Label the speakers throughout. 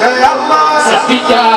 Speaker 1: Hey Allah,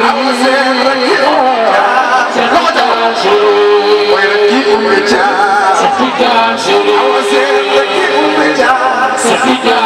Speaker 1: Africa.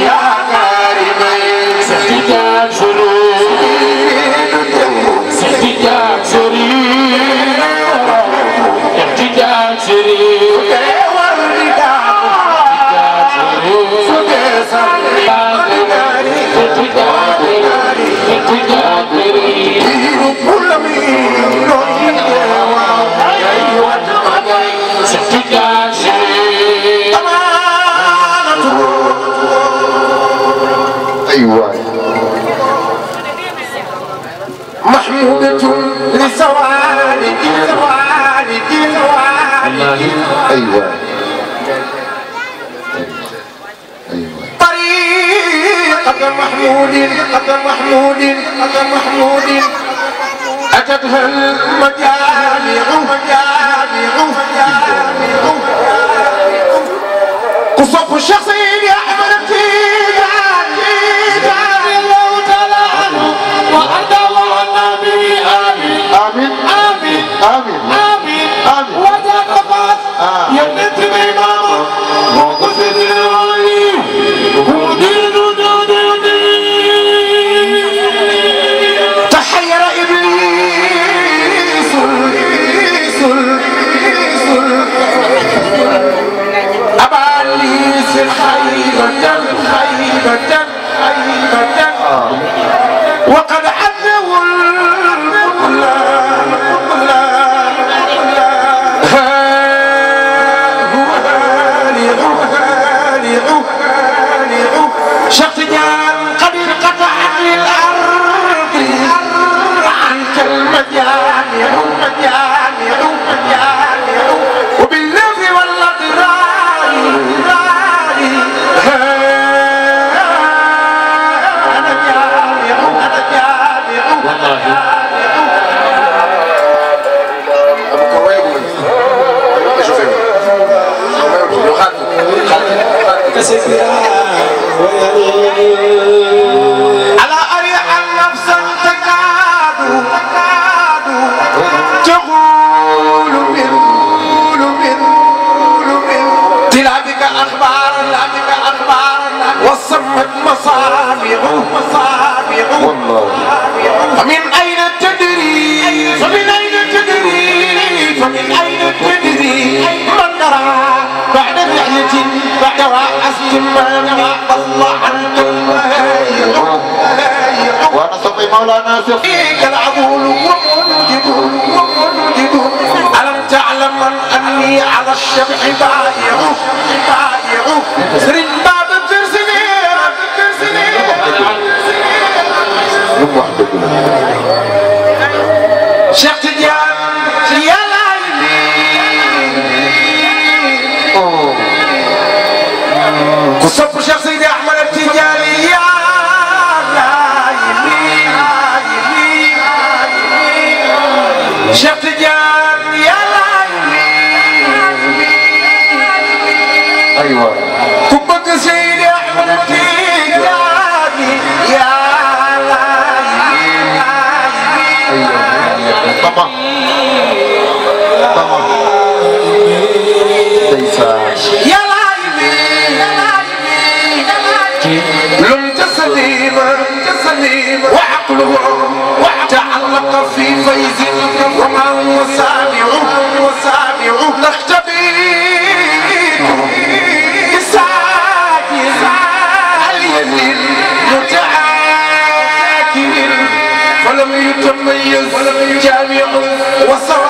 Speaker 2: أيوة محمودة لسوالك سوالك
Speaker 1: سوالك
Speaker 2: أيوة قدر محمود قدر محمود قدر محمود أتتها المجامع مجامع مجامع وصف الشخصية
Speaker 3: hùng binh gia
Speaker 2: والله فمن أين تدري فمن أين تدري فمن
Speaker 4: أين تدري
Speaker 1: من ترى بعد فعلة
Speaker 2: بعد رأس ما الله أنتم وأنا صبي مولانا سفيك العبول ومنجد ومنجد ألم تعلم أني على الشمع بايع بايع سر باب Cheikh Tidiane yàlla yi oh. ku sopp Cheikh Seydi Ahmad Tidiane yàlla yi Cheikh Tidiane yàlla yi
Speaker 1: aywa ku bëgg Seydi Ahmad
Speaker 2: والتميز جامع وصف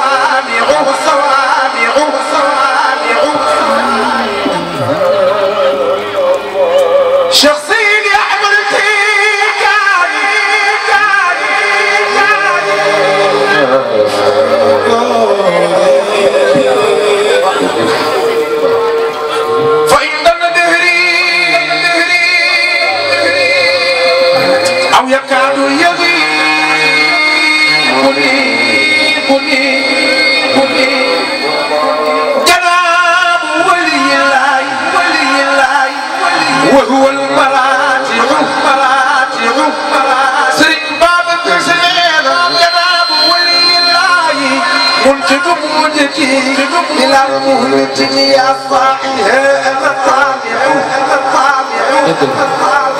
Speaker 3: تدمونتي
Speaker 2: إلى مهلتي يا صاحي أنا
Speaker 1: طامع أنا طامع أنا طامع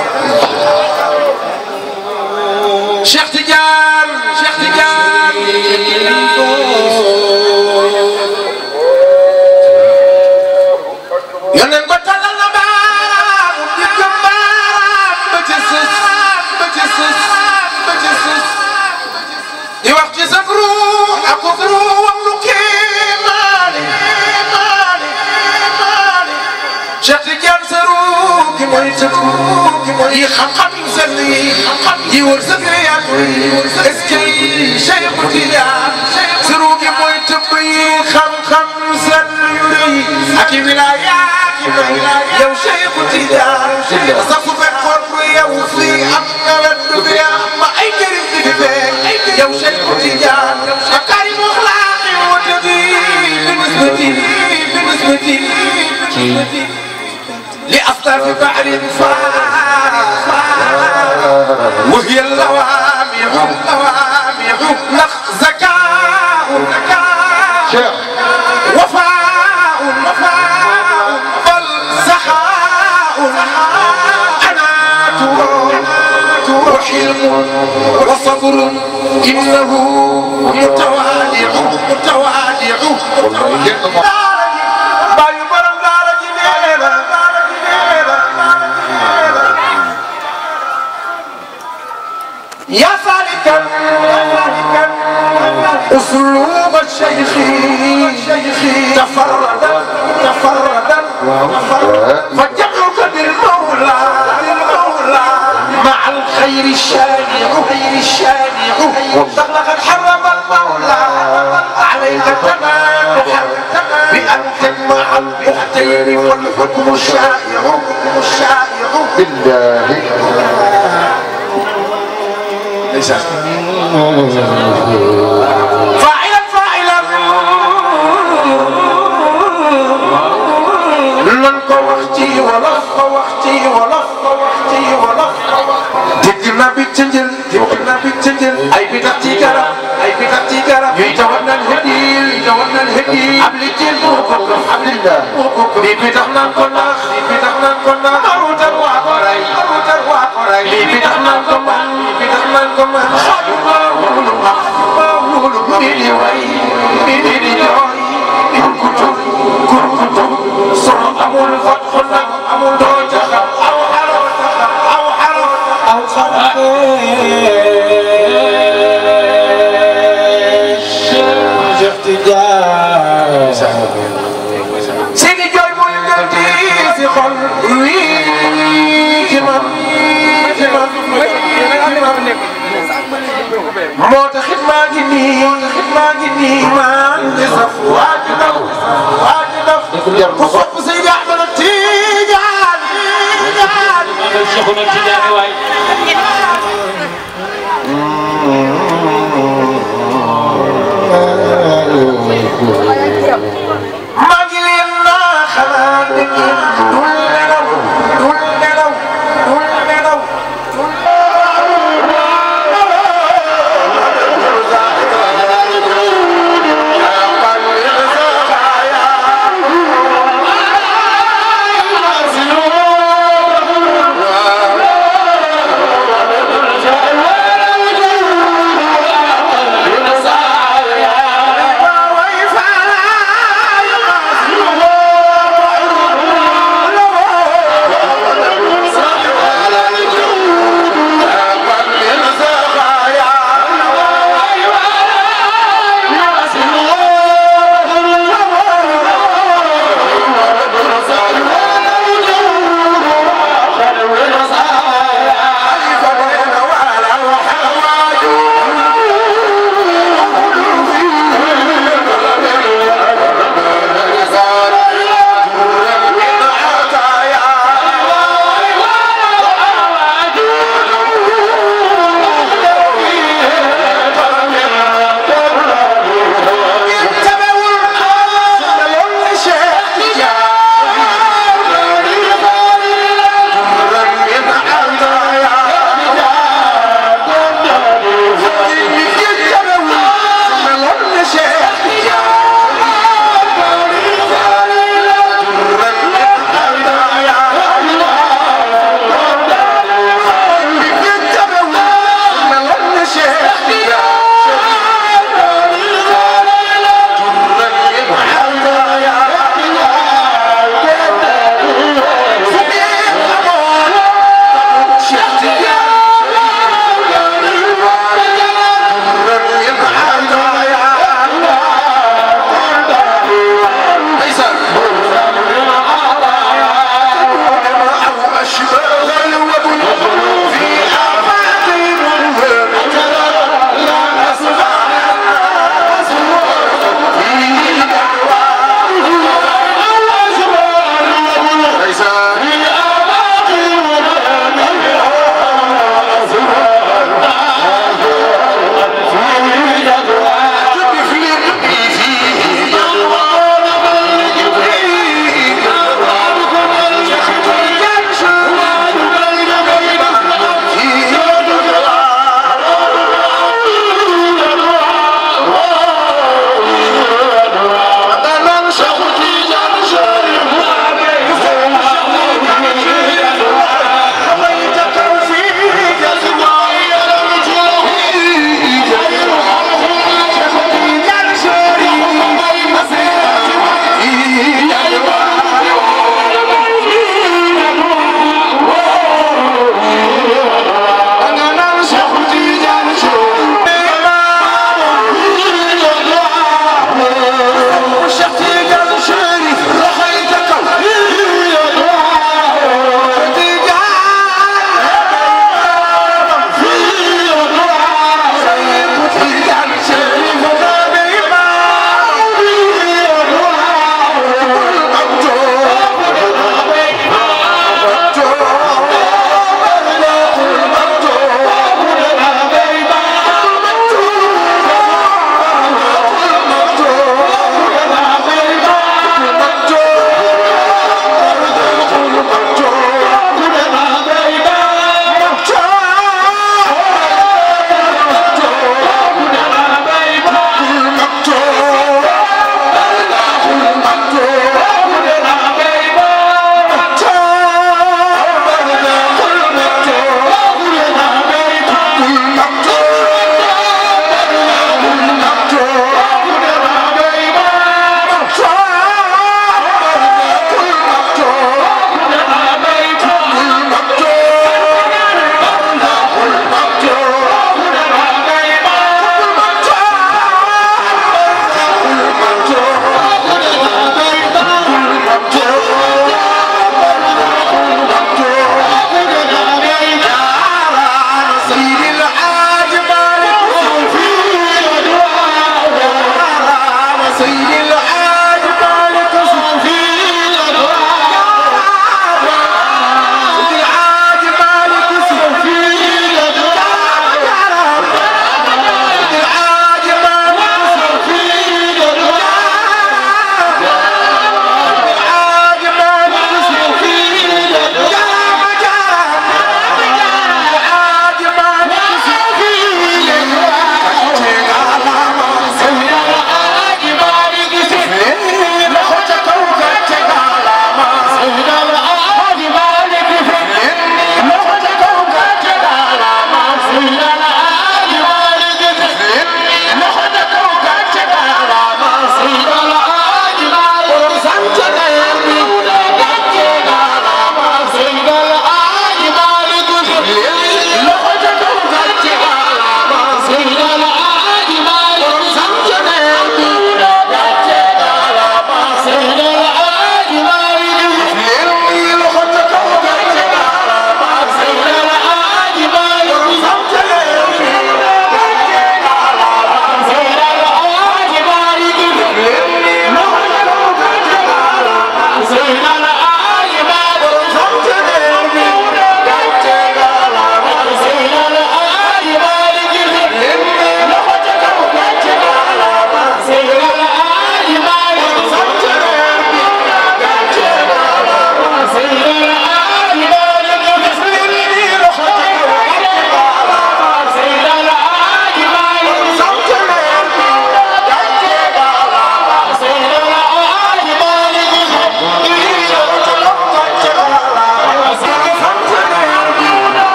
Speaker 2: mooy tëkku yi xam-xam yu sell yi yi wër sa yàlla est-ce que Cheikh Tidiane suru gi mooy tëbb yi xam-xam yu sell yu rëy ak i wilaya yow Cheikh Tidiane sa ku fekkoon bu yow fii am nawet bi am ay njëriñ di fi fekk yow Cheikh Tidiane ak kari mu xalaat yi woote bi bi nisbati bi nisbati لأصطف بعر فارغ وهي اللوامع اللوامع نخ زكاء وفاء وفاء بل سخاء أناة وحلم وصبر إنه متوالع متوالع أسلوب الشيخ تفردا
Speaker 1: تفردا
Speaker 2: فجعلك بالمولى بالمولى مع الخير الشانع خير الشانع لقد حرم المولى عليك تمامحا بأن تجمع البحتين والحكم الشائع الشائع بالله ليس lan ko wax ci wolof ko wax ci wolof ko wax ci wolof dégg na bi ci njël dégg na bi ci njël ay bi tax ci garab ay bi tax ci garab ñuy tawat nan hedi ñuy tawat nan hedi ab li ci mu ko ko abdillah bi bi tax nan ko nax bi bi tax nan ko nax arutar wa ko ray arutar wa ko ray bi bi tax nan ko man bi bi tax nan ko man sadu ma wulu ma wulu ma bi di way bi di joy
Speaker 1: ku ku صعب أمول فتح لك أمول دوجك أو حرف أو حرف أو صدق
Speaker 2: احتجاج
Speaker 5: سيدي
Speaker 1: جاي مول قلبي في
Speaker 5: قلبي كمان كمان
Speaker 2: moo taxit maa ngi nii moo taxit maa ngi nii maa ngi saf waa ji daw waa ji ku sopp Seydi Ahmada Tijaan
Speaker 1: maa ngi
Speaker 4: leen naa xalaat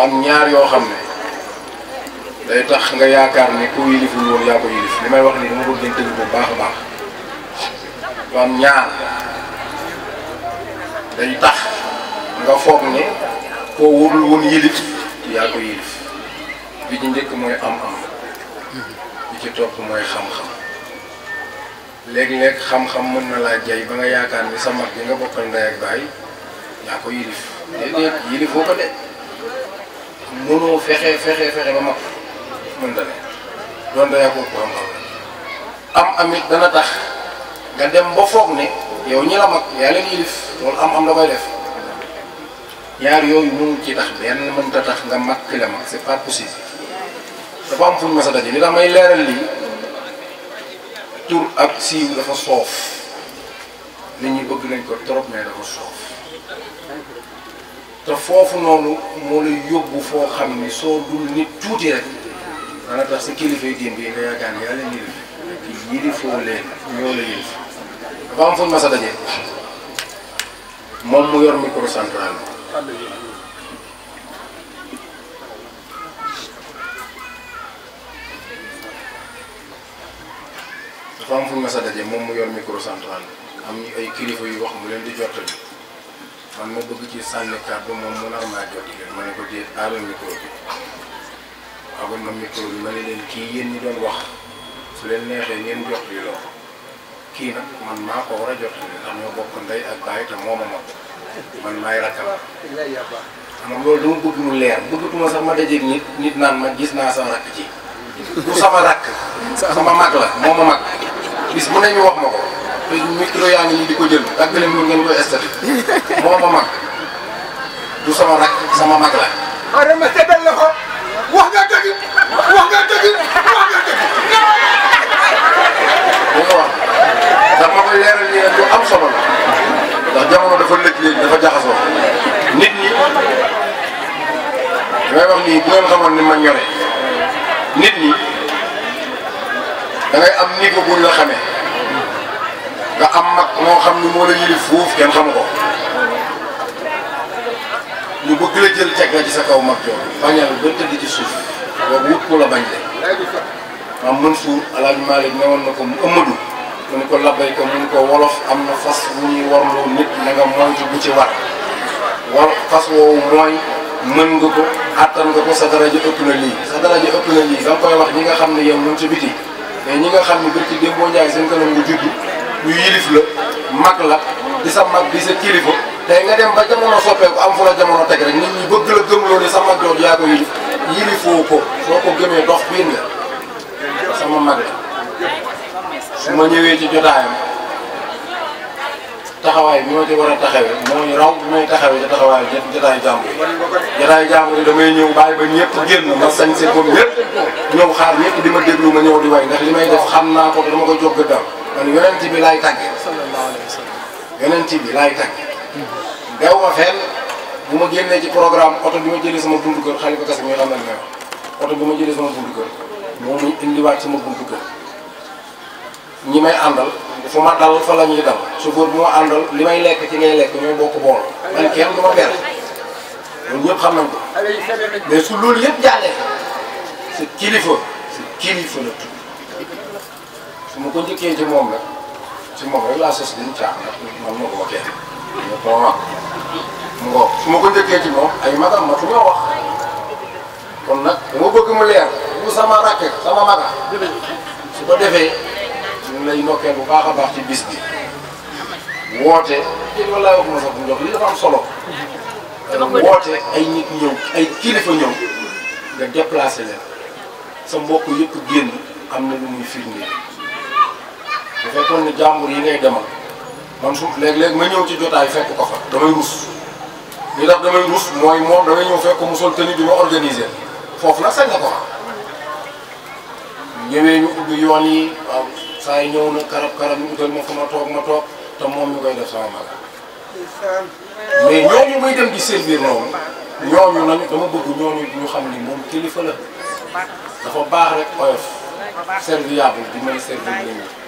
Speaker 5: dafa am ñaar yoo xam ne day tax nga yaakaar ne ku yiliful woon yaa ko yilif li may wax ni dama ko gën tënk bu baax a baax dafa am ñaar day tax nga foog ne koo wóorul woon yilif yaa ko yilif bi ci njëkk mooy am-am bi ci topp mooy xam-xam léeg-léeg xam-xam mën na laa jey ba nga yaakaar ni sa mag bi nga bokkal ndey ak baay yaa ko yilif déedéet yilifoo ko mënoo fexe fexe fexe ba mag mën na ne doon dayaa ko am amit dana tax nga dem ba foog ni yow ñi la mag yaa leen yilif loolu am am da koy def ñaar yooyu mënul ci tax benn mënta tax nga mag ki la mag c'est pas possible dafa am fu ñu mas daje li tax leeral lii tur ak siiw dafa soof nit ñi bëgg nañ ko trop mais dafa soof foofu noonu moo lay yóbbu foo xam ni soo dul nit tuuti rek dana tax sa kilifa yi diin bi nga yaakaar ni yàlla ñuy def yéen foo leen ñoo la dafa am fu ñu moom mu yor micro central am fu ay kilifa yu wax mu leen di jottali. man ma bëgg ci sànni kàddu moom mu nar maa jot leen ma ne ko déet aaral micro bi waawoon ma micro bi ma ne leen kii yéen ñi doon wax leen neexee ngeen jot li lool man maa ko war a jot leen ndey ak baay te mooma man maay rakkal man loolu dama bëgg mu leer bëggatuma sax ma dajeeg nit nit naan man gis naa sa rakk ci ku sama rakk sama mag la mooma mag bis bu ne wax ma ko te micro yaa ngi nii di ko jël ak leen mën ngeen koy estet moo ma mag du sama rak sama mag
Speaker 2: la. ma dem ma seetal wax nga dëgg wax nga dëgg wax nga
Speaker 5: dëgg. solo ndax jamono dafa lëkk dafa jaxasoo nit ñi may wax nii bu ma ñore nit ñi da am niveau bu ñu la nga am mag moo xam ni moo la yëlif foofu kenn xamu ko ñu bëgg la jël teg la ci sa kaw mag jooju bañal ba tëdd ci suuf boobu wut ko la bañ de maam Mansour Alaaji Maalik newoon na ko mu ëmmadu mu ko labbay ko mu ko wolof am na fas bu ñuy warloo nit nga bu ci war war fas woowu mooy mën nga ko attan nga ko sa daraja ëpp na lii sa daraja ëpp na lii da koy wax ñi nga xam yow ci biti mais ñi nga seen kanam nga juddu ñu yilif la mag la di sa mag di sa kilifa tey nga dem ba jamono soppeeku am fu la jamono teg rek nit ñi bëgg la gëmloo ne sa mag jooju yaa ko yilif yilifoo ko soo ko gëmee dox biir nga sama mag la su ma ñëwee ci jotaayam taxawaay bi ma ci bi may taxawee ci taxawaayu jotaayu ñëw bàyyi ñëpp génn ma sañ seen bopp ñëpp ñëw xaar ñëpp di ma déglu ma ñëw di way ndax li may def xam naa ko ma ko jóg gëddam man yonent bi laay tàggee. sallallahu alayhi wa sallam. yonent bi laay tàggee. dew ma fenn bu ma génnee ci programme oto bi ma jëlee sama buntu kër xale ko kese muy xam lan oto bi ma jëlee sama buntu kër moom sama buntu ñi may àndal fu ma dal fa la ñuy dal chauffeur bu ma àndal li may lekk ci ngay lekk ñooy bokk bool man kenn du ma ber loolu ñëpp xam nañ ko
Speaker 2: mais su loolu yëpp jàllee
Speaker 5: sa kilifa sa kilifa la su ma ko njëkkee ci moom rek ci moom rek laa sës dañu caax nag man ma ko waxee ñëpp ma wax mu ngoog su ma ko njëkkee ci moom ay magam ma fi ñoo wax kon nag dama bëgg mu leer bu sama rakk sama maga su ko defee ñu ngi lay ndokkeel bu baax a baax ci bis bi woote léegi sax bu ndox li dafa am solo woote ay nit ñëw ay kilifa ñëw nga déplacé leen sa mbokk yëpp génn am na lu muy firnde bu fekkoon ne jàmbur yi ngay demal man su léeg-léeg ma ñëw ci jotaay fekk ko fa damay rus li tax damay rus mooy moom damay ñëw fekk mu sol tenue bi ma organisé foofu nag sañ ko fa ñëwee ñu ubbi yoon yi waaw saa yi ñëw na karab karab ñu utal ma fa ma toog ma te moom ñu koy def sama mag
Speaker 1: mais ñooñu muy dem
Speaker 5: dama bëgg ñooñu ñu xam ni moom kilifa la dafa baax rek oyof serviable bi may servir nit ñi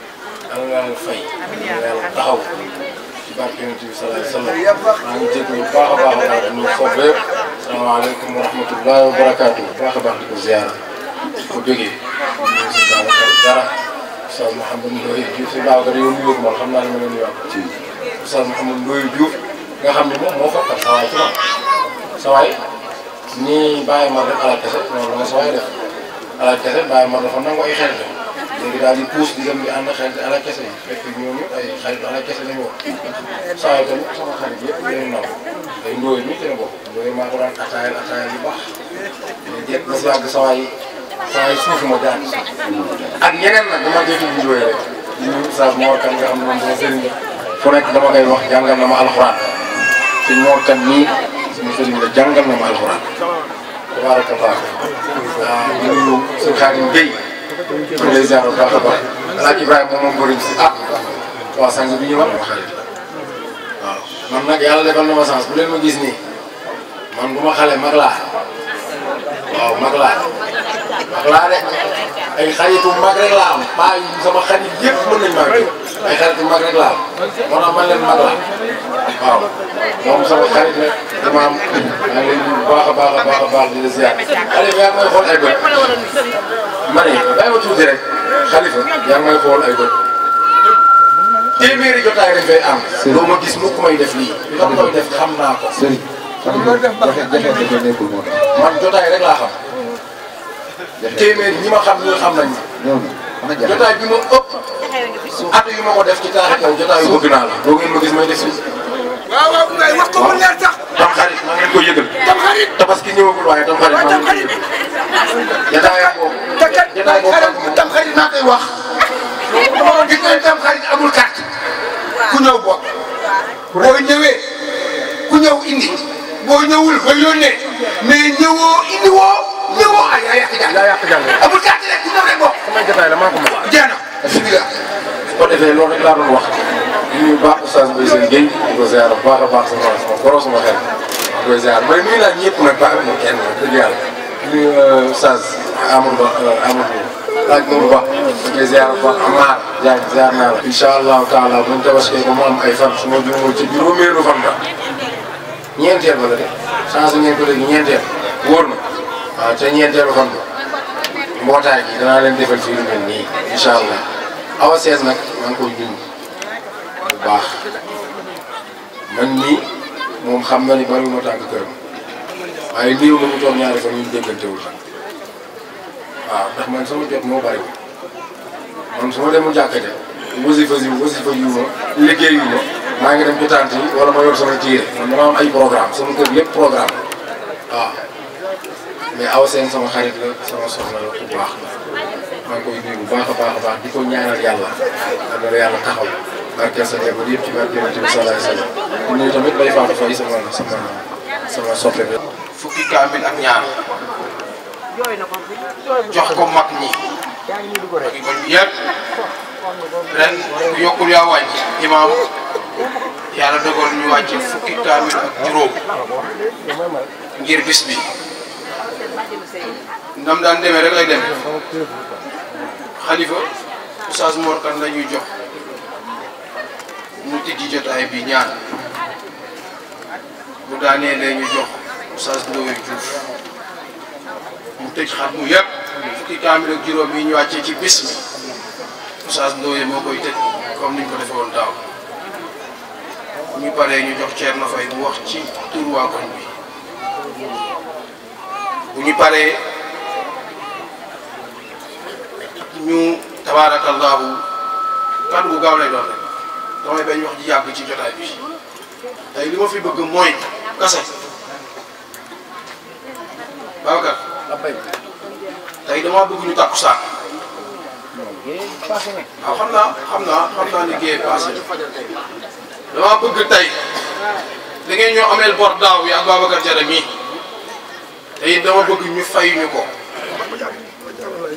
Speaker 5: am naa leen fay. yàlla taxaw ci barke yonent bi salaay salaam maa ngi jégalu bu baax a baax a baax ñu soobee salaamaaleykum wa rahmatullaahi wa barakaatu bu baax a baax di ko ziara ko bëggee ñu ngi si Babacar dara Oustaz Mouhamed Ndoye Diouf si Babacar yow mi yóbbu man xam naa ne ma leen yokk ci Oustaz Mouhamed Ndoye Diouf nga xam ne moom moo fàttal saa waay ci man saa waay nii bàyyi ma def alal kese noonu la nga saa waay def alal kese bàyyi ma dafa nangu ay xeetu. léegi daal di puus di dem di ànd kese yi fekk tamit la bokk ndóoy maa ko daan ataayal ataayal yu baax mais jéeg ba si yàgg yi saa yi suuf ma daan ak yeneen nag dama déglu di ndóoy rek di nuyu Oustaz nga xam ne moom sama sëriñ la fu nekk wax jàngal na ma alxuraan te Mor Kane nii sama sëriñ la jàngal na ma alxuraan tabaaraka baax waaw di nuyu sëñ Xaadim Gueye lay ziar bu baax a baax alaaj Ibrahima moom bëriñ si ah waaw sang bi ñu ma xale waaw man nag yàlla defal na ma chance bu leen ma gis ni man bu ma xale mag laa waaw mag laa
Speaker 1: mag laa de
Speaker 5: ay xaritu mag rek laa am maa sama xarit yëpp mën nañ mag ay xaritu mag rek laa am moo tax man leen mag laa waaw moom sama xarit la dama am maa ngi leen di baax a baax a baax a baax di la ziar xalifa yaa ngi may xool ay bët ma ne bàyyi ma tuuti rek xalifa yaa ngi may xool ay bët téeméeri jotaay rek fay am doo ma gis mukk may def lii li tax koy def xam naa ko man loolu def baax jafe laa xam. jafe téeméer ma xam ñun xam nañu. ñëw na jafe ëpp. at yu ma ko def ci taarix yow jotaay yu bëgg naa la. doo ngeen ma gis may def si. tam xarit tam xarit naa koy
Speaker 2: wax. tam xarit amul carte. ku ñëw bokk. boo ñëwee ku ñëw indi. boo ñëwul ba yónnee mais ñëwoo indiwoo ñëwoo ay ay yàq jàng. yaa yàq jàng amul gàtt rek dina rek bokk. sama jotaay la maa ko mën. jeex na bisimilah.
Speaker 5: su ko defee loolu rek laa doon wax. ñu baax oustaz Mbaye Sène Gueye di ko ziar bu baax a baax sama sama borom sama xel di ko ziar may nuyu naa ñëpp nag baax na kenn dëgg yàlla nuyu oustaz Amadou Amadou laaj boobu baax di ko ziar bu baax Amar Diagne ziar naa la. incha allahu taala buñ tabaskee ba mu am ay fan su ma juumoo ci juróomeelu fan ba. ñeenteel ba la de changé ngeen ko léegi na waaw te ñeenteel ba xam nga mbootaay gi danaa leen defal fii lu mel nii incha allah awa sees nag maa ngi koy dund bu baax man nii moom xam na ni bariwuma tànk këram waaye lii ma mu toog ñaari fan ñu déggantewul waaw ndax man sama jot moo bari man su ma demul jàkka ja wasifa yi wasifa yu ma maa ngi dem ci tànt yi ma yor sama jiire man dama am ay programme sama kër yëpp programme waaw mais aw seen sama xarit la sama soxna la bu baax maa ngi koy nuyu bu baax a baax a baax di ko ñaanal yàlla am na la yàlla taxaw barkeel sa njaboot yëpp ci barkeel Yonent bi sallallahu alayhi wa sallam di nuyu tamit yëpp
Speaker 6: yàlla dogal ñu wàcce fukki kaamil ak juróom ngir bis bi ndam daan demee rek lay demee xalifa Oustaz Mor Kane la ñuy jox mu tijji jotaay bi ñaan bu daanee la ñu jox Oustaz Ndoye Diouf mu tëj xat mu fukki kaamil ak juróom yi ñu wàccee ci bis bi Oustaz Ndoye moo koy tëj comme niñ ko defee woon daaw bu ñu paree ñu jox Thierno Faye mu wax ci tur bi bu ñu paree ñu tabaarakallaahu kan bu gaaw lay doon rek damay bañ wax ji yàgg ci jotaay bi tey li ma fi bëgg mooy kase Babacar tey damaa bëgg ñu tàkku saa waaw xam naa xam naa xam naa liggéey passé dama bëgg tey da ngeen ñoo ameel bor daaw yi ak Babacar Diarra te it dama bëgg ñu fay ñu ko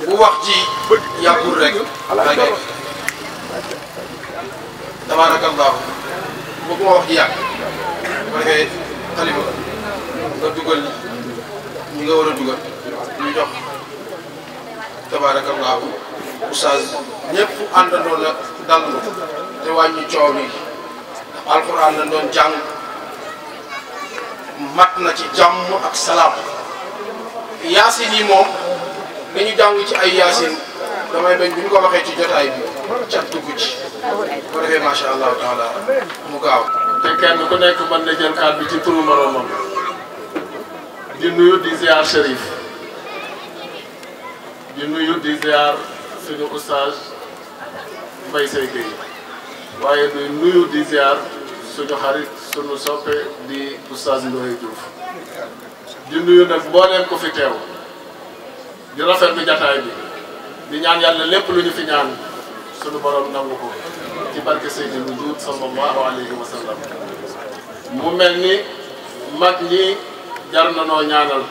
Speaker 6: bu wax ji yàggul rek daje tabaarakallaahu bëgguma wax ji yàgg bu defee nga dugal ñi nga war a dugal ñu jox tabaarakallaahu oustaz ñëpp àndandoo la dal te wàññi coow mi alxuraan lañ doon jàng mat na ci jàmm ak salaam yaasin yi moom li jàng ci ay yaasin damay bañ bu ñu ko waxee ci jotaay bi ca dugg ci ko defee macha
Speaker 7: allahu taala mu gaaw. te kenn ku nekk mën na jël kàddu bi ci turu moroomam di nuyu di ziar Cherif di nuyu di ziar suñu oustaz Mbaye Seye Gueye waaye di nuyu di ziar suñu xarit suñu soppe di oustaz Ndoye Diouf di nuyu nag mbooleem ko fi teew di rafetlu jataay bi di ñaan yàlla lépp luñu ñu fi ñaan suñu borom nangu ko ci barke Seydou Ndiour sallallahu alayhi wa mu mel ni mag ñi jar ñaanal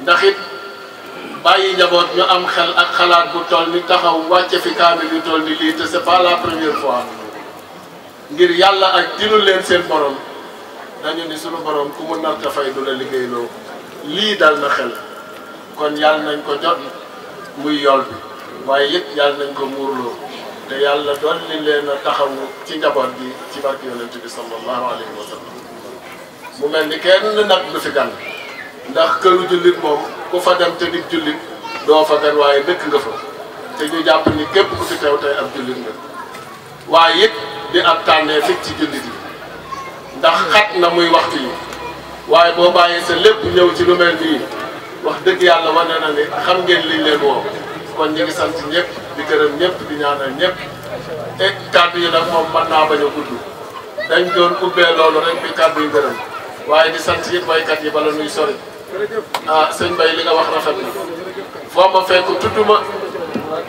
Speaker 7: ndax bàyyi njaboot ñu am xel ak xalaat bu toll ni taxaw wàcce fi kaamil yu toll ni lii te c'est pas la première fois ngir yàlla ak dinu leen seen borom dañu ni sunu borom ku mu narta fay du la liggéeyloo lii dal na xel kon yàlla nañ ko jot muy yool bi waaye yëpp yàlla nañ ko muurloo te yàlla doon li leen a taxawu ci njaboot bi ci barke yonent bi sallallahu alayhi wa sallam mu mel ni kenn nag du fi gan ndax këru jullit moom ku fa dem te di jullit doo fa gan waaye dëkk nga fa te ñu jàpp ni képp ku fi teew tey ab jullit nga waaye it di ab tànnee fit ci jullit yi ndax xat na muy waxtu yi waaye boo bàyyee sa lépp ñëw ci lu mel nii wax dëgg yàlla wane na ni xam ngeen liñ leen woo kon ñu ngi sant ñëpp di gërëm ñëpp di ñaanal ñëpp te kàddu yi nag moom mën naa bañ a gudd dañ doon ubbee loolu rek bi kàddu yu gërëm waaye di sant it waykat yi bala nuy sori ah sëñ Bay li nga wax rafet na foo ma fekk tudd ma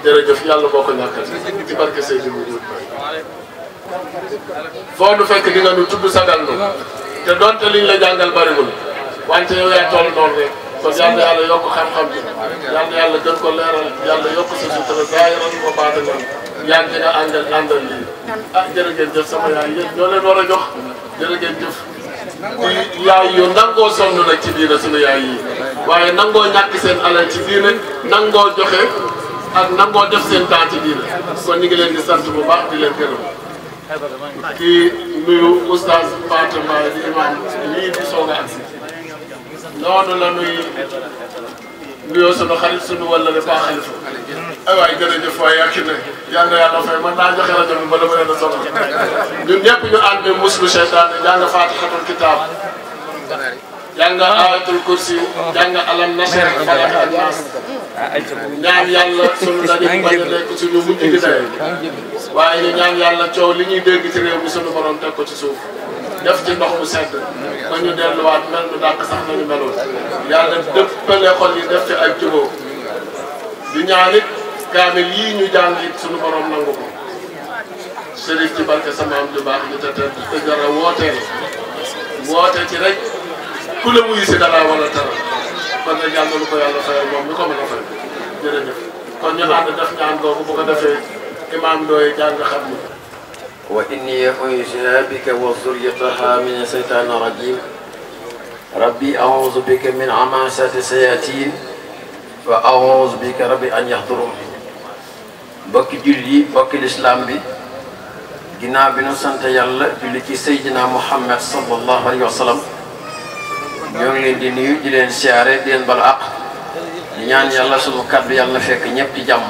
Speaker 7: jërëjëf yàlla boo ko ñàkkal ci barke Seydou Moussa foo nu fekk di nga nu tudd sagal nu te donte liñ la jàngal bariwul wante yow yaa toll noonu rek kon yàlla yokk xam-xam bi yal yàlla gën ko leeral yàlla yokk sa sutura daayiran wa baatinan yaa ngi nga àndal àndal ah jërë jëf sama yaay yéen ñoo leen war a jox jërë di yaay yu nangoo sonn nag ci diine sunu yaay yi waaye nangoo ñàkk seen alal ci diine nangoo joxe ak nangoo def seen taa ci diine kon ñu ngi leen di sant bu baax di leen gërëm di nuyu oustaz Fatou Mbaye di imam lii di soog a agsi noonu la nuy nuyoo sunu xarit sunu wala li baax xarit ay waay jërëjëf waay yaa ki ne yal na yàlla fay man naa joxe rajo bi ba dama leen a sonal ñun ñëpp ñu ànd muslu seytaan jàng faatixatul kitaab jàng ayatul kursi jàng alam nasar falaq ak naas ñaan yàlla sunu daje bañ a nekk suñu mujj gi day waaye ñu ñaan yàlla coow li ñuy dégg ci réew mi sunu borom teg ko ci suuf def ci ndox bu sedd ba ñu delluwaat mel nu dàq sax nañu meloon yàlla dëppale xol yi def ci ay jubóo di ñaan kaamil yii ñu jàng it suñu borom nangu ko sëriñ ci barke sama am ju baax ñu te te te jara wooteel woote ci rek ku la wuyu si dara wala tara kon nag yàlla lu ko yàlla fayal moom mi ko mën a fay jërëjëf kon ñu ànd def ñaan googu bu defee imaam dooy jàng xam ni وإني أعوذ بك وذريتها من الشيطان الرجيم
Speaker 8: ربي أعوذ بك من عماسة الشياطين وأعوذ بك ربي أن يحضرون بك جولي بك الإسلام بي جنا بنو سانتا يالا جولي سيدنا محمد صلى الله عليه وسلم ñoo ngi di nuyu di leen siyaare di leen bal àq di ñaan yàlla sunu kàddu yàlla na fekk ñëpp di jàmm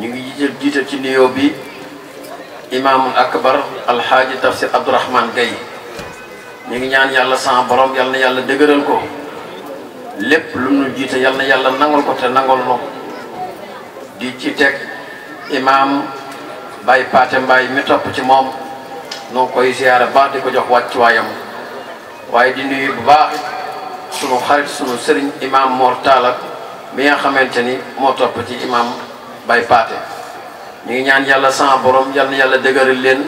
Speaker 8: ñu ngi jiital jiital ci nuyoo bi imaamul akbar alxaaji tafsir abdourahman gay ñu ngi ñaan yàlla san borom yal yàlla dëgëral ko lépp lu nu jiite yal yàlla nangul ko te nangul no di ci teg imaam bay paate mbaay mi topp ci moom noo koy ziyaara baax di ko jox wàccuwaayam waaye di nuyu bu baax sunu xarit sunu sëriñ imaam Mor Talla mi nga xamante ni moo topp ci imaam bay paate ñu ngi ñaan yàlla sama borom yal na yàlla dëgëral leen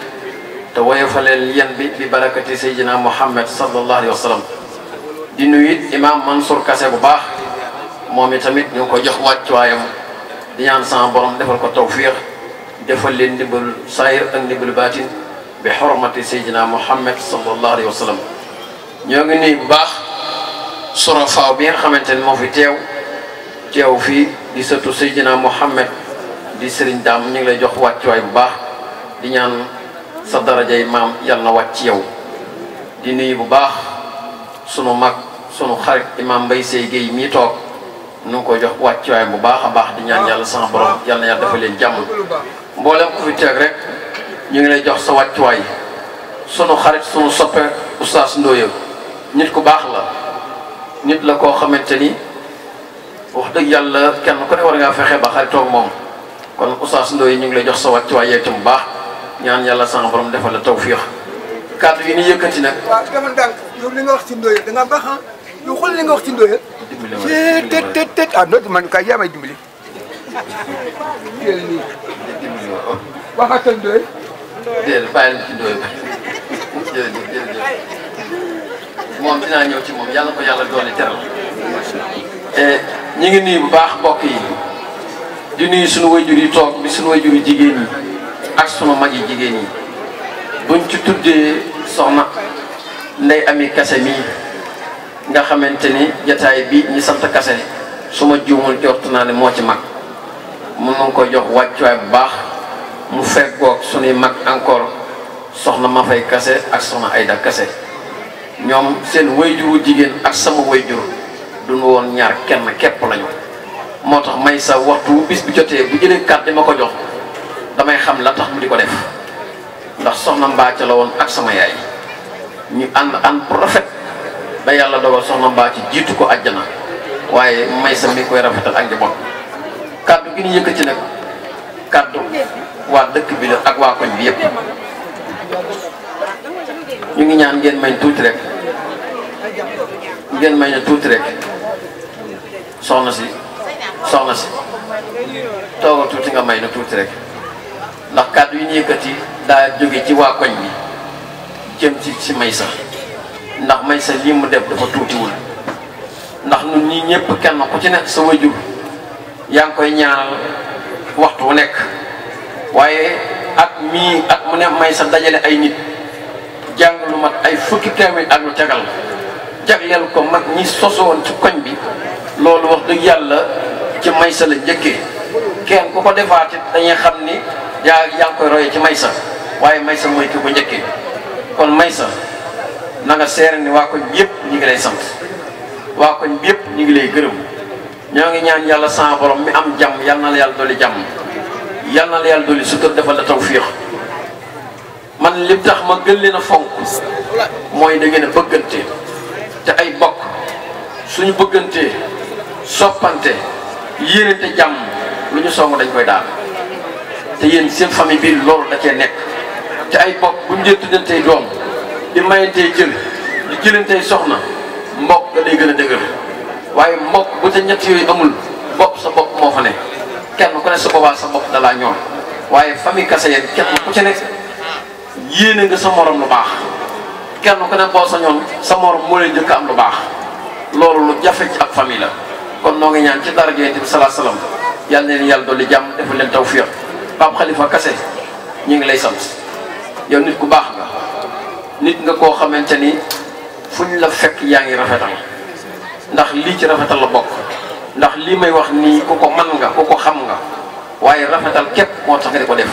Speaker 8: te woyofaleel yan bi bi barakati sayyidina Muhammad sallallahu alayhi wa sallam di nuyu it imaam Mansour Kassé bu baax moom itamit ñu ngi ko jox wàccuwaayam di ñaan sama borom defal ko tawfiix defal leen ndimbalu saayir ak ndimbalu baatin bi xormati sayyidina Muhammad sallallahu alayhi wa sallam ñoo ngi nuyu bu baax sura faaw bi nga xamante ne moo fi teew teew fii di sëtu sayyidina Muhammad di sëriñ daam ñu ngi lay jox wàccuwaay bu baax di ñaan sa darajay maam yàlla na wàcc ci yow di nuyu bu baax sunu mag sunu xarit imaam Mbaye Seye Guèye mii toog nu ngi koy jox wàccuwaay bu baax a baax di ñaan yàlla sama borom yàlla na yàlla dafa leen jàmm fi teeg rek ñu ngi lay jox sa wàccuwaay sunu xarit sunu soppe oustaz Ndoye nit ku baax la nit la koo xamante ni wax dëgg yàlla kenn ku ne war ngaa fexe ba xaritoog moom kon Oustaz Ndoye ñu ngi lay jox sa wàccuwaay yeeg ci bu baax ñaan yàlla sama borom defal la tawfiix kàddu yi ni yëkkati nag.
Speaker 2: waaw dafa ndànk yow wax ci Ndoye da nga baax ah yow xool li nga wax ci Ndoye. dimbali ma dimbali tët tët ah, man kay yaay may dimbali. jërëjëf. waxatal Ndoye.
Speaker 8: ñëw ci moom yàlla ko yàlla doole teral. Eh, ñu ngi nii bu baax mbokk yi. di nuyu suñu wayjur yi toog bi suñu wayjur yi jigéen yi ak suma mag yi jigéen yi buñ ci tuddee soxna Ndey Ami Kase mii nga xamante ni jataay bi ñi sant Kase suma ma juumul naa ne moo ci mag mun nga ko jox wàccuwaay bu baax mu feggoog suñuy mag encore soxna ma fay Kase ak soxna Ayda Kase ñoom seen wayjuru jigéen ak sama jur du duñu woon ñaar kenn képp lañu moo tax may sa waxtu bis bi jotee bu jëlee carte di ma ko jox damay xam la tax mu di ko def ndax soxna Mbacke la woon ak sama yaay ñu ànd ànd bu rafet ba yàlla dogal soxna Mbacke jiitu ko àjjana waaye may sa mi koy rafetal ak njaboot kaddu gi ñu yëkkati nag kaddu waa dëkk bi la ak waa koñ bi yëpp ñu ngi ñaan ngeen may tuuti rek ngeen may ne tuuti rek soxna si. soxna si toogal tuuti nga may na tuuti rek ndax kàddu yi ñu yëkkati daa jóge ci waa koñ bi jëm ci ci Maysa ndax Maysa lii mu def dafa tuutiwul ndax ñun nii ñëpp kenn ku ci nekk sama wajur yaa ngi koy ñaaral waxtu wu nekk waaye at mii at mu ne sax dajale ay nit jàng lu mat ay fukki kaamil ak lu tegal jagleel ko mag ñi sosoon ci koñ bi loolu wax dëgg yàlla ci maysa la njëkkee kenn ku ko defaat it xam ni yaa yaa ngi koy royee ci maysa waaye maysa mooy ki ko njëkkee kon maysa na nga seere ni waa koñ yëpp ñu ngi lay sant waa koñ yëpp ñu ngi lay gërëm ñoo ngi ñaan yàlla sama borom mi am jàmm yal na la yàlla dolli jàmm yal na la yàlla dolli sutur defal la tawfiix man li tax ma gën leen a fonk mooy da ngeen bëggante te ay bokk suñu bëggante soppante yéenante jàmm lu ñu song dañ koy daal te yéen seen famille bi loolu da nekk ay bopp bu ñu dee tuddantey doom di mayantey jël di jëlantey soxna mbokk da day gën a dëgër waaye mbokk bu te ñett yooyu amul sa bopp moo kenn ku ne sa boobaa sa bopp dalaa ñoom waaye famille kase yeen kenn ku ci nekk yéene nga sa morom lu baax kenn ku ne boo sa ñoom sa morom moo leen njëkk am lu baax loolu lu jafe ci ab famille la kon mo ngi ñaan ci dara jooy sallallahu alayhi wasallam yàlla na leen do li jàmm defal leen tawfiq Pape Khalifa kasse ñi ngi lay sant yow nit ku baax nga nit nga ko xamanteni fuñ la fekk yaangi rafetal ndax li ci rafetal la bok ndax li may wax ni ku ko man nga ku ko xam nga waye rafetal kep mo tax nga ko def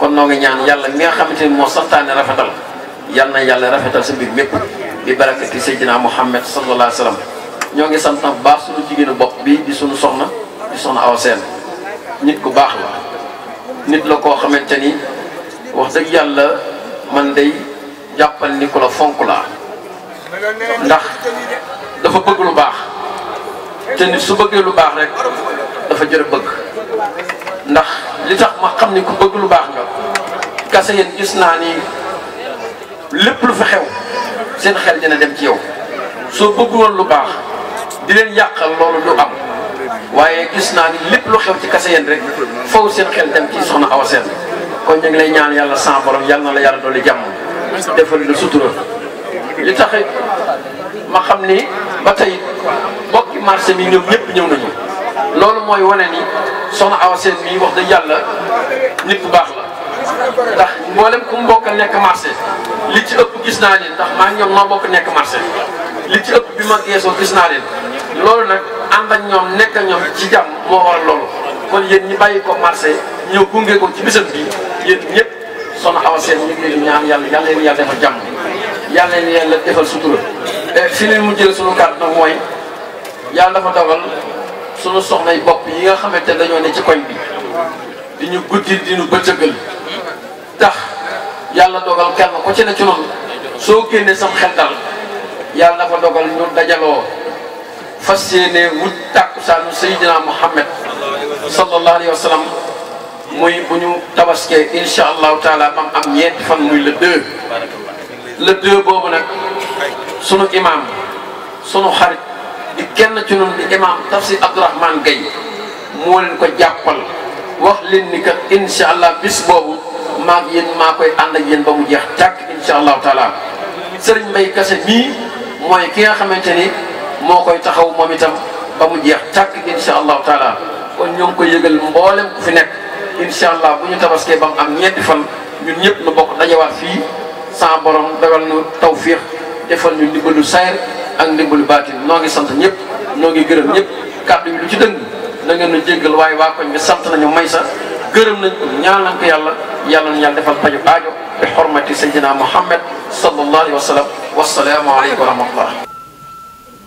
Speaker 8: kon no nga ñaan yalla mi nga rafetal yal na rafetal sa mbir mepp bi barakati sayyidina Muhammad sallallahu Alaihi Wasallam. ñoo ngi sant bu baax suñu jigéenu bopp bi di suñu soxna di soxna aw seen nit ku baax la nit la koo xamante ni wax dëgg yàlla man day jàppal ni ku la fonk laa ndax dafa bëgg lu baax te nit su bëggee lu baax rek dafa jërë bëgg ndax li tax ma xam ni ku bëgg lu baax nga kase yéen gis naa ni lépp lu fi xew seen xel dina dem ci yow soo bëgg woon lu baax di leen yàqal loolu lu am waaye gis naa ni lépp lu xew ci kase yéen rek faw seen xel dem ci soxna Awa Sène kon ñu lay ñaan yàlla sans borom yàlla na la yàlla dolli jàmm defal la sutura li tax ma xam ni ba tey bokki marché bi ñoom ñëpp ñëw nañu loolu mooy wane ni soxna Awa Sène mii wax dëgg yàlla nit bu baax
Speaker 1: la
Speaker 8: ndax mboolem ku mu bokkal nekk marché li ci ëpp gis naa leen ndax maa ngi ñoom maa bokk nekk marché li ci ëpp bi ma geesoo gis naa leen loolu nag ànd ak ñoom nekk ak ñoom ci jàmm moo waral loolu kon yéen ñi bàyyi ko marché ñëw gunge ko ci bisam bi yéen ñëpp soxna Awa Seen ñu ngi leen ñaan yàlla yàlla leen yàlla defal jàmm yàlla leen yàlla defal sutura fi leen mu jël suñu kàddu nag mooy yàlla dafa dogal suñu soxna yi bopp yi nga xamante dañoo ne ci koñ bi di ñu guddi di ñu bëccëgal tax yàlla dogal kenn ku ci ne ci noonu soo génnee sam xel dal yàlla dafa dogal ñu dajaloo fas yéene wut tàkkusaanu Seydina Muhammad sallallahu alayhi wa sallam muy bu ñu tabaskee incha allahu taala bam am ñeenti fan muy le deux boobu nag sunu imaam sunu xarit di kenn ci ñun di imaam Tafsir Abdourahmane Gaye moo leen ko jàppal wax leen ni kat incha allah bis boobu maa ngi yéen maa koy ànd ak ba mu jeex tàkk incha allahu taala sëriñ Mbaye Kassé mii mooy ki nga xamante ni. moo koy taxaw moom itam ba mu jeex tàkk incha allahu taala kon ñoo ngi koy yëgal mboolem ku fi nekk incha allah bu ñu tabaskee ba mu am ñetti fan ñun ñëpp nu bokk dajawaat fii sans borom dawal nu tawfiix defal ñu ndimbalu sayr ak ndimbalu baatin noo ngi sant ñëpp noo ngi gërëm ñëpp kàddu yi lu ci dëng na ngeen nu jéggal waaye waa koñ bi sant nañu may sax gërëm nañ ko ñaan nañ ko yàlla yàlla na yàlla defal paju aajo bi xormati sayyidina Muhammad sallallahu alayhi wa sallam wasalaamu aleykum wa rahmatullah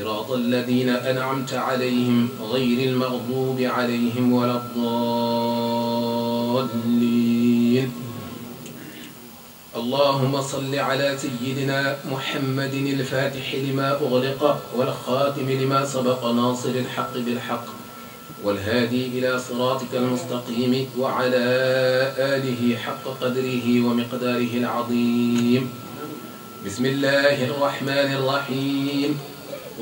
Speaker 9: صراط الذين أنعمت عليهم غير المغضوب عليهم ولا الضالين اللهم صل على سيدنا محمد الفاتح لما أغلق والخاتم لما سبق ناصر الحق بالحق والهادي إلى صراطك المستقيم وعلى آله حق قدره ومقداره العظيم بسم الله الرحمن الرحيم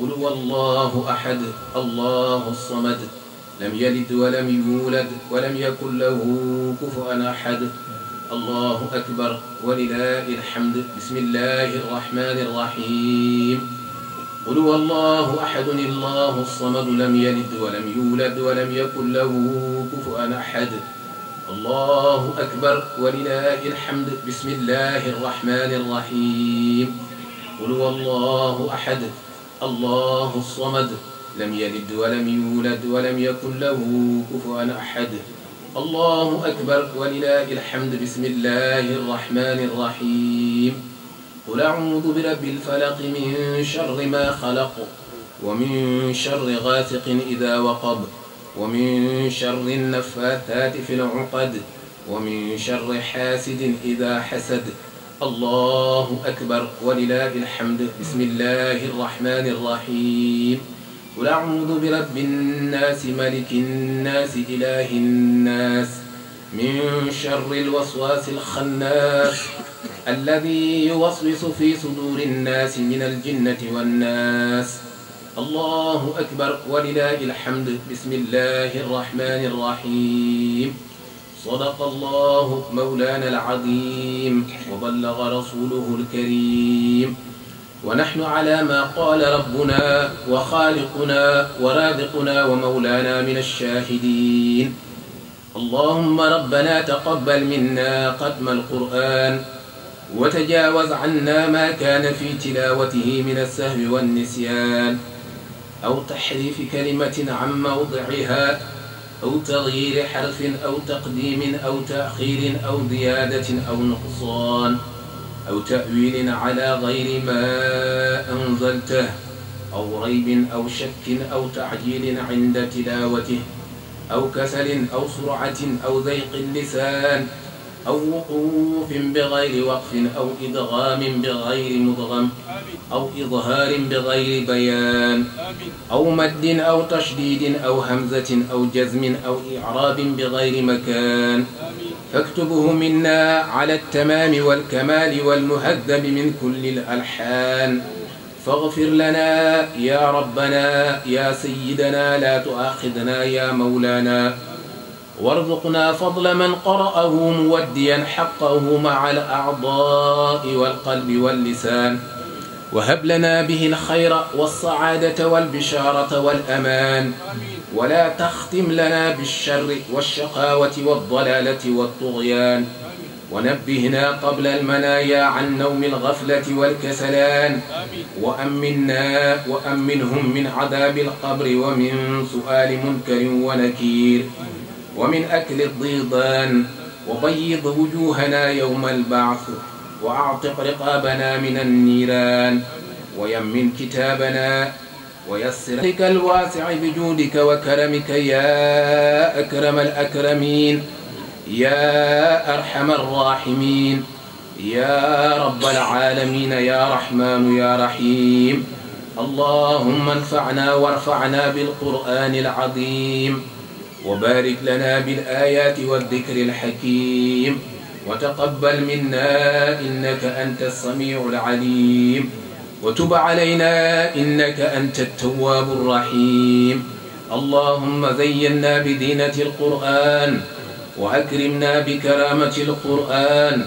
Speaker 9: قل هو الله أحد الله الصمد لم يلد ولم يولد ولم يكن له كفوا أحد الله أكبر ولله الحمد بسم الله الرحمن الرحيم قل هو الله أحد الله الصمد لم يلد ولم يولد ولم يكن له كفوا أحد الله أكبر ولله الحمد بسم الله الرحمن الرحيم قل هو الله أحد الله الصمد لم يلد ولم يولد ولم يكن له كفوا أحد الله أكبر ولله الحمد بسم الله الرحمن الرحيم قل أعوذ برب الفلق من شر ما خلق ومن شر غاسق إذا وقب ومن شر النفاثات في العقد ومن شر حاسد إذا حسد الله أكبر ولله الحمد بسم الله الرحمن الرحيم قل أعوذ برب الناس ملك الناس إله الناس من شر الوسواس الخناس الذي يوسوس في صدور الناس من الجنة والناس الله أكبر ولله الحمد بسم الله الرحمن الرحيم صدق الله مولانا العظيم وبلغ رسوله الكريم ونحن على ما قال ربنا وخالقنا ورازقنا ومولانا من الشاهدين اللهم ربنا تقبل منا قدم القرآن وتجاوز عنا ما كان في تلاوته من السهو والنسيان أو تحريف كلمة عن موضعها أو تغيير حرف أو تقديم أو تأخير أو زيادة أو نقصان أو تأويل على غير ما أنزلته أو ريب أو شك أو تعجيل عند تلاوته أو كسل أو سرعة أو ذيق اللسان أو وقوف بغير وقف أو إدغام بغير مدغم أو إظهار بغير بيان أو مد أو تشديد أو همزة أو جزم أو إعراب بغير مكان فاكتبه منا على التمام والكمال والمهذب من كل الألحان فاغفر لنا يا ربنا يا سيدنا لا تؤاخذنا يا مولانا وارزقنا فضل من قرأه موديا حقه مع الأعضاء والقلب واللسان وهب لنا به الخير والسعادة والبشارة والأمان ولا تختم لنا بالشر والشقاوة والضلالة والطغيان ونبهنا قبل المنايا عن نوم الغفلة والكسلان وأمنا وأمنهم من عذاب القبر ومن سؤال منكر ونكير ومن أكل الضيضان وبيض وجوهنا يوم البعث وأعتق رقابنا من النيران ويمن كتابنا ويسر لك الواسع بجودك وكرمك يا أكرم الأكرمين يا أرحم الراحمين يا رب العالمين يا رحمن يا رحيم اللهم انفعنا وارفعنا بالقرآن العظيم وبارك لنا بالآيات والذكر الحكيم وتقبل منا إنك أنت السميع العليم وتب علينا إنك أنت التواب الرحيم اللهم زينا بزينة القرآن وأكرمنا بكرامة القرآن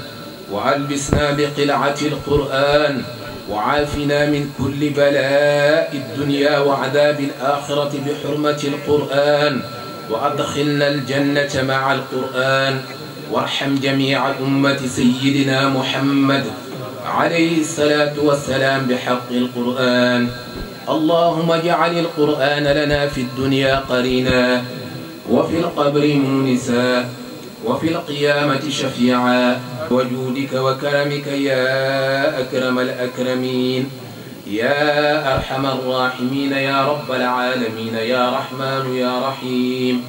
Speaker 9: وألبسنا بقلعة القرآن وعافنا من كل بلاء الدنيا وعذاب الآخرة بحرمة القرآن وأدخلنا الجنة مع القرآن وارحم جميع أمة سيدنا محمد عليه الصلاة والسلام بحق القرآن اللهم اجعل القرآن لنا في الدنيا قرينا وفي القبر مونسا وفي القيامة شفيعا وجودك وكرمك يا أكرم الأكرمين يا أرحم الراحمين يا رب العالمين يا رحمن يا رحيم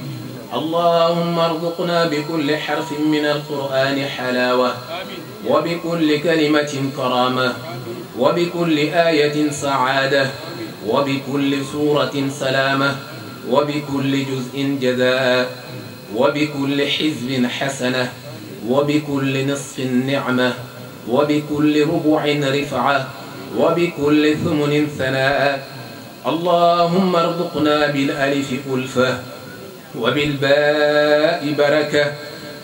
Speaker 9: اللهم ارزقنا بكل حرف من القرآن حلاوة وبكل كلمة كرامة وبكل آية سعادة وبكل سورة سلامة وبكل جزء جزاء وبكل حزب حسنة وبكل نصف نعمة وبكل ربع رفعة وبكل ثمن ثناء اللهم ارزقنا بالألف ألفة وبالباء بركة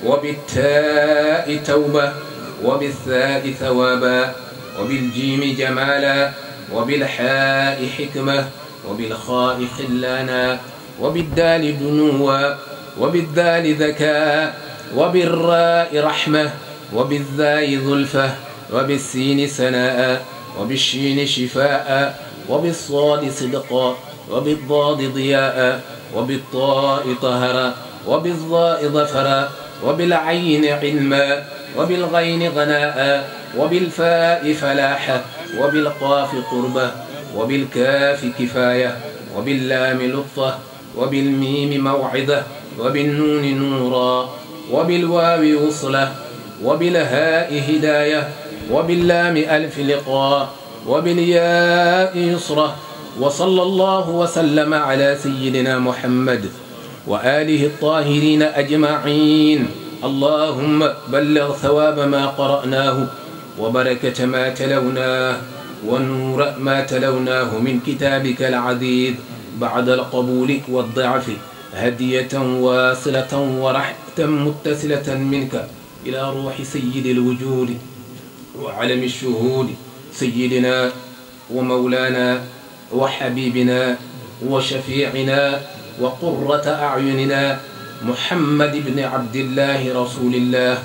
Speaker 9: وبالتاء توبة وبالثاء ثوابا وبالجيم جمالا وبالحاء حكمة وبالخاء خلانا وبالدال دنوا وبالذال ذكاء وبالراء رحمة وبالذاء ظلفة وبالسين سناء وبالشين شفاء وبالصاد صدقا وبالضاد ضياء وبالطاء طهرا وبالظاء ظفرا وبالعين علما وبالغين غناء وبالفاء فلاحة وبالقاف قربة وبالكاف كفاية وباللام لطفة وبالميم موعظة وبالنون نورا وبالواو وصلة وبالهاء هداية وباللام ألف لقاء وبالياء إصرة وصلى الله وسلم على سيدنا محمد وآله الطاهرين أجمعين اللهم بلغ ثواب ما قرأناه وبركة ما تلوناه ونور ما تلوناه من كتابك العزيز بعد القبول والضعف هدية واصلة ورحمة متصلة منك إلى روح سيد الوجود وعلم الشهود سيدنا ومولانا وحبيبنا وشفيعنا وقرة أعيننا محمد بن عبد الله رسول الله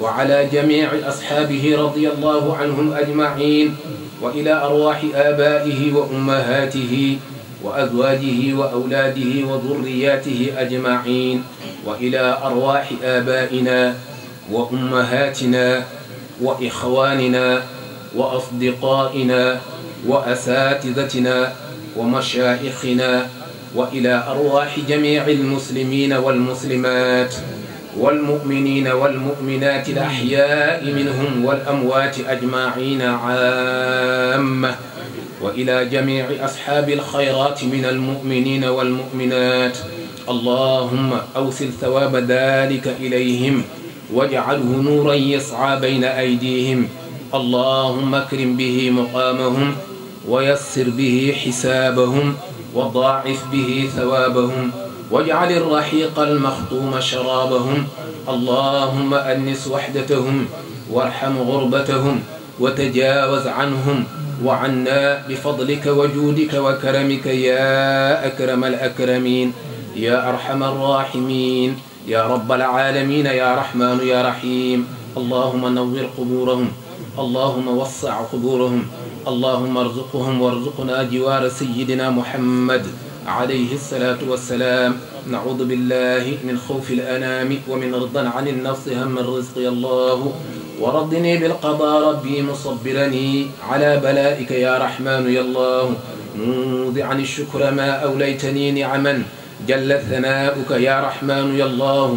Speaker 9: وعلى جميع أصحابه رضي الله عنهم أجمعين وإلى أرواح آبائه وأمهاته وأزواجه وأولاده وذرياته أجمعين وإلى أرواح آبائنا وأمهاتنا وإخواننا وأصدقائنا وأساتذتنا ومشائخنا وإلى أرواح جميع المسلمين والمسلمات والمؤمنين والمؤمنات الأحياء منهم والأموات أجمعين عامة وإلى جميع أصحاب الخيرات من المؤمنين والمؤمنات اللهم أوصل ثواب ذلك إليهم واجعله نورا يسعى بين أيديهم اللهم اكرم به مقامهم ويسر به حسابهم وضاعف به ثوابهم واجعل الرحيق المخطوم شرابهم اللهم أنس وحدتهم وارحم غربتهم وتجاوز عنهم وعنا بفضلك وجودك وكرمك يا أكرم الأكرمين يا أرحم الراحمين يا رب العالمين يا رحمن يا رحيم اللهم نور قبورهم اللهم وسع قبورهم اللهم ارزقهم وارزقنا جوار سيدنا محمد عليه الصلاة والسلام نعوذ بالله من خوف الأنام ومن رضا عن النفس هم الرزق يا الله وردني بالقضاء ربي مصبرني على بلائك يا رحمن يا الله موضعا الشكر ما أوليتني نعما جل ثناؤك يا رحمن يا الله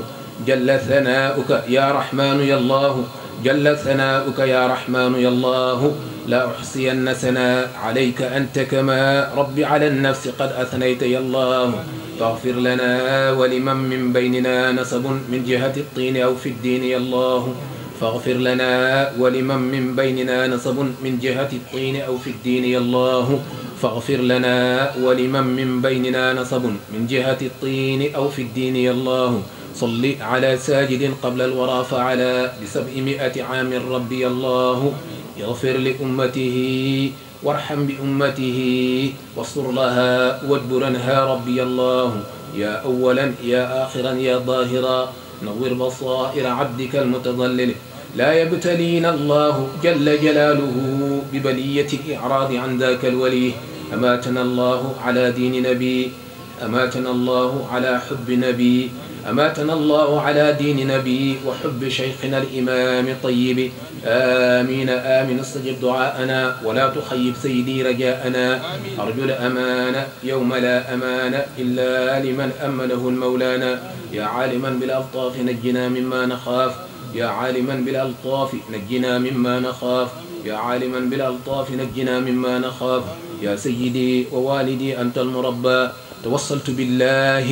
Speaker 9: جل ثناؤك يا رحمن يا الله جل ثناؤك يا رحمن يا الله لا أحصين ثناء عليك أنت كما رب على النفس قد أثنيت يا الله فاغفر لنا ولمن من بيننا نسب من جهة الطين أو في الدين يا الله فاغفر لنا ولمن من بيننا نصب من جهة الطين أو في الدين يا الله فاغفر لنا ولمن من بيننا نصب من جهة الطين أو في الدين يا الله صل على ساجد قبل الورى فعلى بسبعمائة عام ربي الله يغفر لأمته وارحم بأمته واصر لها وادبرنها ربي الله يا أولا يا آخرا يا ظاهرا نور بصائر عبدك المتضلل لا يبتلين الله جل جلاله ببلية الإعراض عن ذاك الولي أماتنا الله على دين نبي أماتنا الله على حب نبي أماتنا الله على دين نبي وحب شيخنا الإمام الطيب آمين آمين استجب دعاءنا ولا تخيب سيدي رجاءنا أرجو الأمان يوم لا أمان إلا لمن أمنه المولانا يا عالما بالألطاف نجنا مما نخاف يا عالما بالألطاف نجنا مما نخاف يا عالما بالألطاف نجنا مما نخاف يا سيدي ووالدي أنت المربى توصلت بالله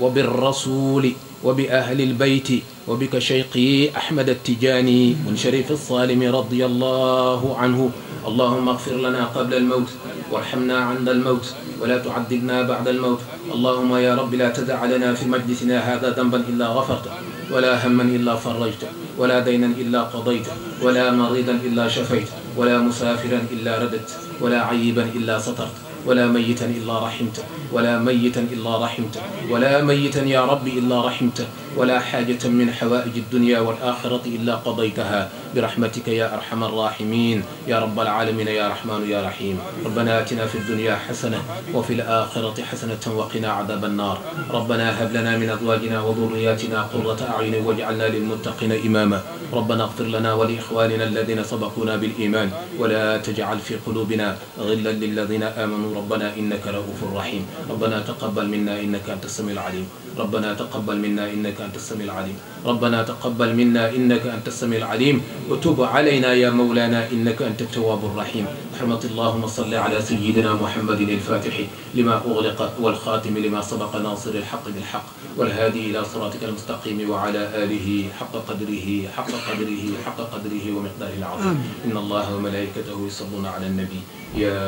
Speaker 9: وبالرسول وبأهل البيت وبك شيقي أحمد التجاني شريف الصالم رضي الله عنه اللهم اغفر لنا قبل الموت وارحمنا عند الموت ولا تعذبنا بعد الموت اللهم يا رب لا تدع لنا في مجلسنا هذا ذنبا إلا غفرته ولا هما إلا فرجته ولا دينا إلا قضيت ولا مريضا إلا شفيت ولا مسافرا إلا رددت ولا عيبا إلا سترت ولا ميتا إلا رحمت ولا ميتا إلا رحمت ولا ميتا يا ربي إلا رحمت ولا حاجة من حوائج الدنيا والآخرة إلا قضيتها برحمتك يا أرحم الراحمين يا رب العالمين يا رحمن يا رحيم ربنا آتنا في الدنيا حسنة وفي الآخرة حسنة وقنا عذاب النار ربنا هب لنا من أزواجنا وذرياتنا قرة أعين واجعلنا للمتقين إماما ربنا اغفر لنا ولإخواننا الذين سبقونا بالإيمان ولا تجعل في قلوبنا غلا للذين آمنوا ربنا إنك رؤوف رحيم ربنا تقبل منا إنك أنت السميع العليم ربنا تقبل منا إنك أنت السميع العليم ربنا تقبل منا إنك أنت السميع العليم وتوب علينا يا مولانا إنك أنت التواب الرحيم رحمة اللهم صل على سيدنا محمد الفاتح لما أغلق والخاتم لما سبق ناصر الحق بالحق والهادي إلى صراطك المستقيم وعلى آله حق قدره حق قدره حق قدره ومقداره العظيم إن الله وملائكته يصلون على النبي يا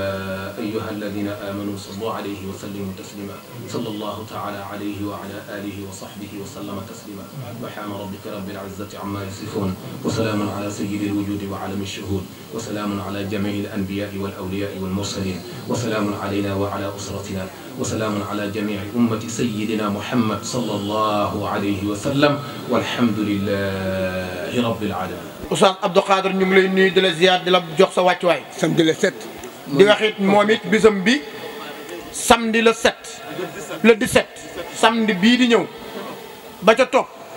Speaker 9: أيها الذين آمنوا صلوا عليه وسلموا تسليما صلى الله تعالى عليه وعلى آله وصحبه وسلم تسليما سبحان ربك رب العزة عما يصفون وسلام على سيد الوجود وعالم الشهود وسلام على جميع الأنبياء والأولياء والمرسلين وسلام علينا وعلى أسرتنا وسلام على جميع أمة سيدنا محمد صلى الله عليه وسلم والحمد لله رب العالمين Oustaz عبد القادر نملي نيد lay nuyu di la ziar di la jox sa wàccuwaay samedi
Speaker 4: le 7 di wax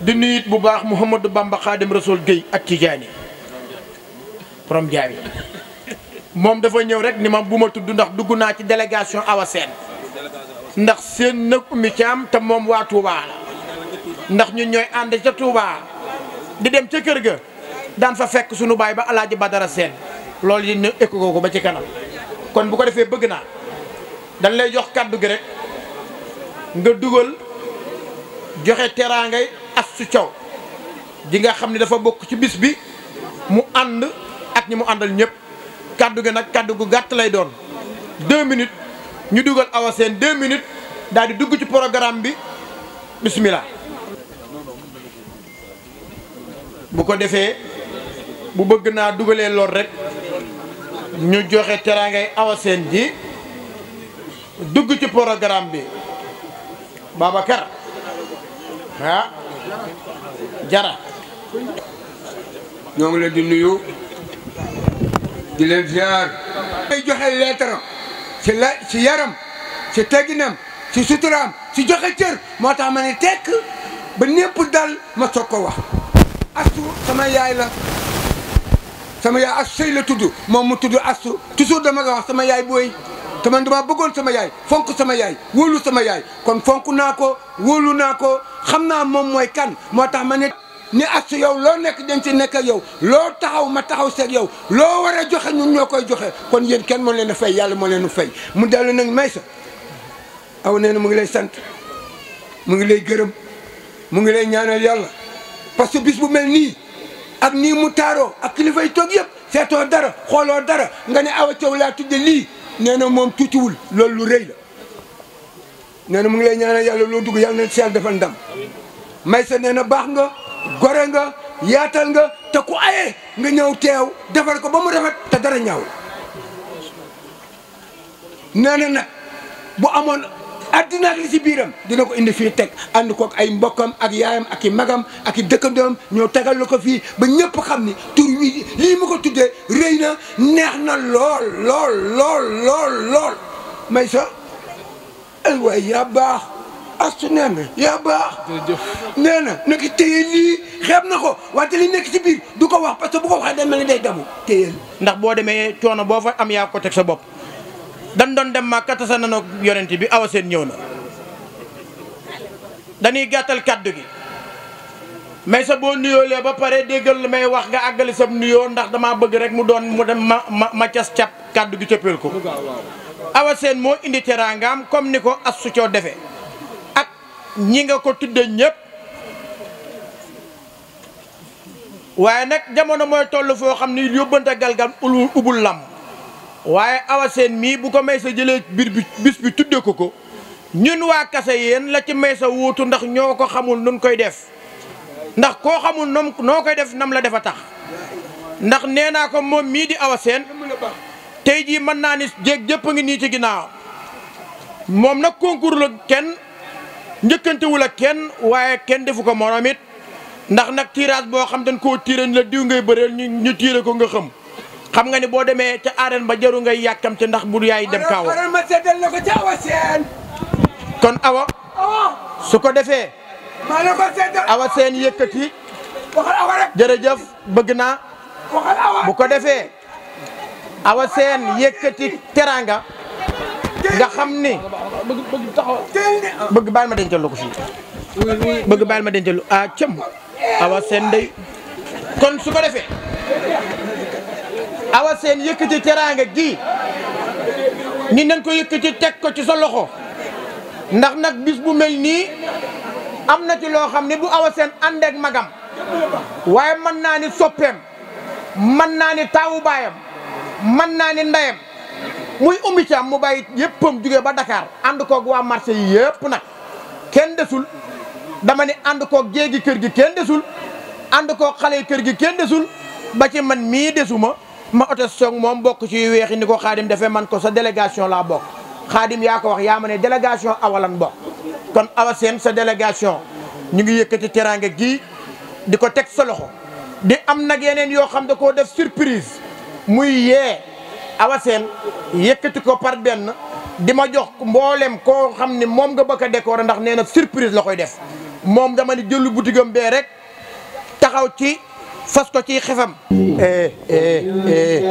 Speaker 4: di nuyit bu baax Mouhamadou Bamba Xaadim Rasul Guèye ak Tijaani borom jaabi moom dafa ñëw rek ni ma bu ma tudd ndax dugg naa ci délégation Awa Sène ndax seen nag ummi caam te moom waa Touba la ndax ñu ñooy ànd ca Touba di dem ca kër ga daan fa fekk sunu baay ba Alaaji Badara Sène loolu yi ñu écho ko ba ci kanam kon bu ko defee bëgg naa dañ lay jox kàddu gi rek nga dugal joxe teraanga Astou caw ji nga xam ne dafa bokk ci bis bi mu ànd ak ñi mu àndal ñëpp kaddu gi nag kaddu gu gàtt lay doon deux minute ñu dugal Awa Sène deux minutes daal di dugg ci programme bi bismillah bu ko defee bu bëgg naa dugalee lool rek ñu joxe teraangay Awa Sène ji dugg ci programme bi Babacar
Speaker 2: jara ñoo ngi leen di nuyu di leen ziar ay joxe leetaram ci la ci yaram ci tegginam ci suturaam ci joxe cër moo tax ma ne tekk ba ñépp dal ma soog ko wax astu sama yaay la sama yaay astu sëy la tudd moom mu tudd astu toujours dama nga wax sama yaay taman te man dama bëggoon sama yaay fonk sama yaay wóolu sama yaay kon fonk naa ko wóolu naa ko xam naa moom mooy kan moo tax ma ne ni astu yow loo nekk dañ ci nekk yow loo taxaw ma taxaw seeg yow loo war a joxe ñun ñoo koy joxe kon yéen kenn moo leen a fay yàlla moo leen fay mu dellu nag may sa aw nee na mu ngi lay sant mu ngi lay gërëm mu ngi lay ñaanal yàlla parce que bis bu mel nii ak nii mu taaroo ak kilifa yi toog yëpp seetoo dara xooloo dara nga ne awa coow laa tudde lii nee na moom tuutiwul loolu lu rëy la nee mu ngi lay ñaanal yàlla loo dugg yàlla na si yàlla defal ndam may sa nee na baax nga gore nga yaatal nga te ku aye nga ñëw teew defal ko ba mu rafet te dara ñaaw nee na nag bu amoon addina ak li ci biiram dina ko indi fii teg ànd kook ay mbokkam ak yaayam ak i magam ak i dëkkandoom ñoo tegal la ko fii ba ñépp xam ni tur wi lii mu ko tuddee rëy na neex na lool lool lool lool lool may ay waay yaa baax astu nee na yaa baax nee na na ko téye lii xeeb na ko wante li nekk ci biir du ko
Speaker 4: wax parce que bu ko waxee day mel ni day damu téyel ndax boo demee coono boo fa am yaa ko teg sa bopp dan doon dem ma katasa nano yonent bi awa seen ñëw na dañuy gàttal kàddu gi mais sa boo nuyoolee ba pare déggal li may wax nga àggali sam nuyoo ndax damaa bëgg rek mu doon mu dem ma ma ma cas cap kàddu gi cëppeel ko Awa Seen moo indi teraangaam comme ni ko Astou Thiaw defee ak ñi nga ko tudde ñépp waaye nag jamono mooy toll foo xam ni yóbbante galgal ulu ubul lam waaye Awa mii bu ko may sa jëlee biir bi bis bi tudde ko ko ñun waa kase yéen la ci maysa sa wuutu ndax ñoo ko xamul nun koy def ndax koo xamul noom noo koy def nam la def a tax ndax nee naa ko moom mii di Awa tey jii mën naa ni jéeg jëpp ngi nii ci ginnaaw moom nag concours la kenn njëkkantewul ak kenn waaye kenn defu ko morom ndax na tirage boo xam dañ koo tiire ni la diw ngay bëreel ñu ñu tiire ko nga xam xam nga ni boo demee ci arène ba jaru ngay te ndax bu yaay dem kaaw ma seddal na ko ci awa seen kon awa su ko defee maa la awa seen yëkkati waxal bëgg naa waxal bu ko defee awa seen yëkkati teranga nga xam ni bëgg baal ma dencal ko fii bëgg baal ma dencal a ah, cëm awa day kon su ko defee awa seen yëkkati teranga gi ni nañ ko yëkkati teg ko ci sa loxo ndax nag bis bu mel nii am na ci loo xam ne bu awa seen àndeek magam waaye mën naa ni soppeem mën naa ni taawu baayam man naa ni ndayam muy ummi caam mu bàyyi yëppam jugee ba dakaar ànd koog waa marché yi yëpp nag kenn desul dama ni ànd koog jéegi kër gi kenn desul ànd koog xale yi kër gi kenn desul ba ci man mii desuma ma oto soog moom bokk ci weexi ni ko xaadim defee man ko sa délégation la bokk xaadim yaa ko wax yaa ma ne délégation awalan bokk kon awa seen sa délégation ñu ngi yëkkati teraanga gi di ko teg sa loxo di am nag yeneen yoo xam da koo def surprise muy yee awaseen yëkkati ko par benn di ma jox mboolem koo xam ne moom nga bëgg a décorer ndax nee na surprise la koy def moom dama ni jëlu butigam bee rek taxaw ci fasko ci xefam eh, eh, eh,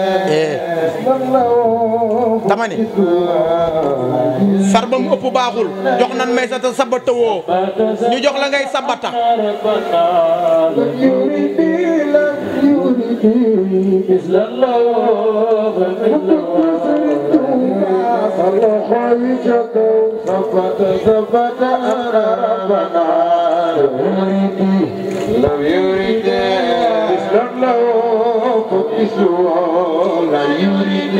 Speaker 4: dama ni sar ëpp baaxul jox nan may sa ta sabata woo ñu jox la ngay sabata
Speaker 1: مثل الله صلح وجهكم ثبت ثبت أقربنا لم يرد مثل الله قدسه لا يريد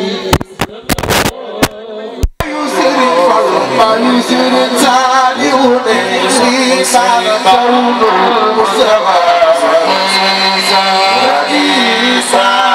Speaker 1: I'm sorry, I'm sorry, I'm sorry, I'm sorry, I'm sorry, I'm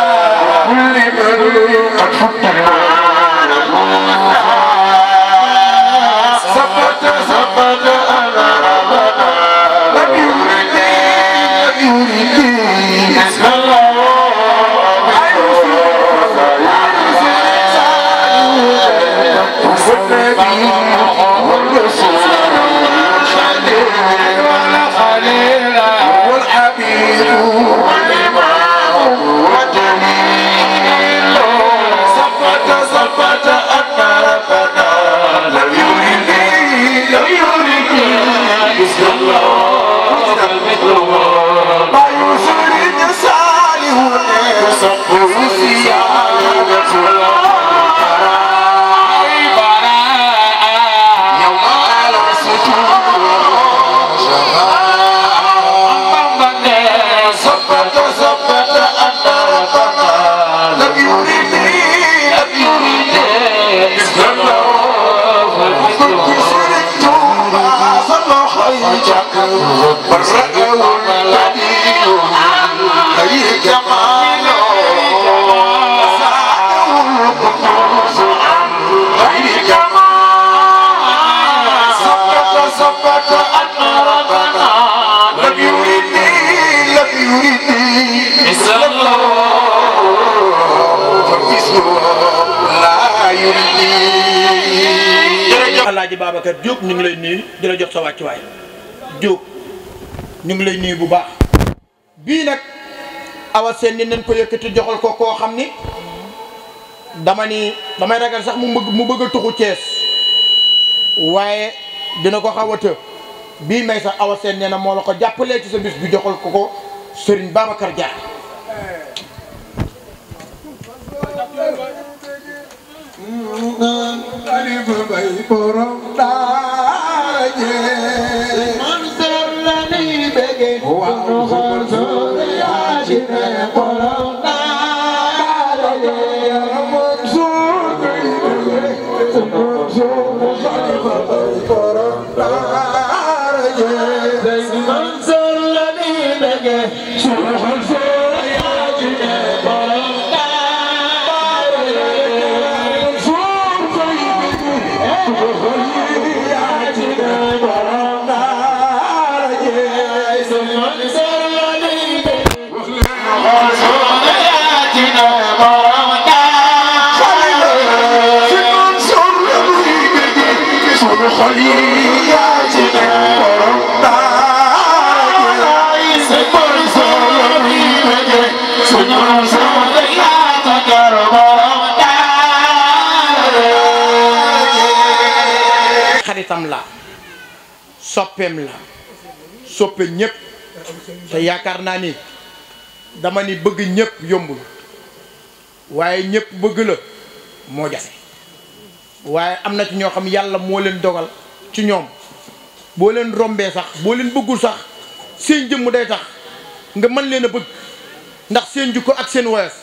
Speaker 4: Alaaji Babacar Diop ñu ngi lay nuyu di la jox sa wàccuwaay Diop ñu ngi lay nuyu bu baax bii nag awa seen ni nañ ko yëkkati joxal ko koo xam ni dama ni damay ragal sax mu bëgg mu bëgg a tuxu Cees waaye dina ko xaw a bii may sax awa seen nee na moo la ko jàppalee ci sa bis bi joxal ko ko Serigne Babacar Dia Para xaritam la soppeem la soppe ñépp te yaakaar naa ni dama ni bëgg ñépp yombul waaye ñépp bëgg la moo jafe waaye am na ci ñoo xam yàlla moo leen dogal ci ñoom boo leen rombee sax boo leen bëggul sax seen jëmm day tax nga mën leen a bëgg ndax seen jukko ak seen woyas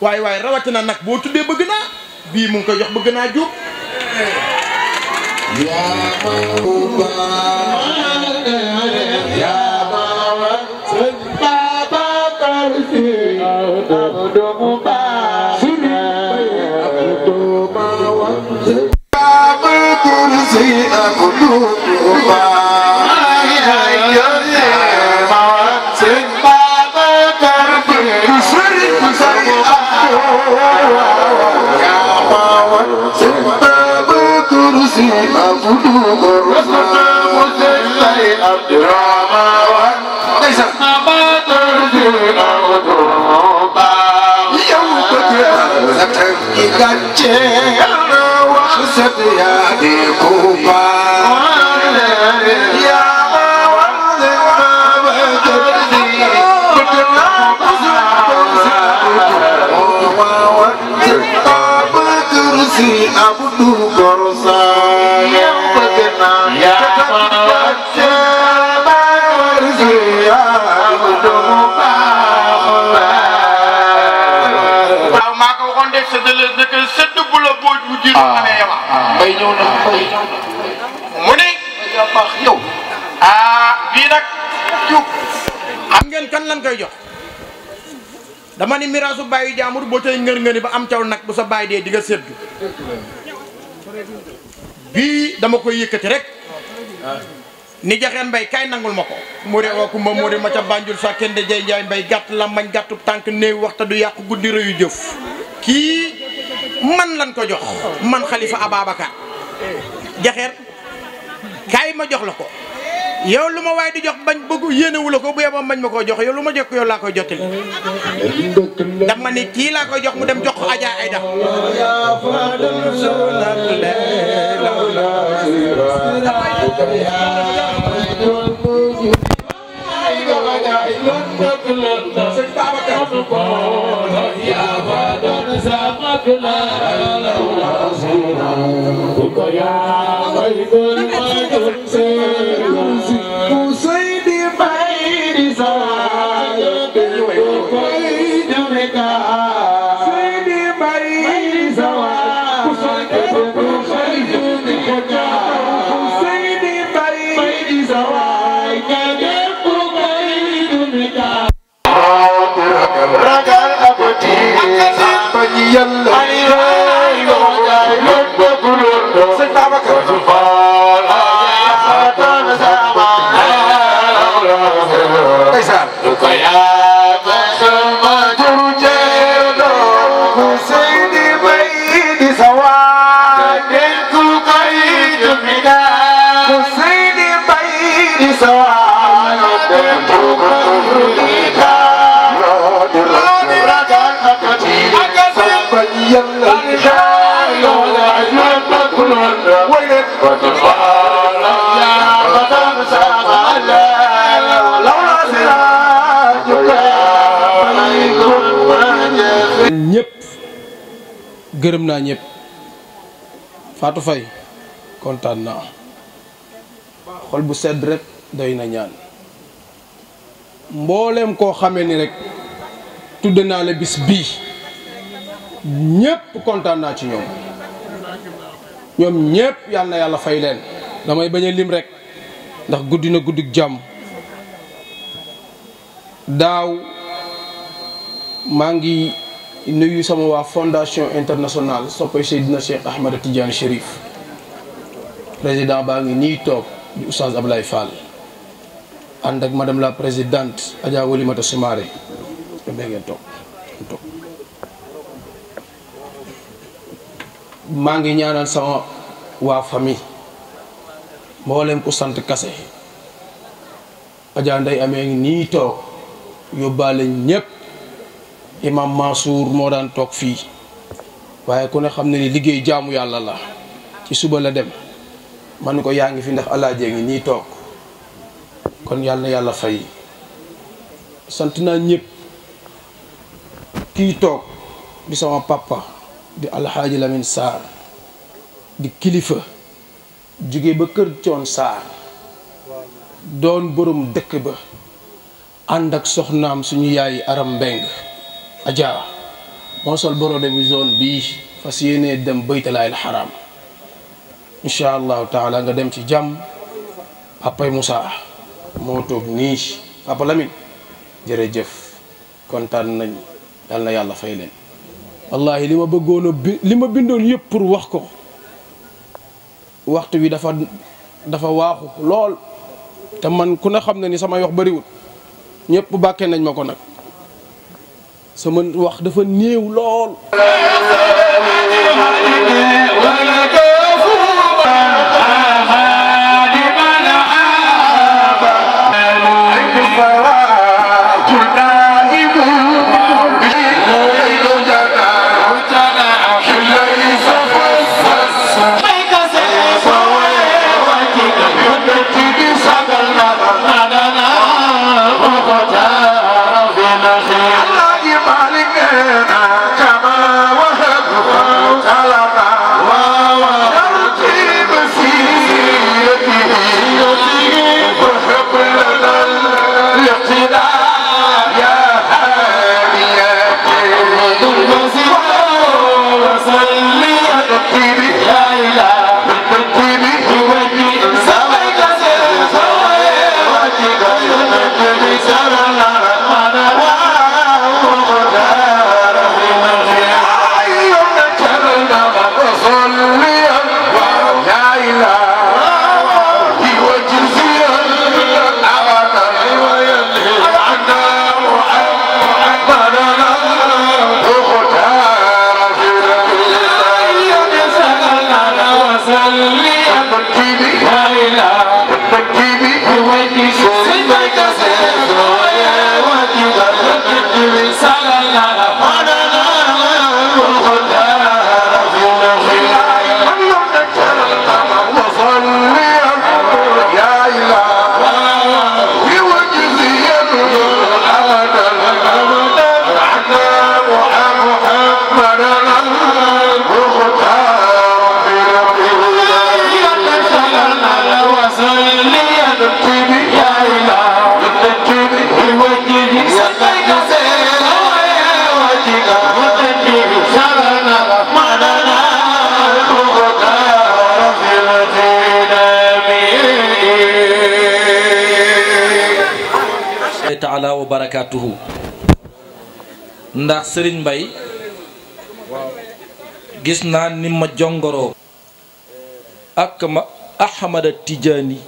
Speaker 4: waaye waaye rawatina nag boo tuddee bëgg naa bii mu ngi koy jox bëgg naa juub
Speaker 2: وصف مسلسل عبد الرحمن ليس ما ترجينا وتربا يوم تكرزتك إغاجينا وحسد يا ديكوبا يا أبو
Speaker 4: koy séddale naka séddu bu la booj bu ah, ah. ni yaa ah, bii nag cuub ngeen kan lañ koy jox dama ni miraasu bàyyi jaamur boo tey ngër ngëni ba am caw nag bu sa bàyyi dee di nga bii dama koy yëkkati rek ni jaxeen mbay kay nangul ma ko mu de wooku ma mu de ma ca bànjul sa kenn de jay njaay mbay gàtt làmbañ gàttu tànk néew waxta du yàqu guddi rëyu jëf kii man lañ ko jox man xalifa Ababacar jaxeer kay ma jox la ko yow lu ma waay di jox bañ bëgg yéenewu la bu yeboo bañ ma koo jox yow lu ma jokk yow laa koy jottali dama ni kii laa koy jox mu dem jox ko Adja Aïda
Speaker 1: Nyep
Speaker 6: gërëm naa ñëpp Fatou Faye contane na xol bu sedd rek doy na ñaan mbolem ko xamé ni rek tudd na la bis bi ñëpp contane na ci ñoom ñoom ñépp yàlla yàlla fay leen damay bañ a lim rek ndax guddi na guddik jàmm daaw maa ngi nuyu sama waa fondation internationale soppay Seydina Cheikh Ahmada Tidiane Chérif président baa ngi nii toog di oustaz Ablaye Fall ànd ak madame la présidente Adja Walimata Soumaré ngeen toog maa ngi ñaanal sama waa famille mboolem ku sant kase Adja Ndeye amee ngi nii toog yóbbaale ñépp imam suur moo daan toog fii waaye ku ne xam ne ni liggéey jaamu yàlla la ci suba la dem man ko yaa ngi fi ndax alaajee ngi nii toog kon yàlla yàlla fay sant naa ñëpp kii toog di sama papa di alxaaji Lamine Sarr di kilifa jóge ba kër coon Sarr doon borom dëkk ba ànd ak soxnaam suñu yaay aram mbeng Adja moo sol borode bi zone bii fas yéenee dem baytalaayil xaraam incha allahu taala nga dem ci jàmm papay Moussa moo toog nii papa Lamine jërëjëf kontaan nañ yal na yàlla fay leen wallahi li ma bëggoon bi li ma bindoon yëpp pour wax ko waxtu wi dafa dafa waaxu lool te man ku ne xam ne ni sama wax bariwul ñépp bàkke nañ ma ko nag sama wax dafa néew lool
Speaker 3: barakatuhu ndax Serigne Mbaye gis naa ni ma jongoroo ak ma Ahmada Tijaani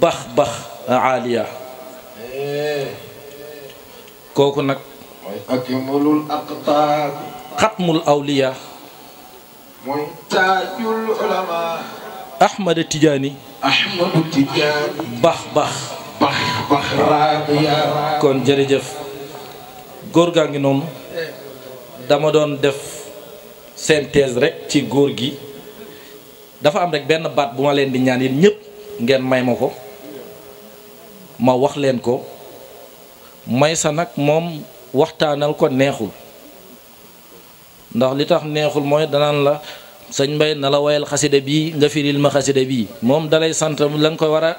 Speaker 3: bax bax aaliya kooku nag
Speaker 5: mooy akmalul aqtaab
Speaker 3: xatmul Ahmada Tijaani bax bax bax bax raadiya kon jërëjëf góor gaa ngi noonu dama doon def synthèse rek ci góor gi dafa am rek benn baat bu ma leen di ñaan yéen ñëpp ngeen may ma ko ma wax leen ko may sa nag moom waxtaanal ko neexul ndax li tax neexul mooy danaan la sëñ mbay na la woyal xaside bii nga firil ma xasida bii moom dalay sant la koy war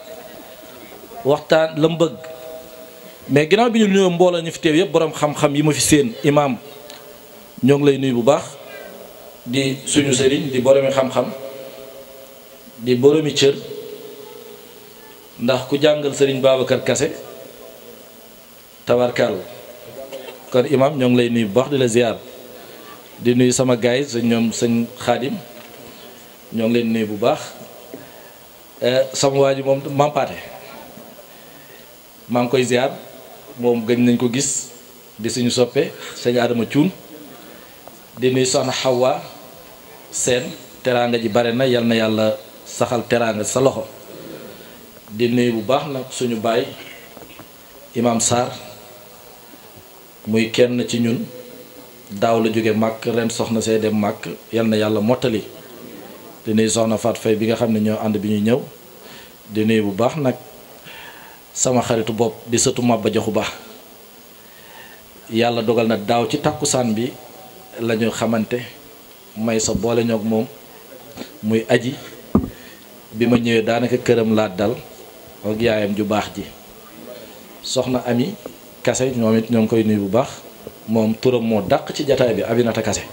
Speaker 3: waxtaan lam bëgg mais ginnaaw bi ñu nuyoo mbooloo ñu fi teew yëpp borom xam-xam yi ma fi seen imaam ñoo ngi lay nuyu bu baax di suñu sëriñ di boroomi xam-xam di boromi cër ndax ku jàngal sëriñ Babacar Kassé tabarkaal kon imaam ñoo ngi lay nuyu bu baax di la ziar di nuyu sama gaay sa ñoom sëñ xaadim ñoo ngi leen nuyu bu baax eh, sama waa ji moom mampaate maa koy ziar moom gën nañ ko gis di suñu soppe sëñ Adama Thioune di nuy soxna Xawa seen teraanga ji bare na yal na yàlla saxal teraanga sa loxo di nuy bu baax nag suñu baay Imam Sarr muy kenn ci ñun daaw la jóge màkk ren soxna see dem màkk yal na yàlla mottali di nuy soxna Faat Fay bi nga xam ne ñoo ànd bi ñuy ñëw di nuy bu baax nag sama xaritu bopp di sëtu Maba Jaxu Ba yàlla dogal na daaw ci saan bi la ñu xamante may sa boole ñoog moom muy aji bi ma ñëwee daanaka këram laa dal ak yaayam ju baax ji soxna ami kase ñoom it ñoo ngi koy nuyu bu baax moom turam moo dàq ci jataay bi abinata Kase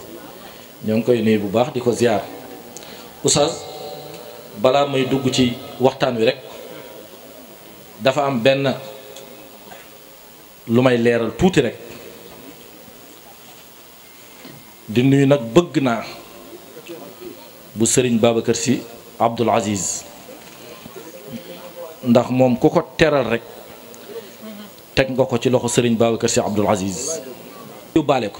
Speaker 3: ñoo ngi koy nuyu bu baax di ko ziar oustaz balaa may dugg ci waxtaan wi rek dafa am benn lu may leeral tuuti rek di nuyu nag bëgg naa bu sëriñ Babacar Sy Abdoul Aziz ndax moom ku ko teral rek teg nga ko ci loxo sëriñ Babacar Sy Abdoul Aziz yóbbaale ko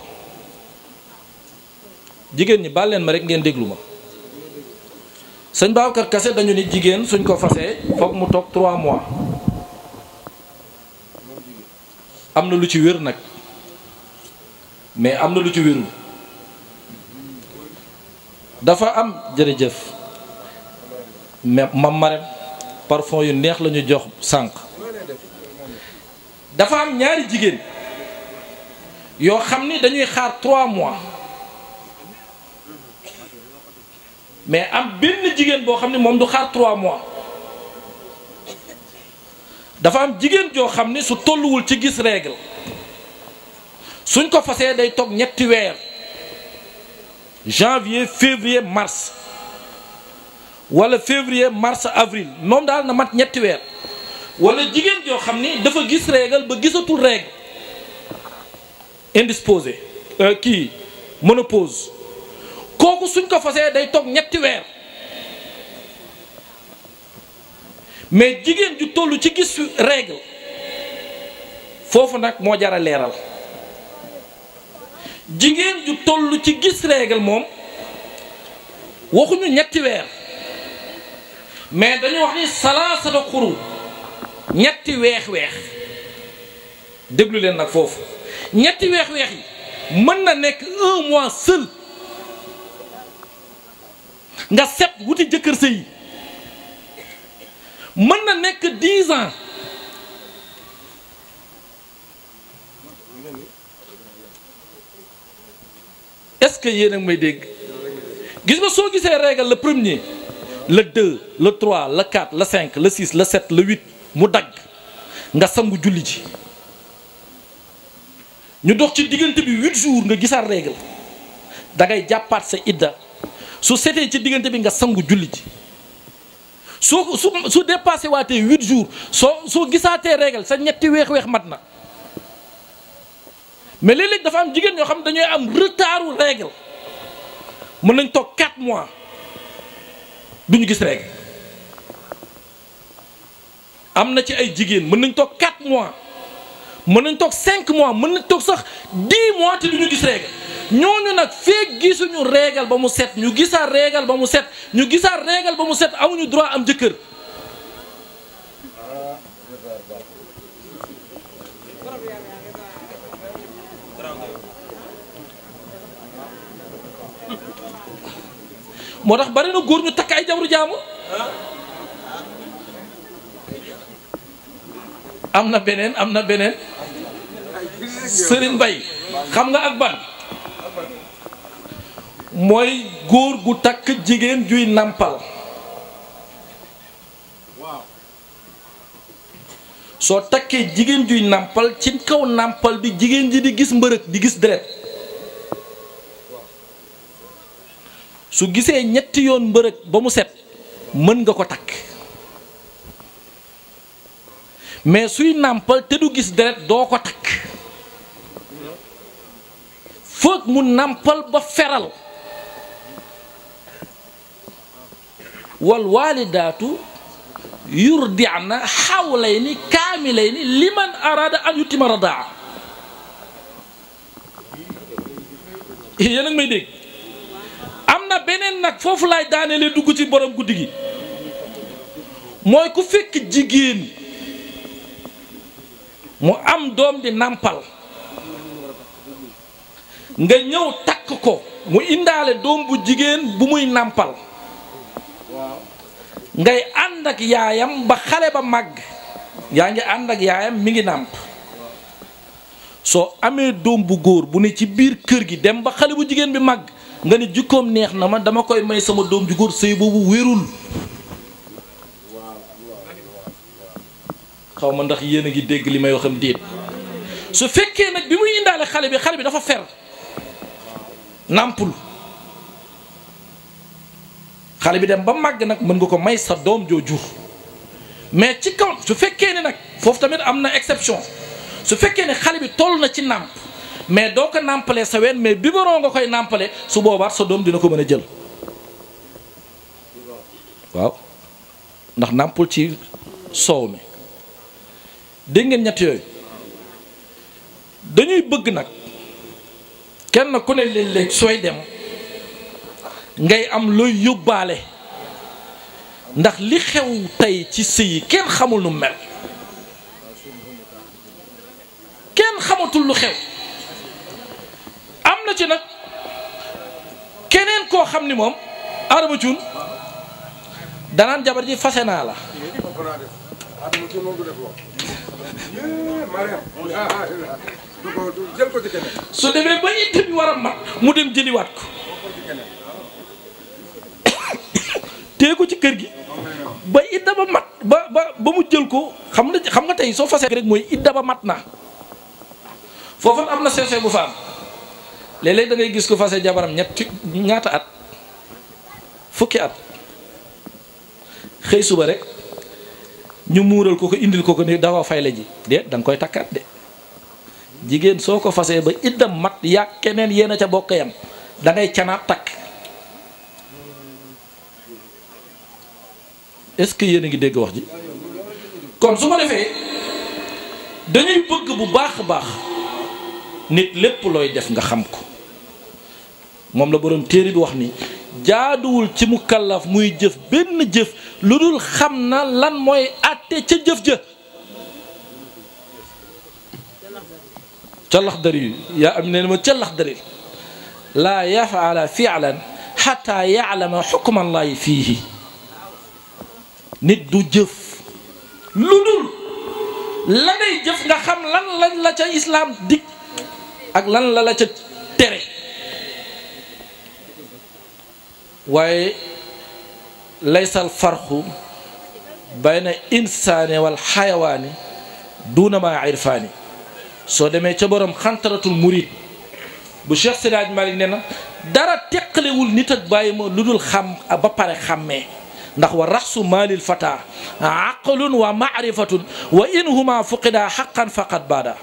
Speaker 3: jigéen ñi baal leen ma rek ngeen déglu ma sëñ Babacar kase dañu ni jigéen suñ ko fasee foog mu toog 3 mois am na lu ci wér nag mais am na lu ci wérul dafa am jërëjëf mais mam marem parfum yu neex la ñu jox sànq dafa am ñaari jigéen yoo xam ni dañuy xaar trois mois mais am benn jigéen boo xam ni moom du xaar trois mois dafa am jigéen joo xam ni su tolluwul ci gis règle suñ ko fasee day toog ñetti weer janvier février mars wala février mars avril moom daal na mat ñetti weer wala jigéen joo xam ni dafa gis règle ba gisatul règle indispose euh, kii ménopause kooku suñ ko fasee day toog ñetti weer mais jigéen ju toll ci gis règle foofu nag moo jar a leeral jigéen ju toll ci gis règle moom waxuñu ñetti weer mais dañu wax ni salaasata xuru ñetti weex-weex déglu leen nag foofu ñetti weex-weex yi mën na nekk un mois seul nga set wuti jëkkër sëy Man na nek 10 ans. Est-ce que vous ngi may dégg? Gis nga so gisé règle le premier, le 2, le 3, le 4, le 5, le 6, le 7, le 8 mu dag. Nga sangu julli ci. Ñu dox ci digënté bi 8 jours nga gisar règle. Da ngay jappat sa idda. Su sété ci digënté bi nga sangu julli ci. su su su dépassé waatee huit jours soo soo gisaatee règle sa ñetti weex-weex mat na mais léeg-léeg dafa am jigéen ñoo xam dañooy am retardu règle mën nañ toog quatre mois duñu gis règle am na ci ay jigéen mën nañ toog quatre mois mën nañ toog cinq mois mën nañ toog sax 10 mois ti du ñu gis régal ñooñu nag feeg gisuñu régal ba mu set ñu gisaa régal ba mu set ñu gisaa régal ba mu set amuñu droit am jëkkër. moo tax bari na góor ñu takk ay jabru jaamu am na beneen am na beneen Serigne Mbaye xam nga ak ban mooy góor gu takk jigéen juy nàmpal soo takkee jigéen juy nàmpal ci kaw nàmpal bi jigéen ji di gis mbërëg di gis deret su gisee ñetti yoon mbërëg ba mu set mën nga ko takk mais suy nàmpal te du gis deret doo ko takk foog mu nàmpal ba feral wal waalidaatu yurdi'na xawlayni kaamilayni liman araada an yutima radaa yéen may dégg am na beneen nag foofu lay daanelee dugg ci boroom guddi gi mooy ku fekk jigéen mu am doom di nàmpal nga ñëw takk ko mu indaale doom bu jigéen bu muy nàmpal ngay ànd ak yaayam ba xale ba màgg yaa ngi ànd ak yaayam mi ngi nàmp soo amee doom bu góor bu ne ci biir kër gi dem ba xale bu jigéen bi màgg nga ne jikkoom neex na ma dama koy may sama doom ju góor sëy boobu wérul xaw ma ndax yéen a ngi dégg li may waxam déet su fekkee nag bi mu indaale xale bi xale bi dafa fer nàmpul xale bi dem ba màgg nag mën nga ko may sa doom jooju mais ci kaw su fekkee ne nag foofu tamit am na exception su fekkee ne xale bi toll na ci nàmp mais doo ko nàmpalee sa ween mais bi biberon nga koy nàmpale su boobaat sa doom dina ko mën a jël waaw ndax nàmpul ci soow mi dégg ngeen ñetti yooyu dañuy bëgg nag kenn ku ne léeg-léeg sooy dem ngay am looy yóbbaale ndax li xew tey ci sëy yi kenn xamul nu mel kenn xamatul lu xew am na ci nag keneen koo xam ni moom araba cun danaan jabar ji fase naa la
Speaker 5: adama kii su demee ba itte bi
Speaker 3: war a mat mu dem jëliwaat ko tee ko ci kër gi ba idda ba mat ba ba ba mu jël ko xam nga xam nga tey soo fasee rek mooy idda ba mat na foofu am na sew-sew bu fa am léeg-léeg da ngay gis ko fase jabaram ñetti ñaata at fukki at xëy suba rek ñu mural ko ko indil ko ko ne da ko fay la ji de dang koy takkat de jigen soko fasé ba idam mat ya kenen yena ca bokkayam da ngay ciana tak est ce que yéen ngi deg wax ji kon suma defé dañuy bëgg bu baax baax nit lepp loy def nga xam ko mom la borom téré bi wax ni jaadul ci mukallaf muy jëf benn jëf lu xamna lan moy àtte ci jëf ja tallah dari ya am ma tallah dari la yaf'ala filan hatta ya'lama hukm allah fihi nit du jëf lu la day jëf nga xam lan lañ la ca islam dik ak lan la la ca tere waaye laysa alfarqu bayna insaani wal xayawaani duuna maa irfaani soo demee ca borom xantaratul murid bu Cheikh Sidaaj Malik nee na dara teqalewul nit ak bàyyi ma lu dul xam ba pare xàmmee ndax wa raxsu maalil fata aqlun wa maarifatun wa in huma fuqidaa xaqan faqad baada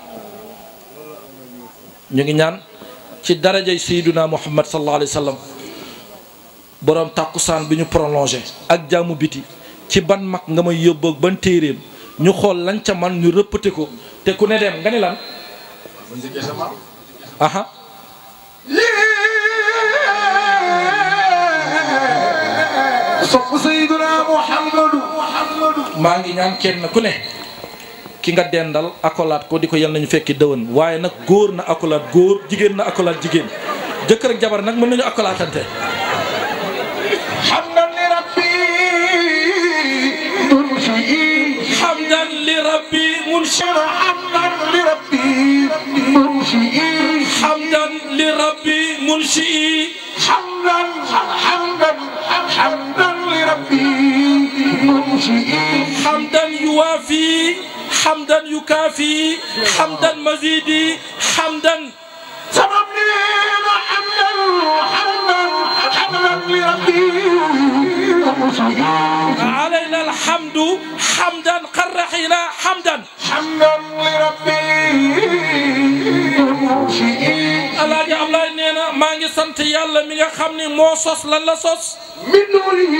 Speaker 3: ñu ngi ñaan ci darajay sayyiduna muhammad sallallahu alayhi wa sallam borom takusan biñu prolonger ak jamu biti ci ban mak nga may yobbo ban téeréem ñu xol lañ ca man ñu rëppate ko té ku ne dem nga ne lan aha sopp sayyiduna muhammadu maa ngi ñaan kenn ku ne ki nga dendal akolat ko di yel nañu fekki deewon waye nak goor na akolat goor jigen na akolat jigen. jëkkër ak jabar nak mën nañu akolatante لربي منشرا حمدا لربي منشئي حمدا لربي منشئي حمدا حمدا حمدا لربي حمدا يوافي حمدا يكافي حمدا مزيدي حمدا سبب حمدا حمدا حمدا لربي علينا الحمد حمدا قرحينا حمدا حمدا لربي الله يعلم الله إننا ما نحسن تيار لم يخمني موسوس للاسوس
Speaker 2: من نوره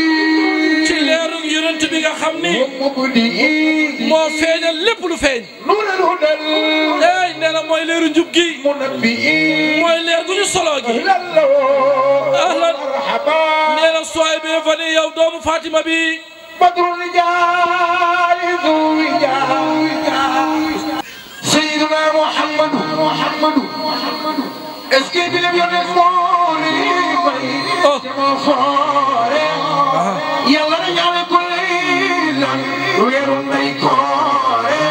Speaker 3: تيار يرنت بيا خمني مو فين اللي بلو فين نور الهدل إيه إننا ما يلير جبكي ما يلير جو سلاجي الله الله الرحمن إننا سوي بيفني يوم doomu Fatima bi
Speaker 2: badru rijaali zuwi jaali sayyiduna Muhammadu Muhammadu est-ce que bi lam yonne mooni oh. bay jama foore yàlla na ñaale ko la weeru nay koore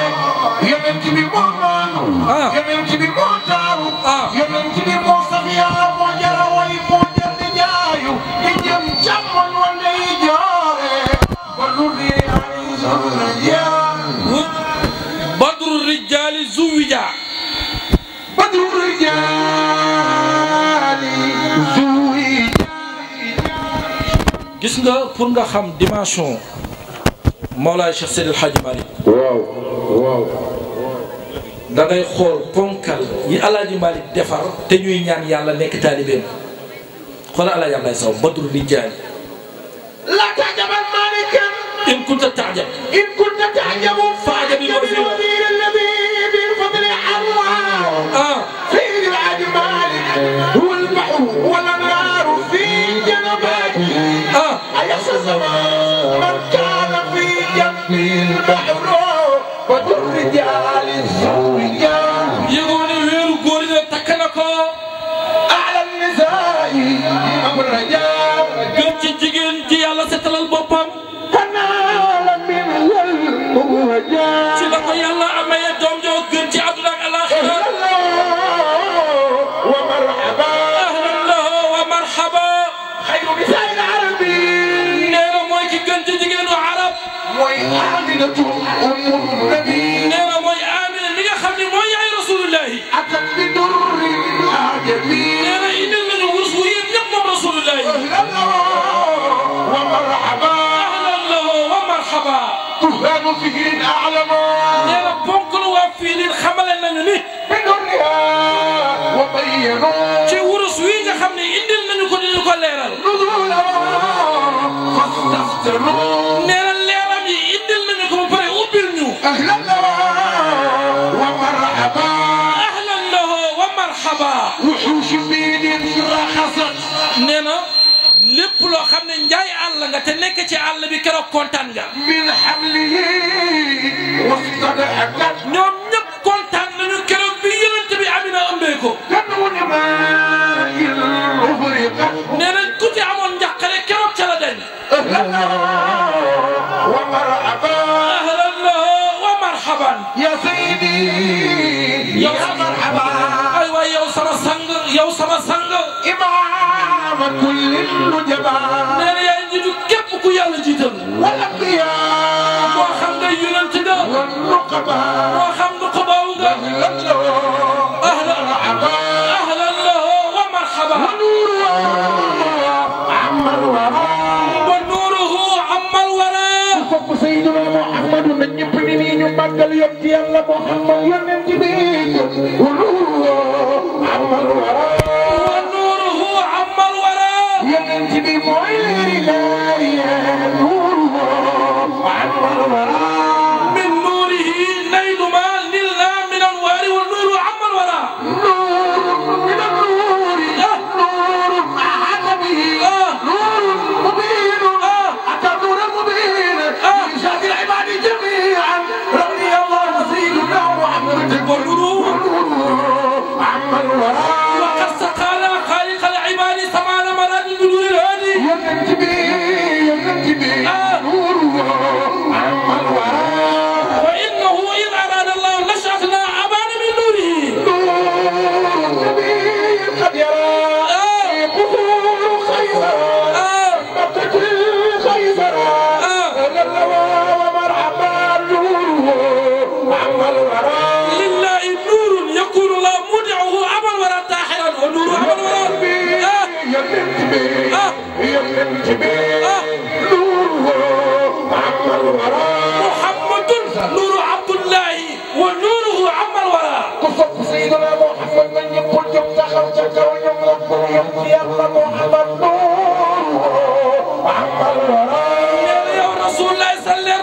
Speaker 2: yonent bi moo maanu ah. yonent bi moo taaru ah. yonent bi moo sax yàlla
Speaker 3: badru rijaali zuwija badru rijaali gis nga pour nga xam dimension Mawlaay Cheikh Seydi El Hadji Malick waaw waaw da xool ponkal yi Alaaji Malick defar te ñuy ñaan yàlla nekk taalibeem xoolal Alaaji Ablaye Sow badru rijaali إن كنت تعجب إن كنت تعجب فعجب الوزير الذي
Speaker 2: بالفضل الله آه. في الأجمال والبحر والأنهار في جنباته آه. الزمان من كان في جنبي البحر وكل رجال
Speaker 3: الزوجة يقول ويل قول تكنكو أعلى
Speaker 2: النساء
Speaker 3: أمر رجال قلت جيجين جي الله ستلال بابا
Speaker 2: ci la ko
Speaker 3: yàlla amee doom joo gën ci àdduna ak alaxira wa marhaba ahlan lahu wa marhaba xayru bisaa'il arabi nee na mooy ci gën ci jigéenu arab mooy aminatu ummul nabi nee na mooy amina li nga xam ne mooy yaay rasulullahi المنفقين أعلموا نينا بونكل وافيلين خمال نانيو بدرها وبينوا تي ورس وي nga xamne indil nañu ko dinañ ko leral nuzula
Speaker 1: fastaftaru
Speaker 3: neena leram yi indil nañu ko pare ubbil ñu ahlan wa marhaba ahlan lahu wa marhaba wuhush bidin rakhasat neena lépp loo xam ne njaay àll nga te nekk ci àll bi keroog kontaan nga. min hamlihi ñoom ñëpp kontaan nañu keroog bi yonent bi Amina ëmbee ko. nee nañ ku ci amoon njàqare keroog ca la dañ. ahlan wa marhaban. yaa
Speaker 1: sayyidi. yaa
Speaker 3: marhaban. aywa yow sama sang yow sama sang.
Speaker 2: Ibrahima.
Speaker 3: كل النجبا نانا يا نجو كيب كو يالا جيتال والقيام مو خم دا يونت دا والنقبا مو خم نقبا ودا اهلا مرحبا اهلا له ومرحبا ونور عمر ورا ونوره عمر ورا فك سيدنا محمد من يبني مين مقل يبتي الله محمد ينتبه ونور عمر ورا
Speaker 1: الهلال يا
Speaker 3: نور الله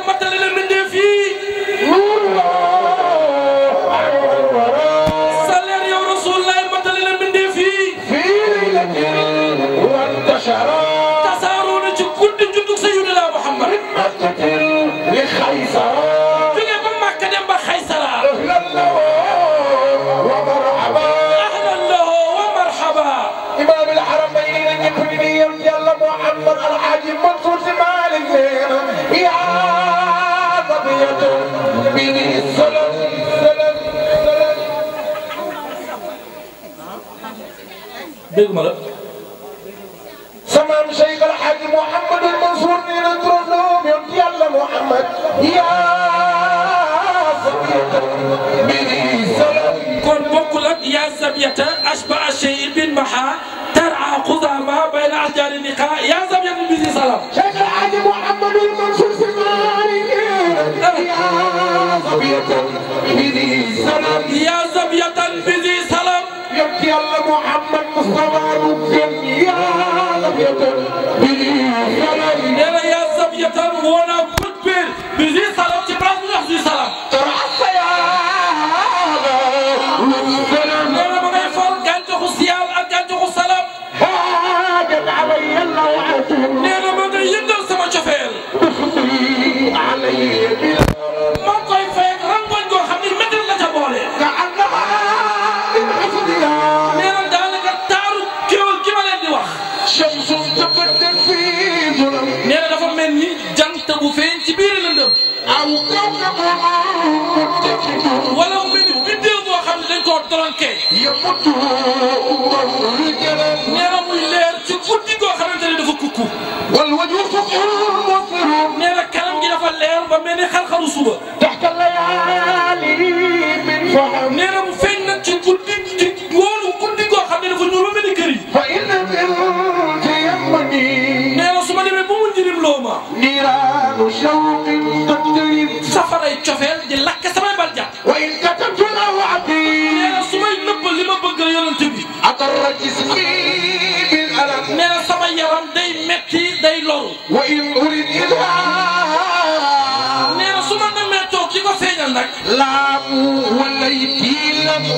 Speaker 3: matale la
Speaker 2: به الصلاة
Speaker 3: dégg ma la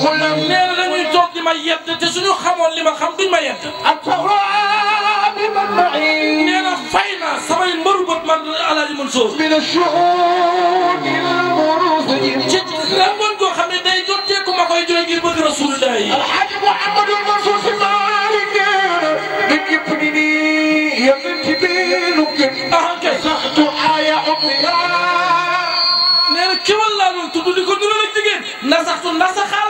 Speaker 3: xullam nee na dañuy toog di ma yedd te suñu xamoon li ma xam duñ ma yedd. ak taxawaay bi man maa yi. nee na fay naa samay mbëru bët man Alaaji Mansour. bi la suur di la mbooloo sa ji. ci la mën koo xam ne day jotteeku ma koy jooy ngir bëgg Rasulullah yi. Alaaji Muhammadul Mansour si Maalik nee na. nit ñëpp di nii yéen ci biir lu gën. ah kay saxtu aaya ummi. nee na kiwal laa doon tudd di ko dundal ak jigéen. nasaxtu nasaxaat.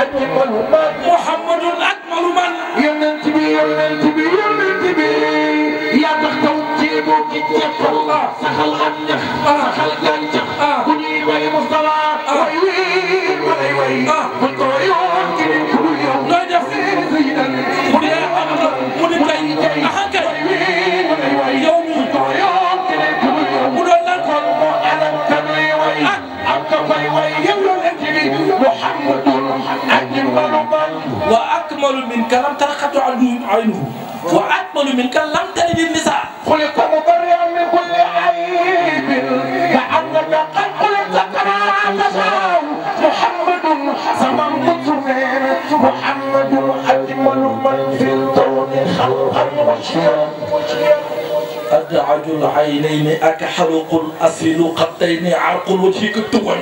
Speaker 3: أجمل من محمد أجمل من يننت بي يننت بي يننت بي يا تختو جيبو كتيك الله سخل غنجح آه. سخل غنجح كني آه. وي مصطفى آه. وي وي وي كنت ويوم كني كل يوم نجف سيدا كل يا أغلى كل كي أحكي akmalu minka lam tarxatu aynuhu wa akmalu minka lam talid nisaa xuliqa mubarri'an min kulli aybin ka
Speaker 2: annaka qad xuliqta kamaa tashaa muhammadun saman kutumin muhammadun ajmalu man fi lkawni xalqan
Speaker 3: wajhan أدعج العينين أكحرق الأسفل قطين عرق الوجه كالتوي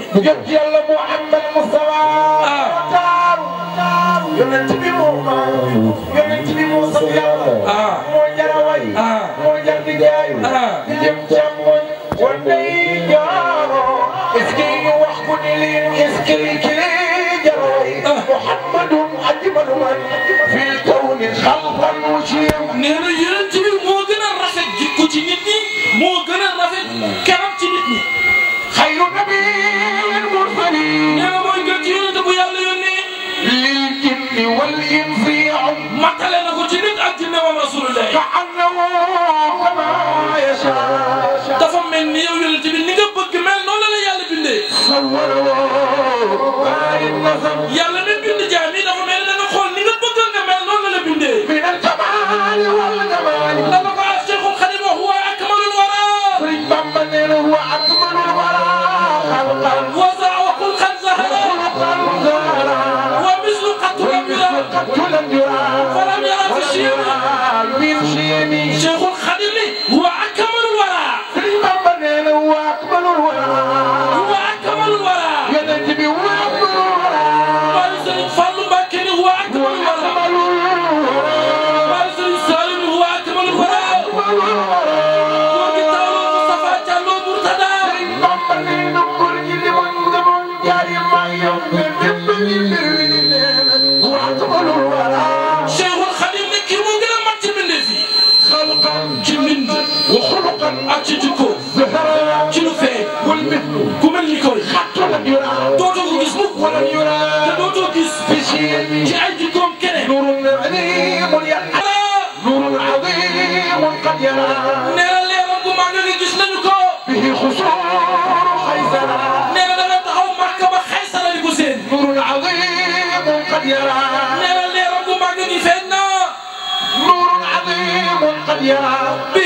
Speaker 3: you that Yeah.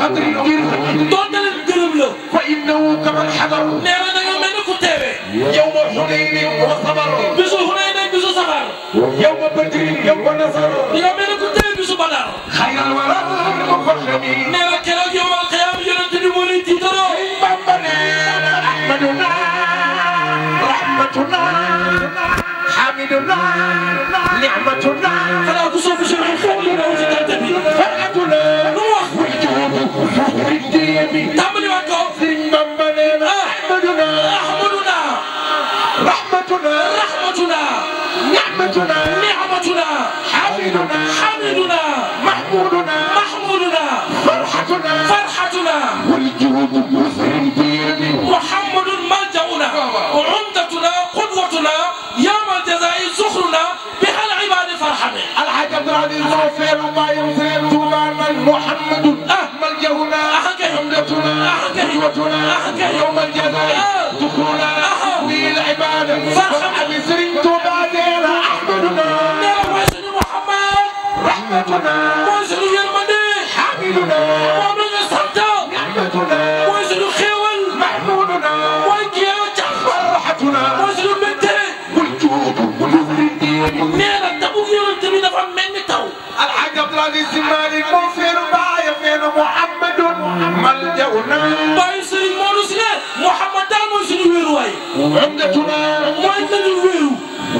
Speaker 2: xadri ngir donte leen gërëm la fa innahu kaman xadar nee na da nga mel ni ku teewee yow ma xunayni wa sabar
Speaker 3: bisu xunay day bisu sabar
Speaker 2: yow ma badrin yow ma nasar da nga
Speaker 3: mel ni ku teewee bisu badar xayral wara ma faxami nee na keroog yow al xiyaam yonente bi moo lay
Speaker 4: tiitaroo bamba nee na ahmaduna rahmatuna حامدنا نعمتنا فلا تصف شرح خير
Speaker 2: فرحتنا bi tàmbali waat ko sëriñ Bamba nee na ahmaduna ahmaduna rahmatuna rahmatuna nahmatuna nihmatuna hamiduna hamiduna mahmuduna mahmuduna farhatuna farhatuna wal juhud
Speaker 1: muslim biyadi
Speaker 3: muhammadun maljauna wa umdatuna qudwatuna يا ما الجزاء زخرنا بها العباد فرحة الحاج عبد العزيز غفير ما يغفر محمد
Speaker 2: قدوتنا يوم الجزاء ذكرنا للعبادة فرحة بسرين تبادر أحمدنا وزن محمد رحمتنا وزن يرمني حميدنا ومن الصدق نعمتنا
Speaker 3: وزن خول محمودنا وانجيا فرحتنا وزن مدي
Speaker 2: وجود والمريدين مين الدبوغي وانت بينا فمين تو الحاج عبد العزيز مالي مغفر بايا فين محمد jaw na bàyyi sëriñ Modou si ne Mouhamad daal mooy suñu wéeruwaay umdatuna mooy
Speaker 3: suñu wéeru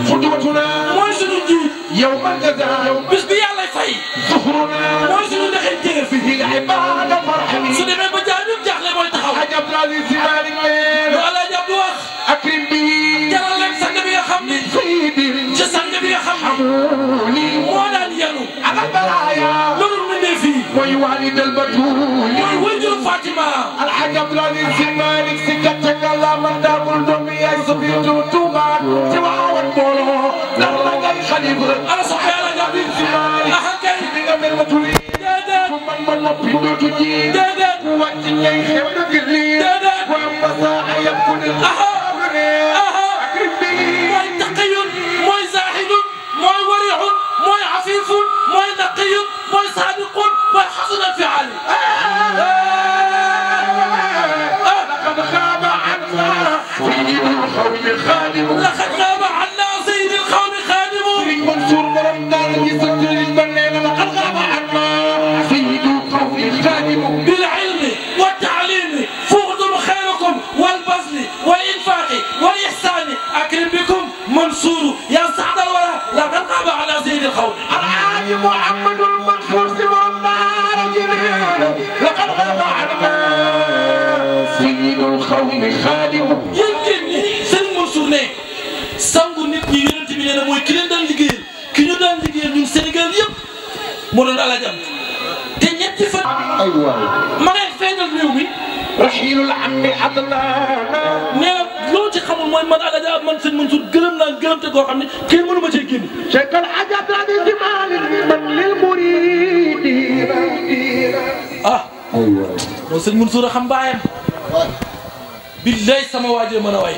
Speaker 3: xutbatuna mooy suñu njiit yow man nga daa yow bis bi yàlla fay suxruna mooy suñu ndaxee jëge fi hi ibada farxani su demee ba jaay ñun jaaxle mooy taxaw ajab naa li si maalik leen lu ala jab wax akrim bi jaral leen sang bi nga xam ni ci sang bi nga xam ni moo daan yanu ak
Speaker 2: baraaya loolu mu ne fii mooy waalidal batuuli fatima alhaji abdoulaye si malik si katta yàlla man daagul doom bi yaay sa biir tur tuuba ci waawan mbooloo ndax la ngay xalib ala sax yàlla nga bi si malik ahakay bi nga mel ma tuli ku man ma noppi dootu ji ku wàcc ñay xew na gir lii wa mbasa ayab ku ne القوم خادم لقد غاب عنا سيد القوم خادم سيد منصور ضرب دار يسكر البنين لقد غاب عنا سيد القوم خادم بالعلم والتعليم
Speaker 3: فوقدم خيركم والبذل والإنفاق والإحسان أكرم بكم منصور يا سعد الورى لقد غاب على سيد القوم العالم محمد
Speaker 2: المنصور سمر النار لقد غاب عنا سيد القوم خادم
Speaker 3: ma ngay feeñal réew mi. raxiilul ammi adlaana. nee na loo ci xamul mooy man Alaaji Abdou man sëñ Mansour gërëm naa gërëm te goo xam ne kenn mënu ma cee génn. Cheikh Al Hadj
Speaker 2: Abdoulaye Jimaali man lil muriidi.
Speaker 3: ah. aywa mooy sëñ Mansour a xam baayam. billaay sama waay mën a waay.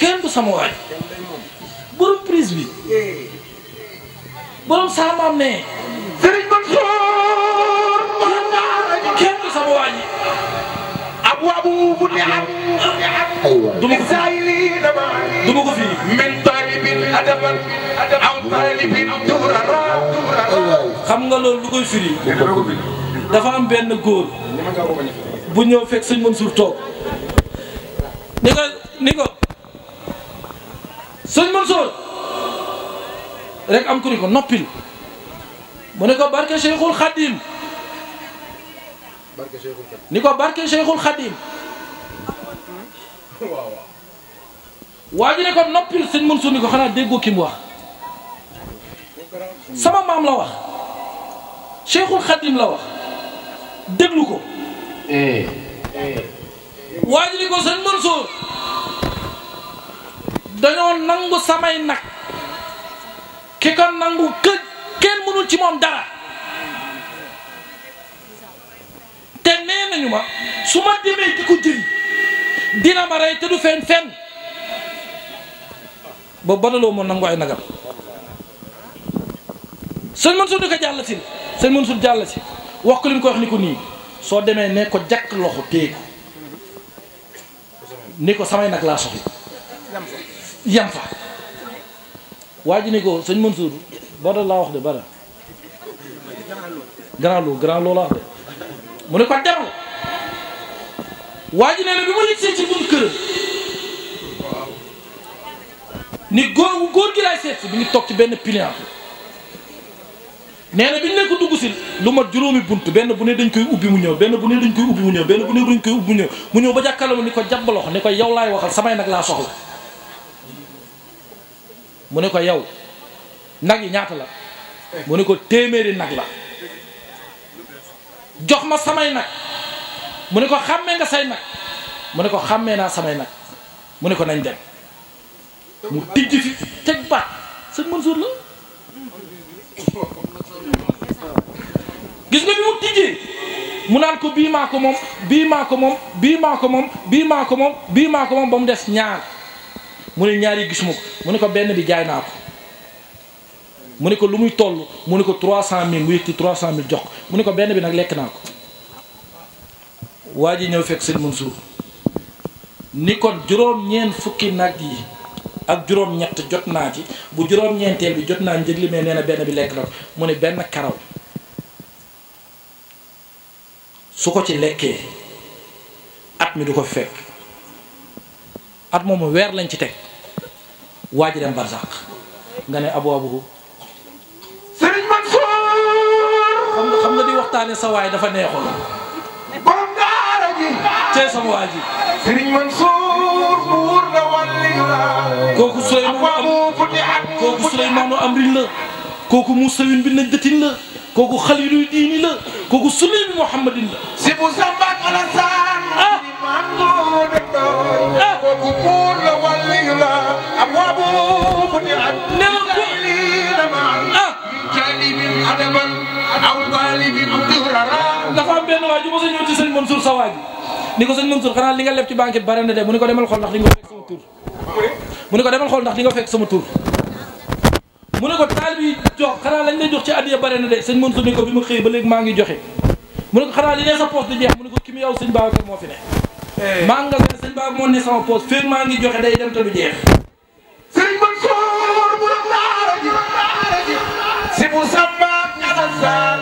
Speaker 3: kenn du sama waay. borom prise bi. borom saamaam ne. firi dafa am benn góor bu ñëw fekk sëñ Mansour toog ni ko ni ko sëñ Mansour rek am ku ni ko noppil mu ne ko barke Cheikhul Khadim ni ko barke Cheikhul Khadim waa ji ne ko noppil sëñ Mansour ni ko xanaa déggoo ki wax sama maam la wax Cheikhul Khadim la wax déglu ko. Eh. waaye li ko sëñ Mansour dañoo nangu samay nag ki nangu këj kenn mënul ci moom dara te nee nañu ma su ma demee di ko jëli dina ma rey te du fen fen ba banaloo moo nangu ay nagam sëñ Mansour di ko jàllatin sëñ Mansour jàll si wax ko li mu ko wax ni ko nii soo demee ne ko jàkk loxo téye ko ni ko samay nag laa soxla yam fa waa ji ni ko sëñ Mansour bara laa wax de bara grand loo grand loo laa wax de mu ne ko demal waa ji nee na bi ma ligsee ci bunt këram ni góor góor gi laay seet si bi ngi toog ci benn pilian nee na bi ñu leen ko dugg si lu ma juróomi bunt benn bu ne dañ koy ubbi mu ñëw benn bu ne dañ koy ubbi mu ñëw bu mu ñëw mu ñëw ba jàkkaarloo ni ko jàpp loxo ni ko yow laay waxal samay nag laa soxla mu ne ko yow nag yi ñaata la mu ne ko téeméeri nag la jox ma samay nag mu ne ko xàmmee nga say nag mu ne ko xàmmee naa samay nag mu ne ko nañ dem mu tijj fi teg baat sëñ Mansour la gis nga bi mu tijjee mu naan ko bii maa ko moom bii maa ko moom bii maa ko moom bii maa moom bii maa ko ba mu des ñaar mu ne ñaar yi gisuma ko mu ne ko benn bi jaay naa ko mu ne ko lu muy toll mu ne ko 300000 mu yëkkati 300000 jox ko mu ne ko benn bi nag lekk naa ko waa ji ñëw fekk sëñ Mansour ni ko juróom-ñeent fukki nag yi ak juróom-ñett jot naa ci bu juróom-ñeenteel bi jot naa njëgli mais nee na benn bi lekk na ko mu ne benn karaw su ko ci lekkee at mi du ko fekk at moomu weer lañ ci teg waa ji dem barzaq nga ne abwaabuhu sëriñ Mansour xam nga xam nga di waxtaane sa waaye dafa neexoon
Speaker 2: borom daara
Speaker 3: ji cee sama la kooku Souleymane kooku Souleymane Amrine la kooku Moussa Yun bi nañ dëtin la kooku xalilu diini la kooku sunni bi muhammadin la si bu sambaat
Speaker 1: alasaan ah
Speaker 2: ah kooku buur la wàlliyu la am waabu mu ni at ne la ko ah jalibin
Speaker 3: adaban aw balibin durara dafa am benn waay ju mos a ñëw ci sëñ Mansour sa waay ni ko sëñ Mansour xanaa li nga leb ci banque bi na de mu ni ko demal xool ndax di nga fekk sama mu ni ko demal xool ndax di nga fekk sama tur mu ne ko taalib yi jox xanaa lañ lay jox ci addiya bare na de sëñ Mansour ni ko bi ma xëy ba léegi maa ngi joxe mu ne ko xanaa li ne sa poos di jeex mu ne ko ki mu yow sëñ Babacar moo fi ne eh. maa nga sëñ Babacar moo ne sama poos féeg maa ngi joxe day dem te du jeex sëñ Mansour
Speaker 2: mu ne si mu sàmbaat ñatal saan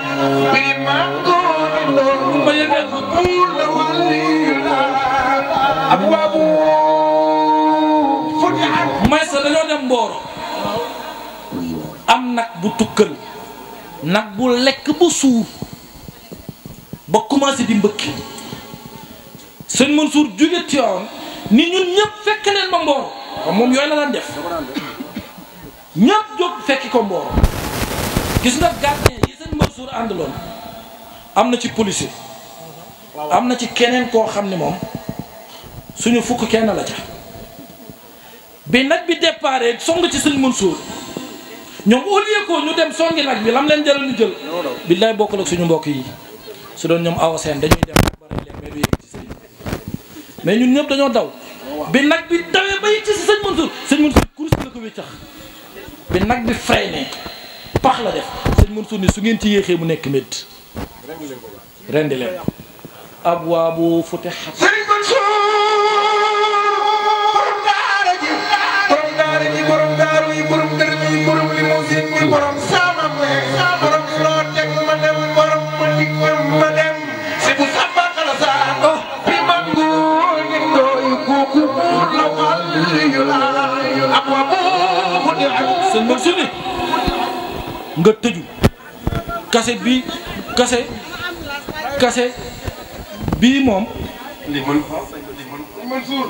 Speaker 2: mi màngoo ma yëgal buur la wàlli
Speaker 3: ab baabu fu am nag bu tukkal nag bu lekk ba suur ba commencé di mbëkki sëñ Mansour jóge Tiwaawan ni ñun ñëpp fekk leen ma mboor moom yooyu la daan def ñëpp jóg fekki ko mboor gis nga gardien yi sëñ Mansour àndaloon am na ci policier am na ci keneen koo xam ne moom suñu fukk kenn la ca bi nag bi déparé song ci sëñ Mansour ñoom au lieu ñu dem songi nag bi lam leen jaral ñu jël billaay bokkul ak suñu mbokk yi su doon ñoom awseen dañuy dem baral mais ñun ñëpp dañoo daw bi nag bi dawee ba yëg ci si sëñ Mansour sëñ Mansour kurus la ko wéccax bi nag bi fray ne la def sëñ Mansour ni su ngeen ci yéexee mu nekk médd rendi leen ab waa bu fute xat
Speaker 5: sëñ Mansour
Speaker 2: sëñ
Speaker 3: Mor Sine nga tëju kaset bi kaset kaset li
Speaker 2: Mansour Mansour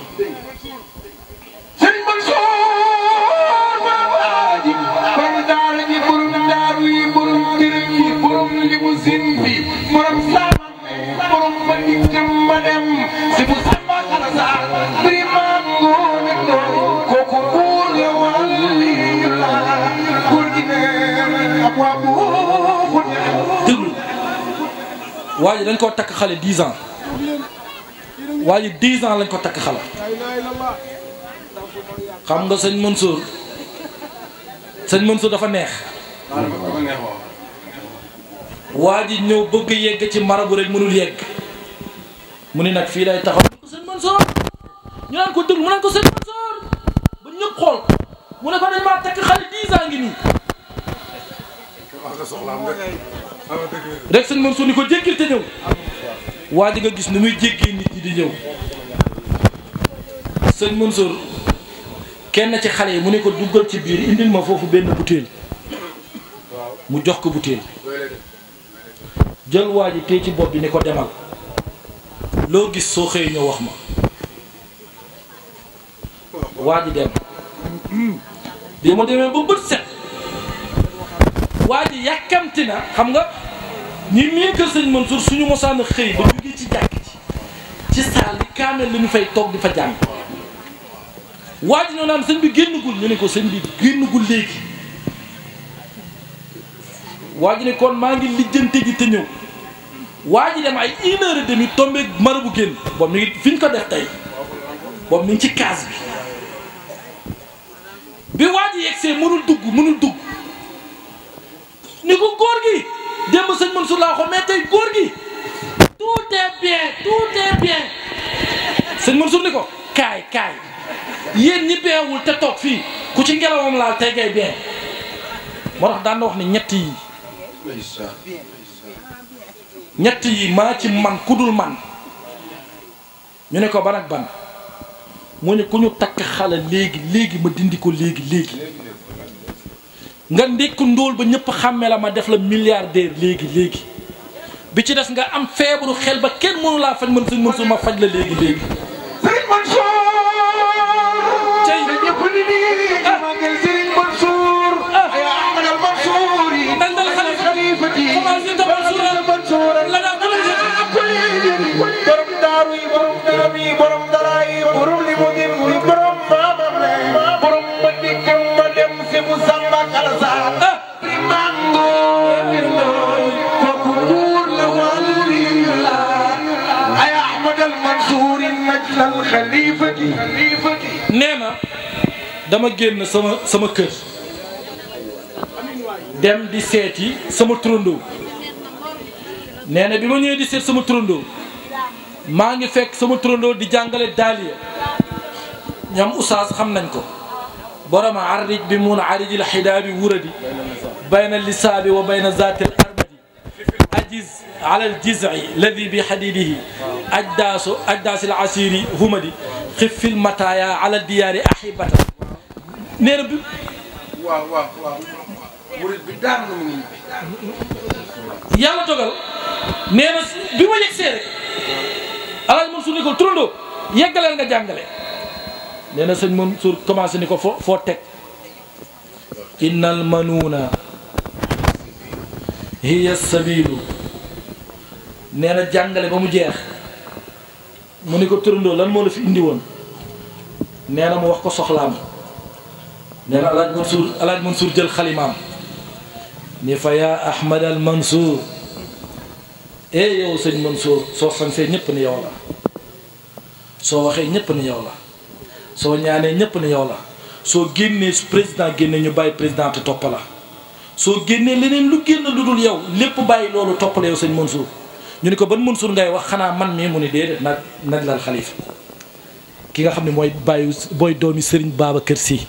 Speaker 2: ma
Speaker 3: waa ji dañ koo takk xale 10 ans waa ji 10 lañ ko takk xale xam nga sëñ Mansour sëñ Mansour dafa neex waa ji ñëw bëgg yegg ci marabu rek mënul yegg mu ni nag fii lay taxaw ñu ko sëñ Mansour ñu naan ko déglu mu naan ko sëñ Mansour ba ñëpp xool mu ne ko dañ maa takk xale 10 ngi nii
Speaker 5: Ah,
Speaker 3: rek sëñ Mansour ni ko jéggil te ñëw waa ji nga gis ni muy jéggee nit ñi di ñëw sëñ Mansour kenn ci xale yi mu ne ko duggal ci biir indil ma foofu benn butéel mu jox ko butéel jël waa ji tey ci bopp bi ni ko demal loo gis soo xëyee ñëw wax ma waa ji dem bi mu demee ba bët set waa ji yàkkamti na xam nga ñi miin kër sëñ Mansour suñu mosaan a xëy ba jógee ci jàkk ji ci saal bi kaamel la fay toog di fa jàng waa ji ñoo naan sëñ bi génnagul ñu ne ko seen bi génnagul léegi waa ji ne kon maa ngi lijjante ji te ñëw waa ji dem ay une heure et demie mara bu génn boobu mi fi ñu ko def tey boobu mi ci kaas bi bi waa ji yegsee mënul dugg mënul dugg ni ko góor gi démb sëñ Mansour laa ko mais tey góor gi tout est bien tout est bien sëñ ni ko kaay kaay yéen ñi beewul te toog fii ku ci ngelawam laal tey ngay bien moo tax daan na wax ni ñett yi ñett yi maa ci man ku dul man ñu ne ko ban ak ban mu ne ku ñu takk xale léegi léegi ma dindi ko léegi léegi nga ndékk ndóol ba ñépp xàmme la ma def la milliardaire léegi léegi bi ci des nga am feebaru xel ba kenn mënu laa faj mën suñ ma faj
Speaker 7: la léegi léegi.
Speaker 2: Serigne Mansour. tey ñëpp ni nii. ah magal Serigne Mansour. ah ay Ahmadal Mansour yi. yi commencé Mansour la daa yi
Speaker 3: شهور نجلا خليفتي nee na dama génn sama sama kër dem di seeti sama turandoo nee na bi ma ñëwee di seet sama turandoo maa ngi fekk sama turandoo di jàngale daaliya ñoom oustaz xam nañ ko borom arij bi mun arijil xidaa bi wuradi bayna lisaabi wa bayna zaatil أجز على الجزع الذي بحديده أجداس أجداس العسير همدي خف المطايا على الديار أحبة نرب waaw waaw waaw murid bi daan na mu ngi yàlla dogal nee na bi ma yegsee rek alaaj Mansour ni ko turandoo yeggaleel nga jàngale nee na sëñ Mansour commencé ni ko foo foo teg innal manuuna hiya sabilu neena jangale bamu jeex muniko ni lan mo la fi indi won, neena mu wax ko soxlam neena alad mansur alad mansur jël ni fa ya ahmad al Mansur, e yow sëñ mansur so sansee ñepp ni yow la so waxe ñepp ni yow la so ñaanee ñepp ni yow la so guinness president ñu bay president te soo génnee leneen lu génn lu dul yow lépp bàyyi loolu topp la yow sëñ Mansour ñu ni ko ban Mansour ngay wax xanaa man mii mu ne déedéet nag nag laal xalifa ki nga xam ne mooy bàyyi booy doomi sëriñ kër si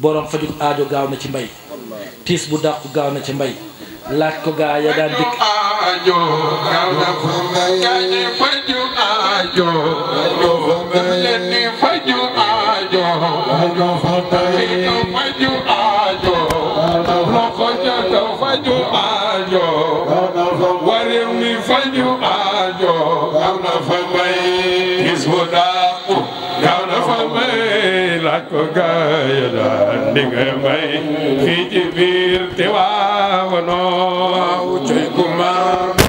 Speaker 3: boroom fajut aajo gaaw na ci mbay tiis bu dàqu gaaw na ci mbay laaj ko gaa ya daan dëkk
Speaker 7: aajo gaaw na ko mbay faju aajo warew mi faju aajo gaaw na fa may gis mu daaku
Speaker 10: gaaw na fa may laaj ko gaaya daan di nga may fii ci biir te
Speaker 7: waawanoo cuy ku mar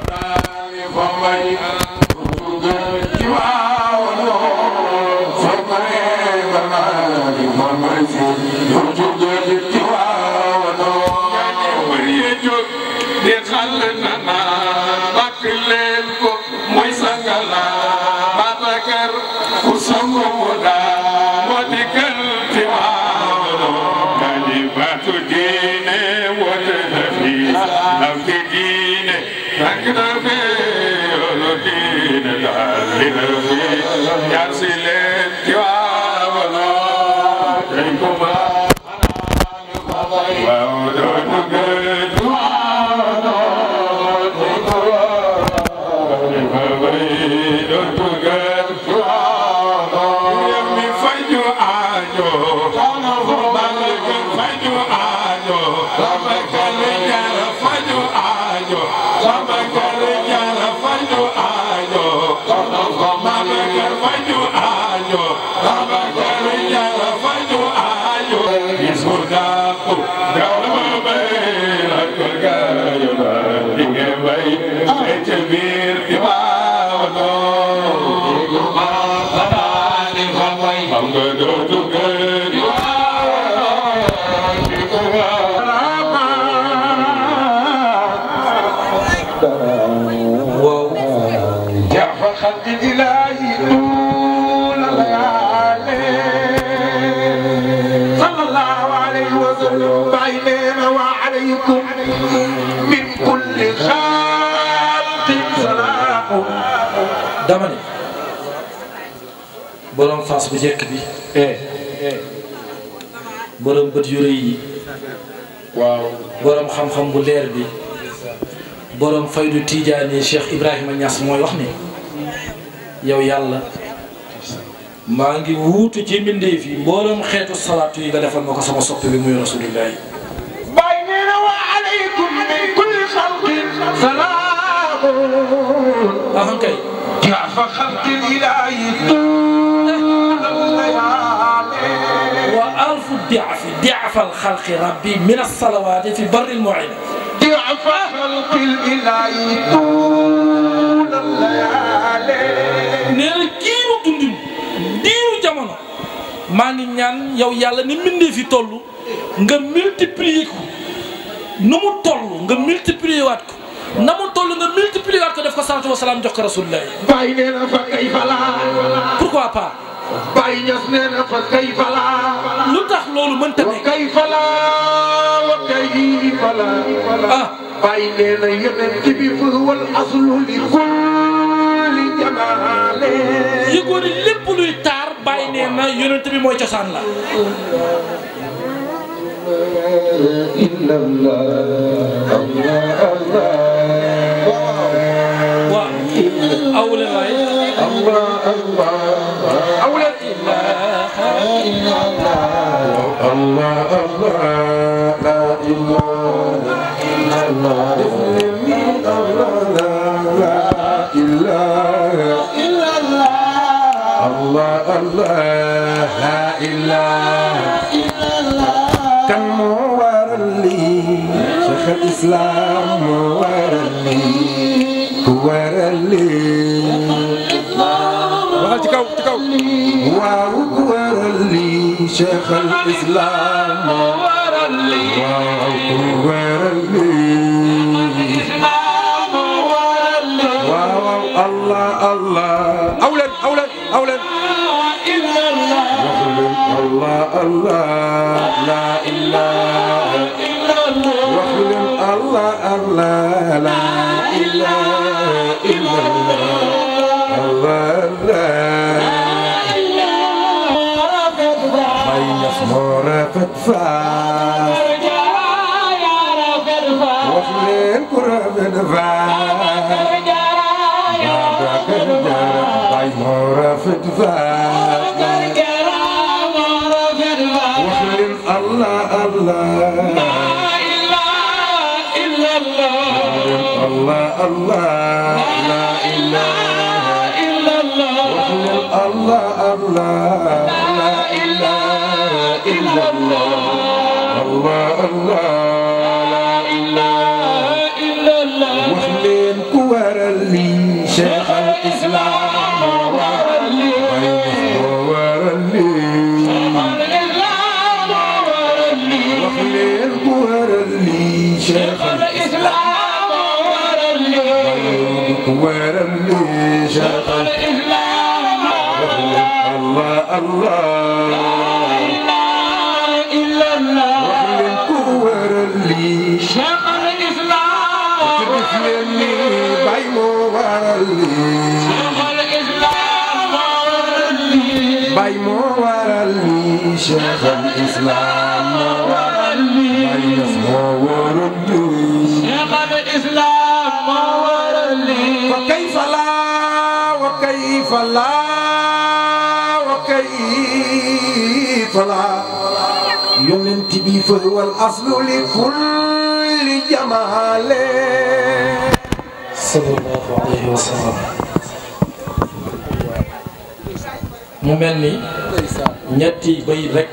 Speaker 3: dama ne borom fas bu njëkk bi eh, eh. borom bët yu yi waaw borom xam-xam bu leer bi borom faydu tiijaani Cheikh Ibrahima Niass mooy wax ne yow yàlla maa ngi wuutu ci mbindeef yi mboolem xeetu salaatu yi nga defal ma ko sama soppe bi muy rasulillah yi
Speaker 2: bàyyi nee na wa aleykum min kulli xalqin salaam ahan kay
Speaker 3: فخرت الولاية طول
Speaker 1: الليالي
Speaker 3: وألف ضعف ضعف الخلق ربي من الصلوات في بر المعين
Speaker 2: ضعف خلق الولاية طول الليالي
Speaker 3: نيل كيرو دوندين ديرو جامونو maa يو يالا yow في ni mbindee fi toll nga multiplier ko na mu toll nga multiplier waat ko def ko salaatu wa salaam jox ko rasulillah. bàyyi na fa kay falaa. pourquoi pas. bàyyi ñas fa kay
Speaker 2: lu tax loolu mënta ne. wa kay falaa wa kay falaa. ah bàyyi nee na yonent bi fa wal aslu li kulli jamaale. yëgoo ni lépp
Speaker 3: luy taar bàyyi nee na yonent bi mooy cosaan la. أولى
Speaker 8: العيش الله الله أولى الإله إلا
Speaker 5: الله الله الله لا إله
Speaker 2: إلا الله لا إله
Speaker 1: إلا الله
Speaker 2: الله الله لا إله إلا الله كم ورا لي شيخ الإسلام waral lii waxal ci kaw ci kaw waaw waral lii
Speaker 5: cheikh al islam waaw waral lii waaw allah allah aw leen aw leen aw leen الله الله لا إله إلا الله
Speaker 2: الله الله لا rafet faas
Speaker 1: wax leen ku rafet faas
Speaker 2: Babacar
Speaker 5: Diarra bay moo rafet faas
Speaker 2: wax leen Allah Allah الله الله لا اله الله
Speaker 5: الله لا إله
Speaker 2: إلا الله الله الله لا إله إلا الله وخلين كوار اللي شيخ الإسلام شيخ
Speaker 3: الإسلام ورا
Speaker 2: اللي شيخ الإسلام الله الله لا إله إلا الله وحلم كور لي شيخ
Speaker 3: الإسلام شيخ الإسلام شيخ الإسلام
Speaker 2: ور شيخ الإسلام لا وكيف لا kay fala mu mel
Speaker 3: ni ñetti bay rekk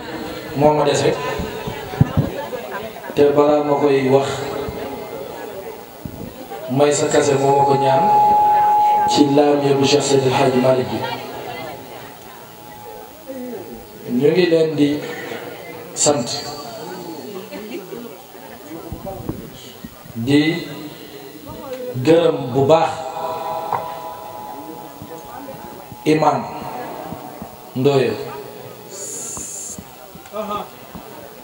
Speaker 3: moo ma dese te balaa ma koy wax may sa kase moo ma ko ñaan ci laam yëpp Cheikh Seydi El Hadji imam Ndoye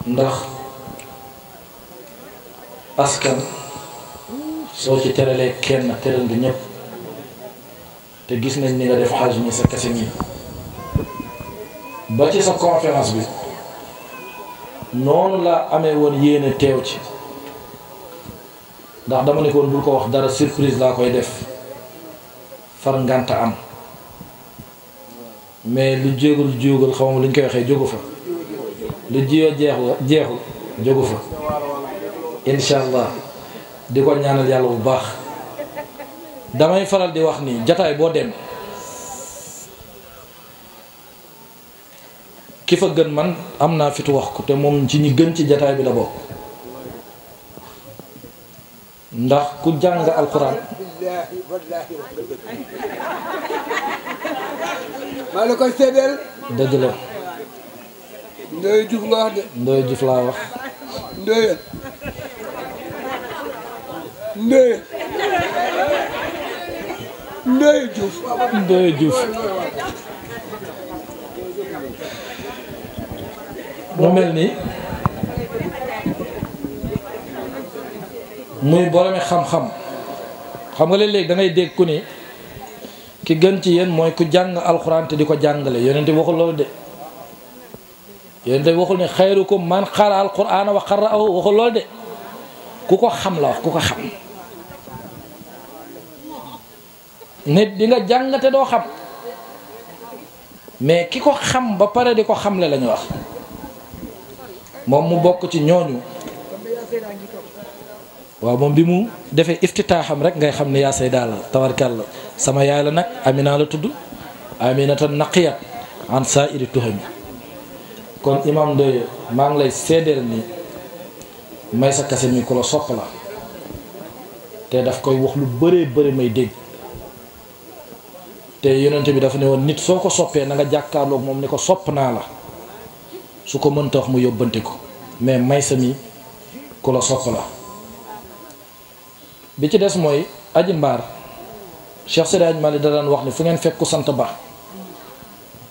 Speaker 3: ndax askan soo ci teralee kenn teral nga ñépp te gis nañ ni nga def xaaj ni sa kese nii ba ci sa conférence bi noonu laa amee woon yéene teew ci ndax dama ne ko woon bul ko wax dara surprise laa koy def far ngànt am mais lu jéegul jiwgal xaw luñ koy waxee jógu fa lu jiwa jeexu jeexu jógu fa incha di ko ñaanal yàlla bu baax damay faral di wax nii jataay boo dem ki fa gën man am naa fitu wax ko te moom ci ñi gën ci jataay bi la bokk ndax ku jàng alxuraan
Speaker 2: maa la koy seedeel. dëgg la. Ndoye Diouf nga wax de. Ndoye Diouf laa wax. Ndoye. Ndoye. Ndoye Diouf. Ndoye Diouf.
Speaker 3: mu mel ni muy boromi xam-xam xam nga léeg-léeg da ngay dégg ku ni. ki gën ci yéen mooy ku jàng alxuraan te di ko jàngale yonent bi waxul loolu de yonent bi waxul ne xayrukum man xara alxuraan wa qara'ahu waxul loolu de ku ko xam la wax ku ko xam nit di nga jàng te doo xam mais ki ko xam ba pare di ko xam la ñu wax moom mu bokk ci ñooñu waaw moom bi mu defee iftitaaxam rek ngay xam ne yaa say daal tabarkàlla sama yaay la nag Amina la tudd Aminata naqiyat an saa iri tuhami kon imam Ndoye maa ngi lay seedeel ni Maysa Kassé mi ku la sopp la te daf koy wax lu bëree bëri may dégg te yonent bi dafa ne woon nit soo ko soppee na nga jàkkaarloog moom ni ko sopp naa la su ko mënta wax mu yóbbante ko mais Maysa mi ku la sopp la bi ci des mooy aji mbaar Cheikh Seydi Hadji da daan wax ne fu ngeen fekk ku sant ba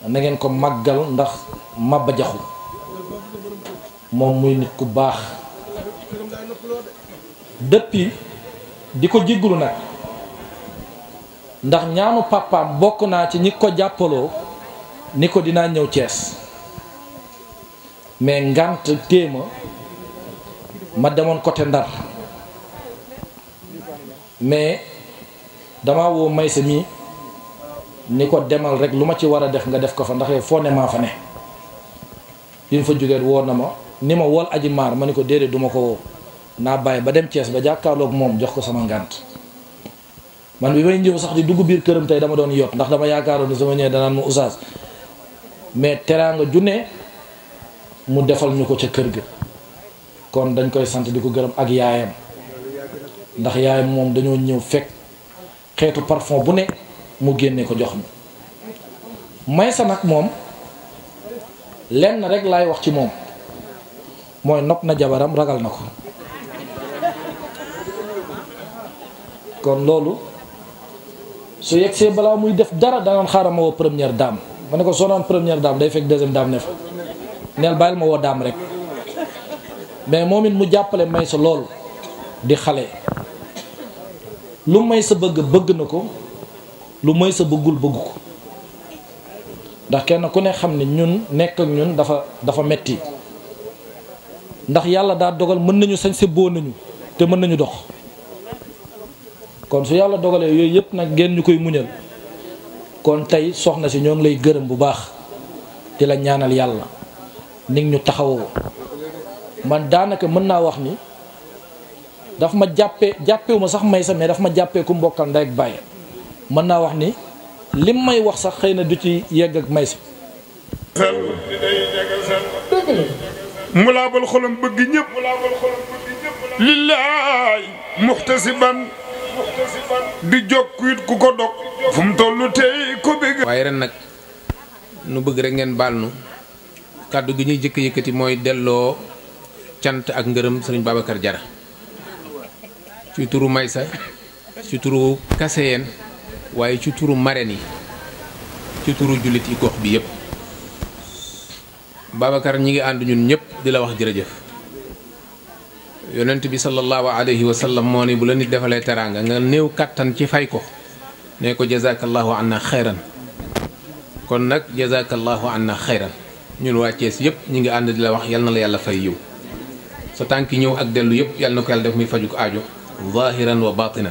Speaker 3: na ko màggal ndax màbba jaxu moom muy nit ku baax depuis di ko jéggulu nag ndax ñaanu pàppaam bokk naa ci ñi ko jàppaloo ni ko dinaa ñëw Cees mais ngànt téema ma demoon côté Ndar mais dama woo may sa mii ni ko demal rek lu ma ci war a def nga def ko fa ndax foo ne maa fa ne bi mu fa jógee woo na ma ni ma wool aji maar ma ni ko déedéet duma ko woo naa bàyyi ba dem Thiès ba jàkkaarloog moom jox ko sama ngànt man bi may ñëw sax di dugg biir këram tey dama doon yot ndax dama yaakaaroon ni sama ñëwee danaan ma oustaz mais teraanga junne mu defal ñu ko ca kër gi kon dañ koy sant di ko gërëm ak yaayam ndax yaay moom dañoo ñëw fekk xeetu parfum bu ne mu génnee ko jox ma may sa nag moom lenn rek laay wax ci moom mooy nopp na jabaram ragal na ko kon loolu su yegsee balaa muy def dara danaan xaaral ma woo première dame ma ne ko soo naan première dame day fekk deuxième dame ne fa neel bàyyil ma woo dame rek mais moom it mu jàppale may sa loolu di xale lu may sa bëgg bëgg nako ko lu may sa bëggul bëgg ko ndax kenn ku ne xamni ñun nekk ak ñun dafa dafa metti ndax yalla da dogal mën nañu sañ si bo nañu te mën nañu dox kon su yalla dogalee yoy yep nak genn ñukoy muñal kon tay soxna ci ñong lay gëreem bu baax di la ñaanal yalla ning ñu taxawoo man daanaka mën na wax ni daf ma jappé wu ma sax may sa mais daf ma jappé ku mbokal nday ak baay man na wax ni lim may wax sax xeyna du ci yegg ak may sa
Speaker 7: mulabul khulum bëgg ñëpp lillaay muxtasiban di jokk it ku ko dok fu mu toll tey
Speaker 9: ko bëgg waaye ren nak nu bëgg rek ngeen balnu kaddu gi ñuy jëk yëkëti moy dello cant ak ngeureum serigne Babacar Jara ci turu maysa ci turu kaseen waye ci turu mareni ci turu julit yi gox bi yeb babakar ñi ngi and ñun ñep di wax jerejeuf yonent bi sallallahu alayhi wa sallam moo ni bu la nit defalee nga new katan ci fay ko ne ko jazakallahu anna khairan, kon nak jazakallahu anna khairan, ñun waa yeb ñi ngi and di wax yalna la yalla fay yiw sa tanki ñew ak delu yeb yalna ko yalla def muy fajuk aajo zahiran wa batina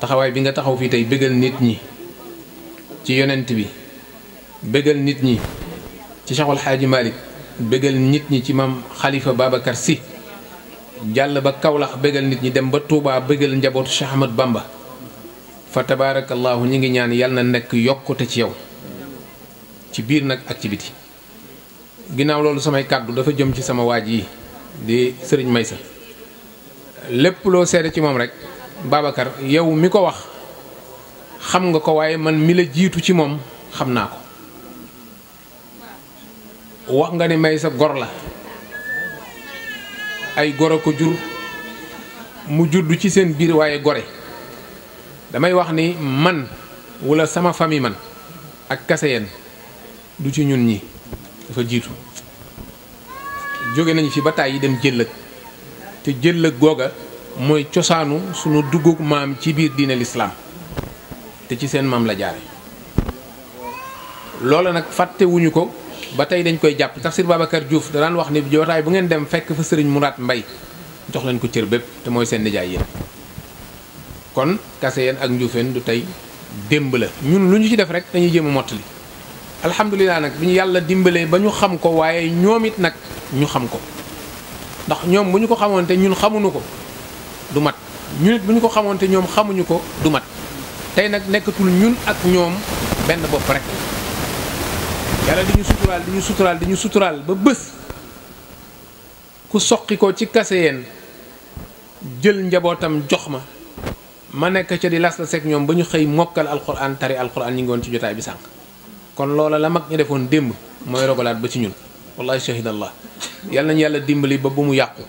Speaker 9: taxawaay bi nga taxaw fii tey bégal nit ñi ci yonent bi bégal nit ñi ci Cheikhul Xaaji Malick bégal nit ñi ci maam Khalifa Babacar Sy jàll ba Kaolack bégal nit ñi dem ba Touba bégal njabootu Cheikh Ahmad Bamba fa tabaarakallaahu ñi ngi ñaan yàlla na nekk yokkute ci yow ci biir nag ak ci biti ginnaaw loolu samay kàddu dafa jëm ci sama waaj yi di sëriñ Maysa lépp loo seede ci moom rek Babacar yow mi ko wax xam nga ko waaye man mi la jiitu ci moom xam naa ko wax nga ne may sa gor la ay gor ko jur mu juddu ci seen biir waaye gore damay wax ni man wala sama famille man ak kase yeen du ci ñun ñi dafa jiitu jóge nañu ci ba tàyyi dem jëllëg te jëllëg googa mooy cosaanu sunu duggug maam ci biir diine lislaam te ci seen maam la jaare loola nag fàttewuñu ko ba tey dañ koy jàpp Tafsir Babacar Diouf da daan wax ni jootaay bu ngeen dem fekk fa sëriñ Mourad Mbay jox leen ko cër bépp te mooy seen nijaay yéen kon kase yéen ak njuufeen du tey démb la ñun lu ñu ci def rek dañuy jéem mott li alhamdulilah nag bi ñu yàlla dimbalee ba ñu xam ko waaye ñoom it nag ñu xam ko ndax ñom buñu ko xamanté ñun xamuñu ko du mat ñun buñu ko xamanté ñom xamuñu ko du mat tay nak nekatul ñun ak ñom ben bop rek yalla diñu sutural diñu sutural diñu sutural ba bëss ku soqi ko ci kaseyeen jël njabotam jox ma ma nek ci di las la seeg ñoom ba ñu alquran tari alquran ñi ngon ci jotaay bi sank kon loola la mag ñu defoon demb moy rogalaat ba ci ñun wallahi shahidallah yal nañu yàlla dimbali ba bu mu yàqu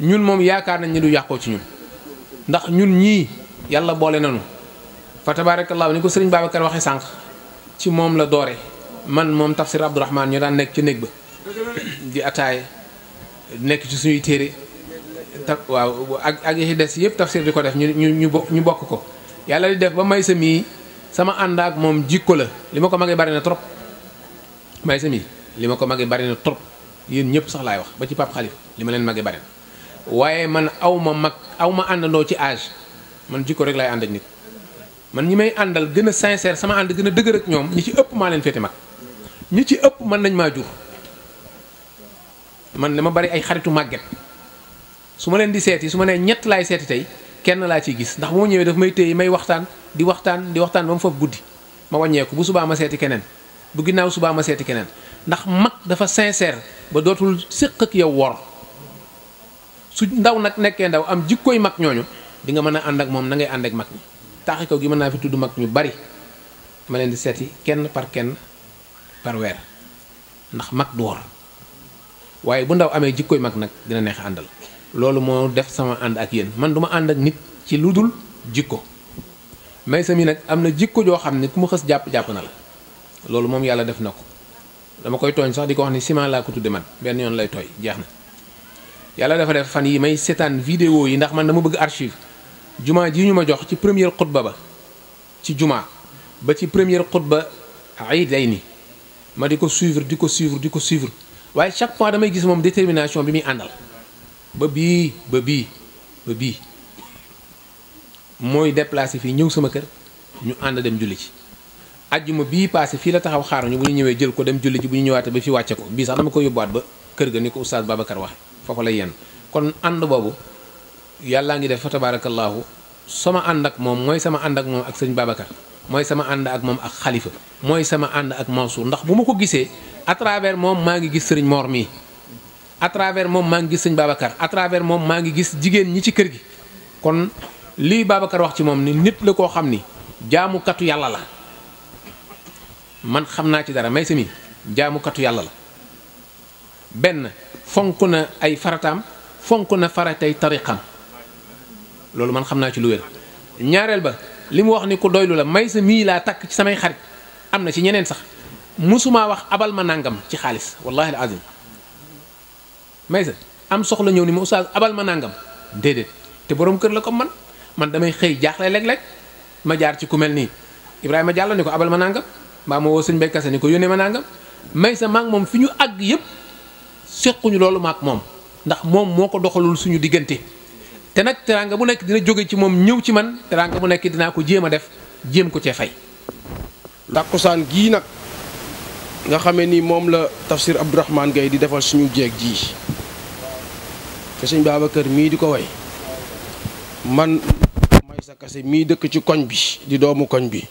Speaker 9: ñun moom yaakaar nañ ni du yàqoo ci ñun ndax ñun ñii yàlla boole nañu fa tabarakallah ni ko sëriñ Babacar waxee sànq ci moom la doore man moom tafsir Abdourahman ñoo daan nekk ci néeg ba di ataaye nekk ci suñuy téere ta waaw ak ak yi des yëpp tafsir di ko def ñu ñu ñu bokk ko yàlla di def ba may sa mii sama ànd ak moom jikko la li ma ko magee bari na trop may sa mii li ma ko mage bari na trop yéen ñëpp sax laay wax ba ci Pape Khalifa li ma leen mage bari na waaye man aw ma mag aw ma àndandoo ci âge man jikko rek laay ànd ak nit man ñi may àndal gën a sincère sama ànd gën a dëgër ak ñoom ñi ci ëpp maa leen féete mag ñi ci ëpp mën nañ maa jur man ma bari ay xaritu màgget su ma leen di seeti su ma nee ñett laay seeti tey kenn laa ciy gis ndax bu ñëwee daf may téye may waxtaan di waxtaan di waxtaan ba mu foofu guddi ma wàññeeku bu subaa ma seeti keneen bu ginnaaw subaa ma seeti keneen ndax mak dafa sincère ba dootul sekk ak yow wor su ndaw nak nekké ndaw am jikkoy mak ñooñu di nga mëna and ak mom na ngay and ak mak ñi taaxi gi mëna fi tuddu mak ñu bari ma leen di seeti kenn par kenn par wèr ndax mak du wor waye bu ndaw amee jikkoy mak nak dina neex andal lolu mo def sama and ak yeen man duma and ak nit ci ludul jikko may sami nak am jikko jo xamni ne ku japp japp na la lolu mom yalla def nako dama koy tooñ sax di ko wax ni ciment laa ko tudde man benn yoon lay tooy jeex na yàlla dafa def fan yi may seetaan vidéo yi ndax man dama bëgg archive jumaa ji ñu ma jox ci première xutba ba ci jumaa ba ci première xutba ay day ni ma di ko suivre di ko suivre di ko suivre waaye chaque fois damay gis moom détermination bi muy àndal ba bii ba bii ba bii mooy déplacé fii ñëw sama kër ñu ànd dem julli ci aljuma bi passé fi la taxaw ñu bu ñu ñëwee jël ko dem julli ji bu ñu ba fi waccé ko bi sax dama ko yóbbuwaat ba kër ga ni ko oustaz babacar waxe yenn kon and bobu yalla ngi def fa sama and ak mom moy sama and ak mom ak serigne babakar moy sama and ak mom ak khalifa moy sama and ak mansour ndax buma ko gissé à travers mom ma ngi giss serigne moor mii à travers mom ma ngi giss serigne babakar à travers mom ma ngi giss jigen ñi ci kër gi kon li babakar wax ci mom ni nit la ko xamni ni katu yalla la man xamna ci dara may sa jaamu katu yàlla la ben fonku na ay faratam fonku na faratay tariqam lolou man xamna ci lu wér ñaarel ba limu wax ni ku doylu la may sa la tak ci samay xarit amna ci ñeneen sax musuma wax abal ma nangam ci xaalis wallahi al azim may am soxla ñëw ni mo oustaz abal ma nangam dedet te borom keur la ko man man damay xëy jaaxle léeg-léeg ma jaar ci ku melni Ibrahima jallo ni ko abal ma nangam ma mo sëñ mbay kase ni ko yone ma may sa mak mom fiñu ag àgg yépp sequñu loolu maag ndax mom moko doxalul suñu digënté té nak teranga bu nek dina joggé ci mom ñëw ci man teranga bu nek dina ko jéem def jëm ko ci fay
Speaker 6: tàkkusaan gi nak nga xamé ni mom la tafsir abdourahman gay di defal suñu jeeg ji te señ babakar mi diko way man may sa kasse mi dëkk ci koñ bi di doomu koñ bi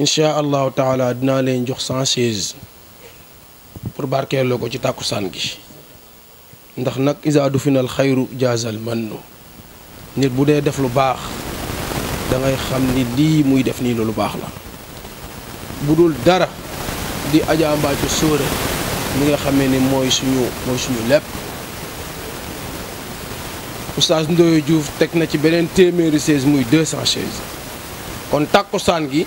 Speaker 6: incha allahu taala dinaa leen jox cent seize pour barkeeloo ko ci tàkku tàkkusaan gi ndax nag isa du final xayru jaazal mannu nit bu dee def lu baax da ngay xam ni lii muy def nii lu baax la bu dul dara di Adja Mbathio Sóore mi nga xamee ni mooy suñu mooy suñu lépp oustaz Ndoye Diouf teg na ci beneen téeméeri seize muy deux cent seize gi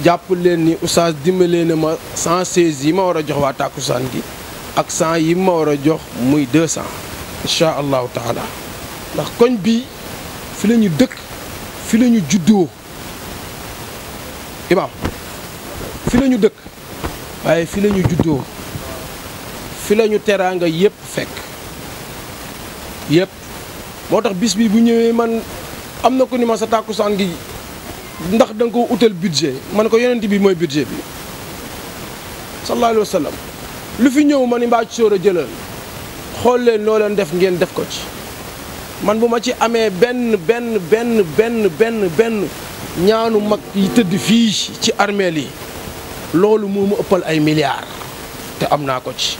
Speaker 6: jàpp leen ni oustaz dimbalee na ma 116 yi ma war a jox waa tàkkusaan gi ak 100 yi ma war a jox muy 200 incha allahu taala ndax koñ bi fi la dëkk fi lañu ñu juddoo imaam fi la ñu dëkk waaye fi la ñu juddoo fi la ñu teraanga yépp fekk yépp moo tax bis bi bu ñëwee man am na ko ni ma sa tàkkusaan gi ndax da ko utal budget man ko yonent bi mooy budget bi sallallahu alayhi wa lu fi ñëw ma ni mbaa ci sóor a jëlal xool leen loo def ngeen def ko ci man bu ma ci amee benn benn benn benn benn benn ñaanu mag yi tëdd fii ci armeel yi loolu moo ëppal ay milliards te am naa ko ci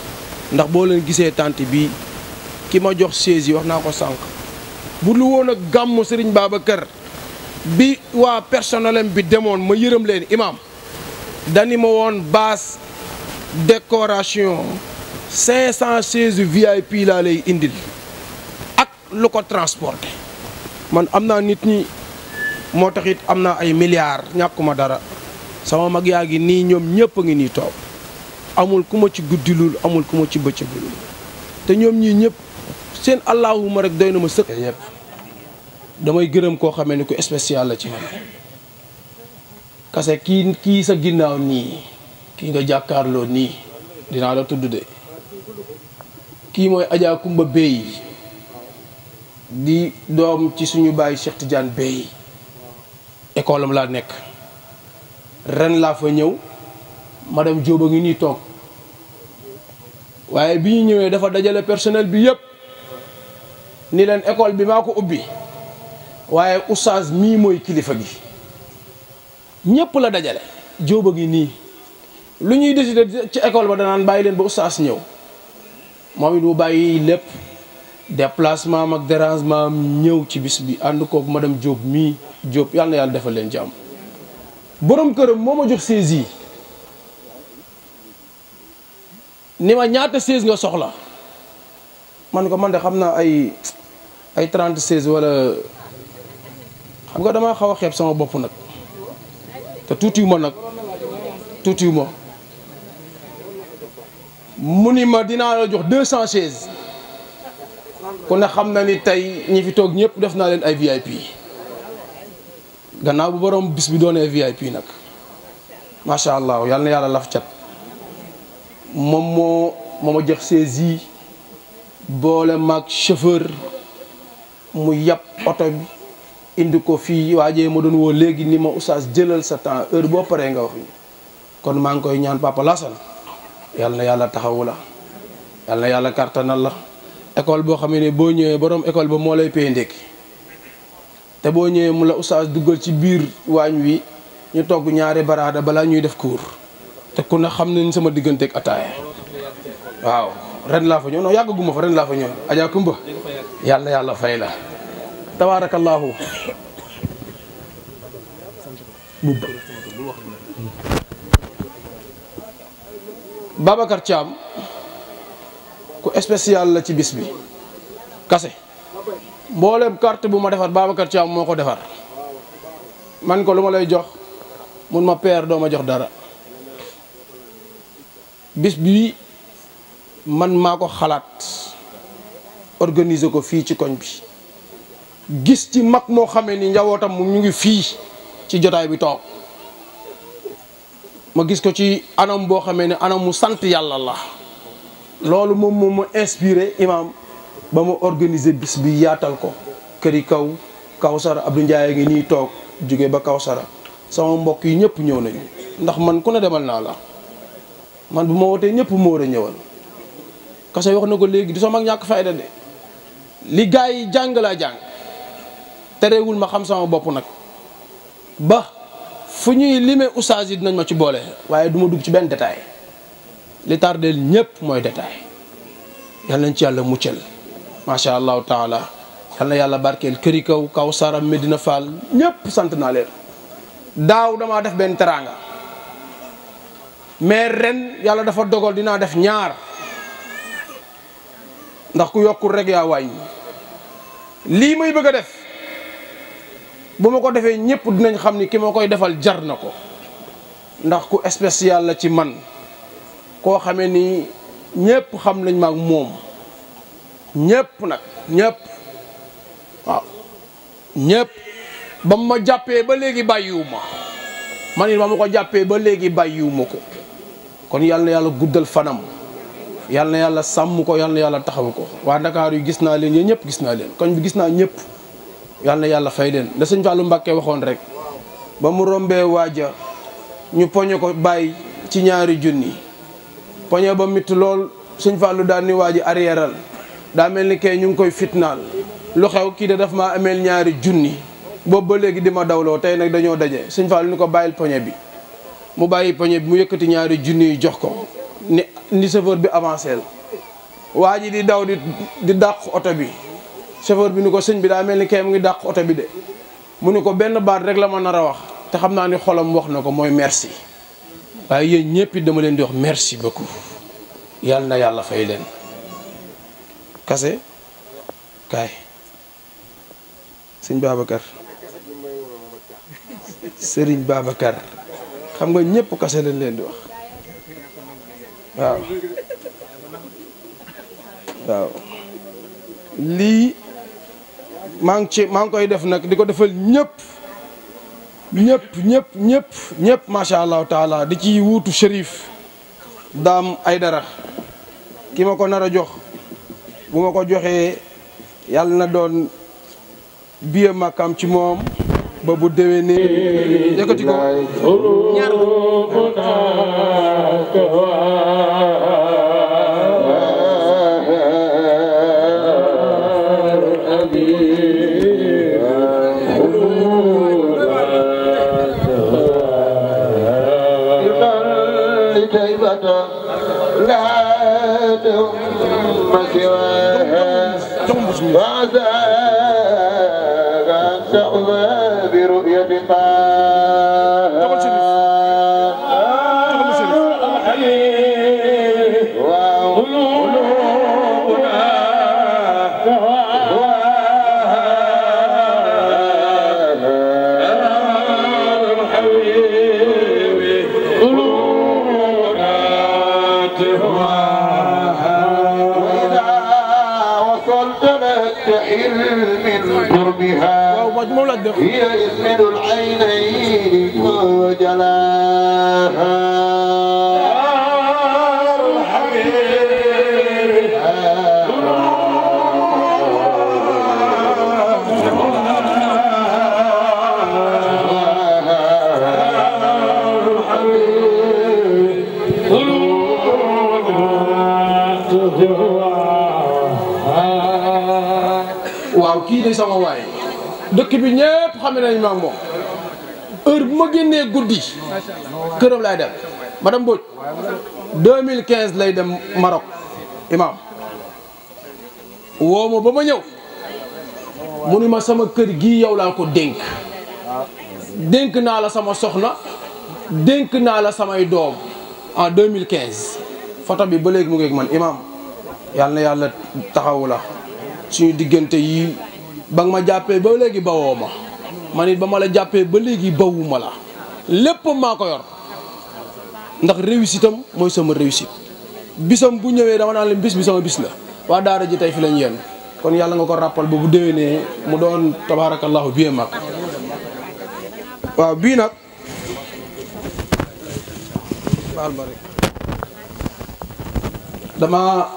Speaker 6: ndax boo leen gisee tànt bi ki ma jox chaise yi wax naa ko sànq bu lu woon a gàmmu Serigne kër bi waa personnel bi demoon ma yërëm leen imam dani ma woon base décoration 516 VIP laa lay indil ak lu ko transporté man am naa nit ñi moo tax it am naa ay milliards ñàkkuma dara sama mag yaa ngi nii ñoom ñëpp a ngi nii toog amul ku ma ci guddilul amul ku ma ci bëccëgulul te ñoom ñii ñëpp seen allahuma rek doy na ma sëkk. damay gërëm ko xamé ni ko spécial la ci man kasse ki ki sa ginnaw ni ki nga jakarlo ni dina la tuddu de ki moy Adja Kumba Bey di dom ci suñu baye Cheikh Tidiane Bey école la nek ren la fa ñew madame Diop ngi ni tok waye bi ñewé dafa dajalé personnel bi yépp ni len école bi mako ubbi waaye oustaz mii mooy kilifa gi ñépp la dajale jóoba gi nii lu ñuy décider ci école ba danaan bàyyi leen ba oustaz ñëw moom it mu bàyyi lépp déplacement am ak dérangement am ñëw ci bis bi ànd ma dem jóob mii Diop yàlla na yàlla defal leen jàmm boroom këram moo ma jox sées yi ni ma ñaata sées nga soxla man ko man de xam naa ay ay trente sées wala xam nga damaa xaw a xeeb sama bopp nag te tuutiw ma nag tuutiw ma mu ni ma dinaa la jox deux cent chaises ku ne xam na ni tey ñi fi toog ñëpp def naa leen ay VIP gannaaw bu borom bis bi doonee VIP nag macha allah yal yàlla laf cat moom moo moo ma jox chaises yi boole maag chauffeur mu yàpp oto bi. indi ko fi waje mo don wo legui ni ma oustaz jëlal sa temps heure bo pare nga wax kon mang Ekolbo koy ñaan papa lassal yalla na yàlla taxawu yalla na kartanal la école bo xamene bo ñewé borom école bo mo lay pey ndek te bo ñewé mu la oustaz duggal ci bir wañ wi ñu togg ñaari barada bala ñuy def cours te ku na xam sama ak ataay waaw ren la fa ñëw no yagguma fa ren la fa ñëw ajaa kumba yalla yalla fay la tabaarakallaahu Babacar Thiam ku spécial la ci bis bi kase mboolem carte bu ma defar Babacar Thiam moo ko defar man ko lu ma lay jox mun ma peer doo ma jox dara bis bi man maa ko xalaat organise ko fii ci koñ bi gis ci mag moo xamee ni njabootam mu ñu ngi fii ci jotaay bi toog ma gis ko ci anam boo xamee ne anam mu sant yàlla la loolu moom moom ma inspiré imam ba ma organiser bis bi yaatal ko kër yi kaw Kawsara Abdou Ndiaye ngi nii toog jóge ba kaw sara sama mbokk yi ñëpp ñëw nañu ndax man ku ne demal naa la man bu ma wootee ñëpp moo war a ñëwal kase wax na ko léegi du sama mag ñàkk fayda de li gaa yi jàng laa jàng terewul ma xam sama bopp nag ba fu ñuy limee oustaz yi dinañ ma ci boole waaye duma dugg ci benn détail li tardeel ñëpp mooy détail yal nañ ci yàlla muccal macha allahu taala yal na yàlla barkeel këri kaw kaw saram Medina Fall ñëpp sant naa leen daaw damaa def benn teraanga mais ren yàlla dafa dogal dinaa def ñaar ndax ku yokkul rek yaa wàññi lii may bëgg a def bu ma ko defee ñëpp dinañ xam ni ki ma koy defal jar na ko ndax ku spécial la ci man koo xamee ni ñépp xam nañ maak moom ñépp nag ñépp waaw ñëpp ma jàppee ba léegi bàyyiwu ma man it ba ma ko jàppee ba léegi bàyyiwu ma ko kon yàlla yàlla guddal fanam yal na yàlla sàmm ko yàlla yàlla taxaw ko waa Ndakaar yu gis naa leen yéen ñëpp gis naa leen koñ bi gis naa ñëpp yàlla na yàlla fay leen da sëñ Fallou Mbacke waxoon rek ba mu rombee waaja ñu poñe ko bàyyi ci ñaari junni poñe ba mitt lool sëñ Fallou daal ni waaji arrièral daa mel ni kay ñu ngi koy fitnaal lu xew kii de dafa ma ameel ñaari junni boobu ba léegi di ma dawloo tey nag dañoo daje sëñ Fallou ni ko bàyyil poñe bi mu bàyyi poñe bi mu yëkkati ñaari junni yi jox ko ni ni chauffeur bi avancé la waa di daw di dàq oto bi chauffeur bi ni ko sëñ bi daa mel ni kay mu ngi dàq oto bi de mu ni ko benn baat rek la ma nar a wax te xam naa ni xolam wax na ko mooy merci waaye yéen ñëpp dama leen di wax merci beaucoup yàlla na yàlla fay leen kase kaay sëñ baabakar sëriñ Babacar xam nga ñëpp kase lañ leen di wax waaw waaw lii mang ci mang koy def nak di ko defal ñepp ñepp ñepp ñepp ñëpp macha taala di ci wuutu Cherif Dame Aidara ki ma ko nar jox bu ma ko joxee yàlla na doon biye makam ci mom ba bu ne yëkkati ko ñaar
Speaker 7: سواها وعساها أن تحظى برؤية قار هي إثمر العينين وجلاها
Speaker 6: sama xam nañ ma ak moom heure bu ma génne guddi këram laay dem madame Mbodj 2015 lay dem Maroc imam woo ma ba ma ñëw mu ni ma sama kër gi yow laa ko dénk dénk naa la sama soxna dénk naa la samay doom en 2015 photo bi ba léegi mu ngi ak man imam yàlla na yàlla taxawu la suñu diggante yi ba ma jàppee ba léegi bawoo ma manit it ba ma la jàppee ba légui bawuma la lepp mako yor ndax réussite am moy sama réussite bisam bu ñëwé dama naan leen bis bi sama bis la wa daara ji tay fi lañ yenn kon yalla nga ko rappal bu bu né mu doon tabarakallah bie mak wa bi nak dama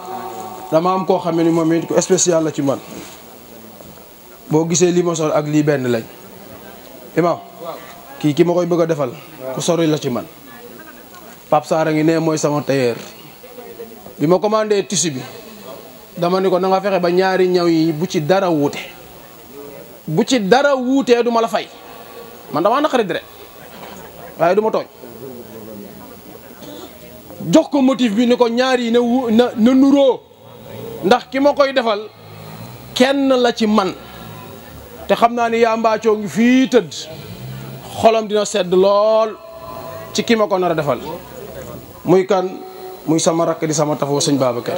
Speaker 6: dama am ko xam ne ni moom it spécial la ci man bo gisé li mo sol ak li ben lañ Imaam kii ki ma koy bëgg a defal ku sori la ci man Pape Sarr ngi ne mooy sama tailleur bi ma commandé tissu bi dama ni ko na fexe ba ñaari ñaw yi bu ci dara wuute bu ci dara wuutee duma la fay man damaa naqari dire waaye du ma tooñ jox ko motif bi ni ko ñaari yi na na nuroo ndax ki ma koy defal kenn la ci man te xam naa ni yaa mbaacoo ngi fii tëdd xolam dina sedd lool ci ki ma ko nar a defal muy kan muy sama rakk di sama tafoo sëñ Babacar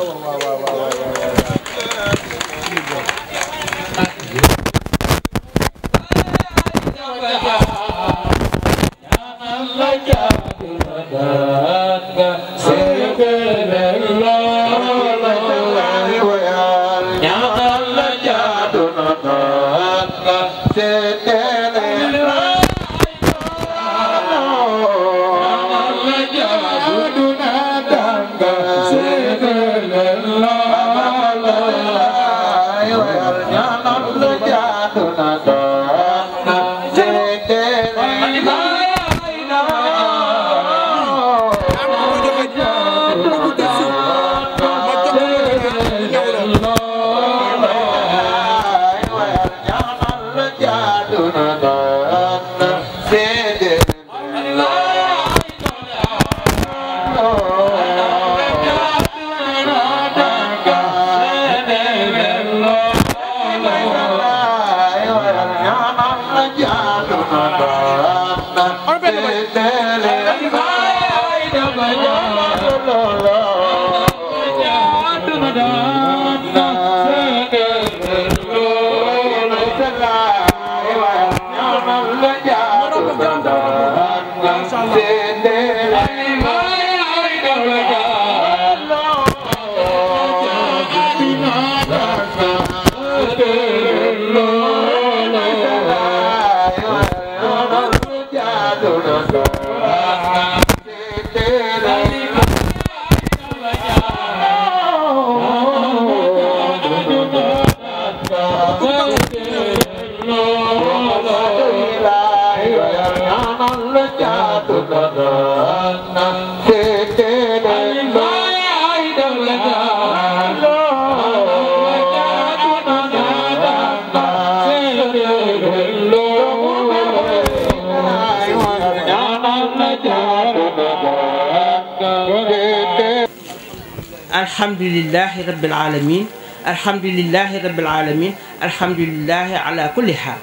Speaker 10: الحمد لله رب العالمين الحمد لله رب العالمين الحمد لله على كل حال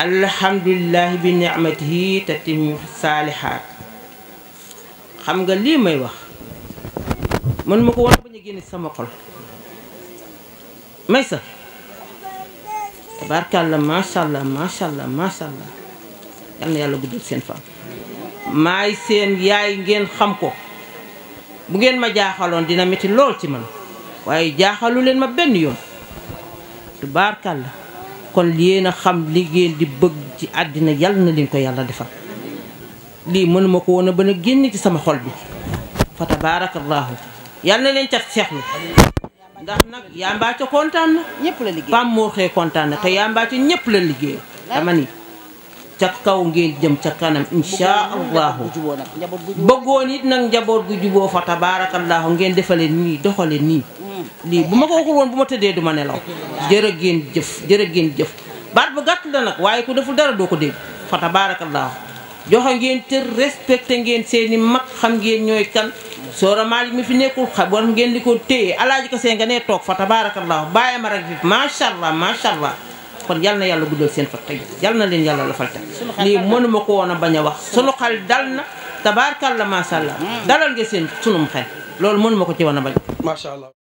Speaker 10: الحمد لله بنعمته تتم الصالحات خم قال لي ما يبغى من مكوان بنيجين السماء قل ميسا تبارك الله ما شاء الله ما شاء الله ما شاء الله يعني يلا بدو سينفع ما يسين يا ينجين خمكو bu ngeen ma jaaxaloon dina métti loolu ci man waaye jaaxalu leen ma benn yoon la kon yéen a xam li ngeen di bëgg ci àddina yàlla na leen ko yàlla defal lii mënuma ko woon a bën génn ci sama xol bi fa tabaarakallaahu yàlla na leen cat seexlu ndax nag Yamba ca kontaan na. ñëpp la liggéey Pam Xee kontaan na te Yamba ca ñëpp la liggéey dama ni. ca kaw ngeen jëm ca kanam insha allahu bëggoon it nag njaboot gu juboo fa tabaarakallaahu ngeen defalee nii doxalee nii mm. lii bu ma ko waxul woon bu ma tëddee du ma nelaw jërë ngeen jëf jërë ngeen jëf baat bu gàtt la nag waaye ko deful dara doo ko dégg fa tabaarakallaahu joxe ngeen cër respecté ngeen seeni mag xam ngeen ñooy kan soora maali mu fi nekkul xam war ngeen di ko téye alaaji ko seen nga nee toog fa tabaarakallaahu bàyyi ma rek fi macha allah macha allah kon yàlla na yàlla guddal seen fan tey yal na leen yàlla la fal tax lii mënuma ko woon a bañ a wax sunu xel dal na tabaarkalla macha allah mm. dalal nga seen sunum xel loolu mënuma ko ci woon a bañ macha allah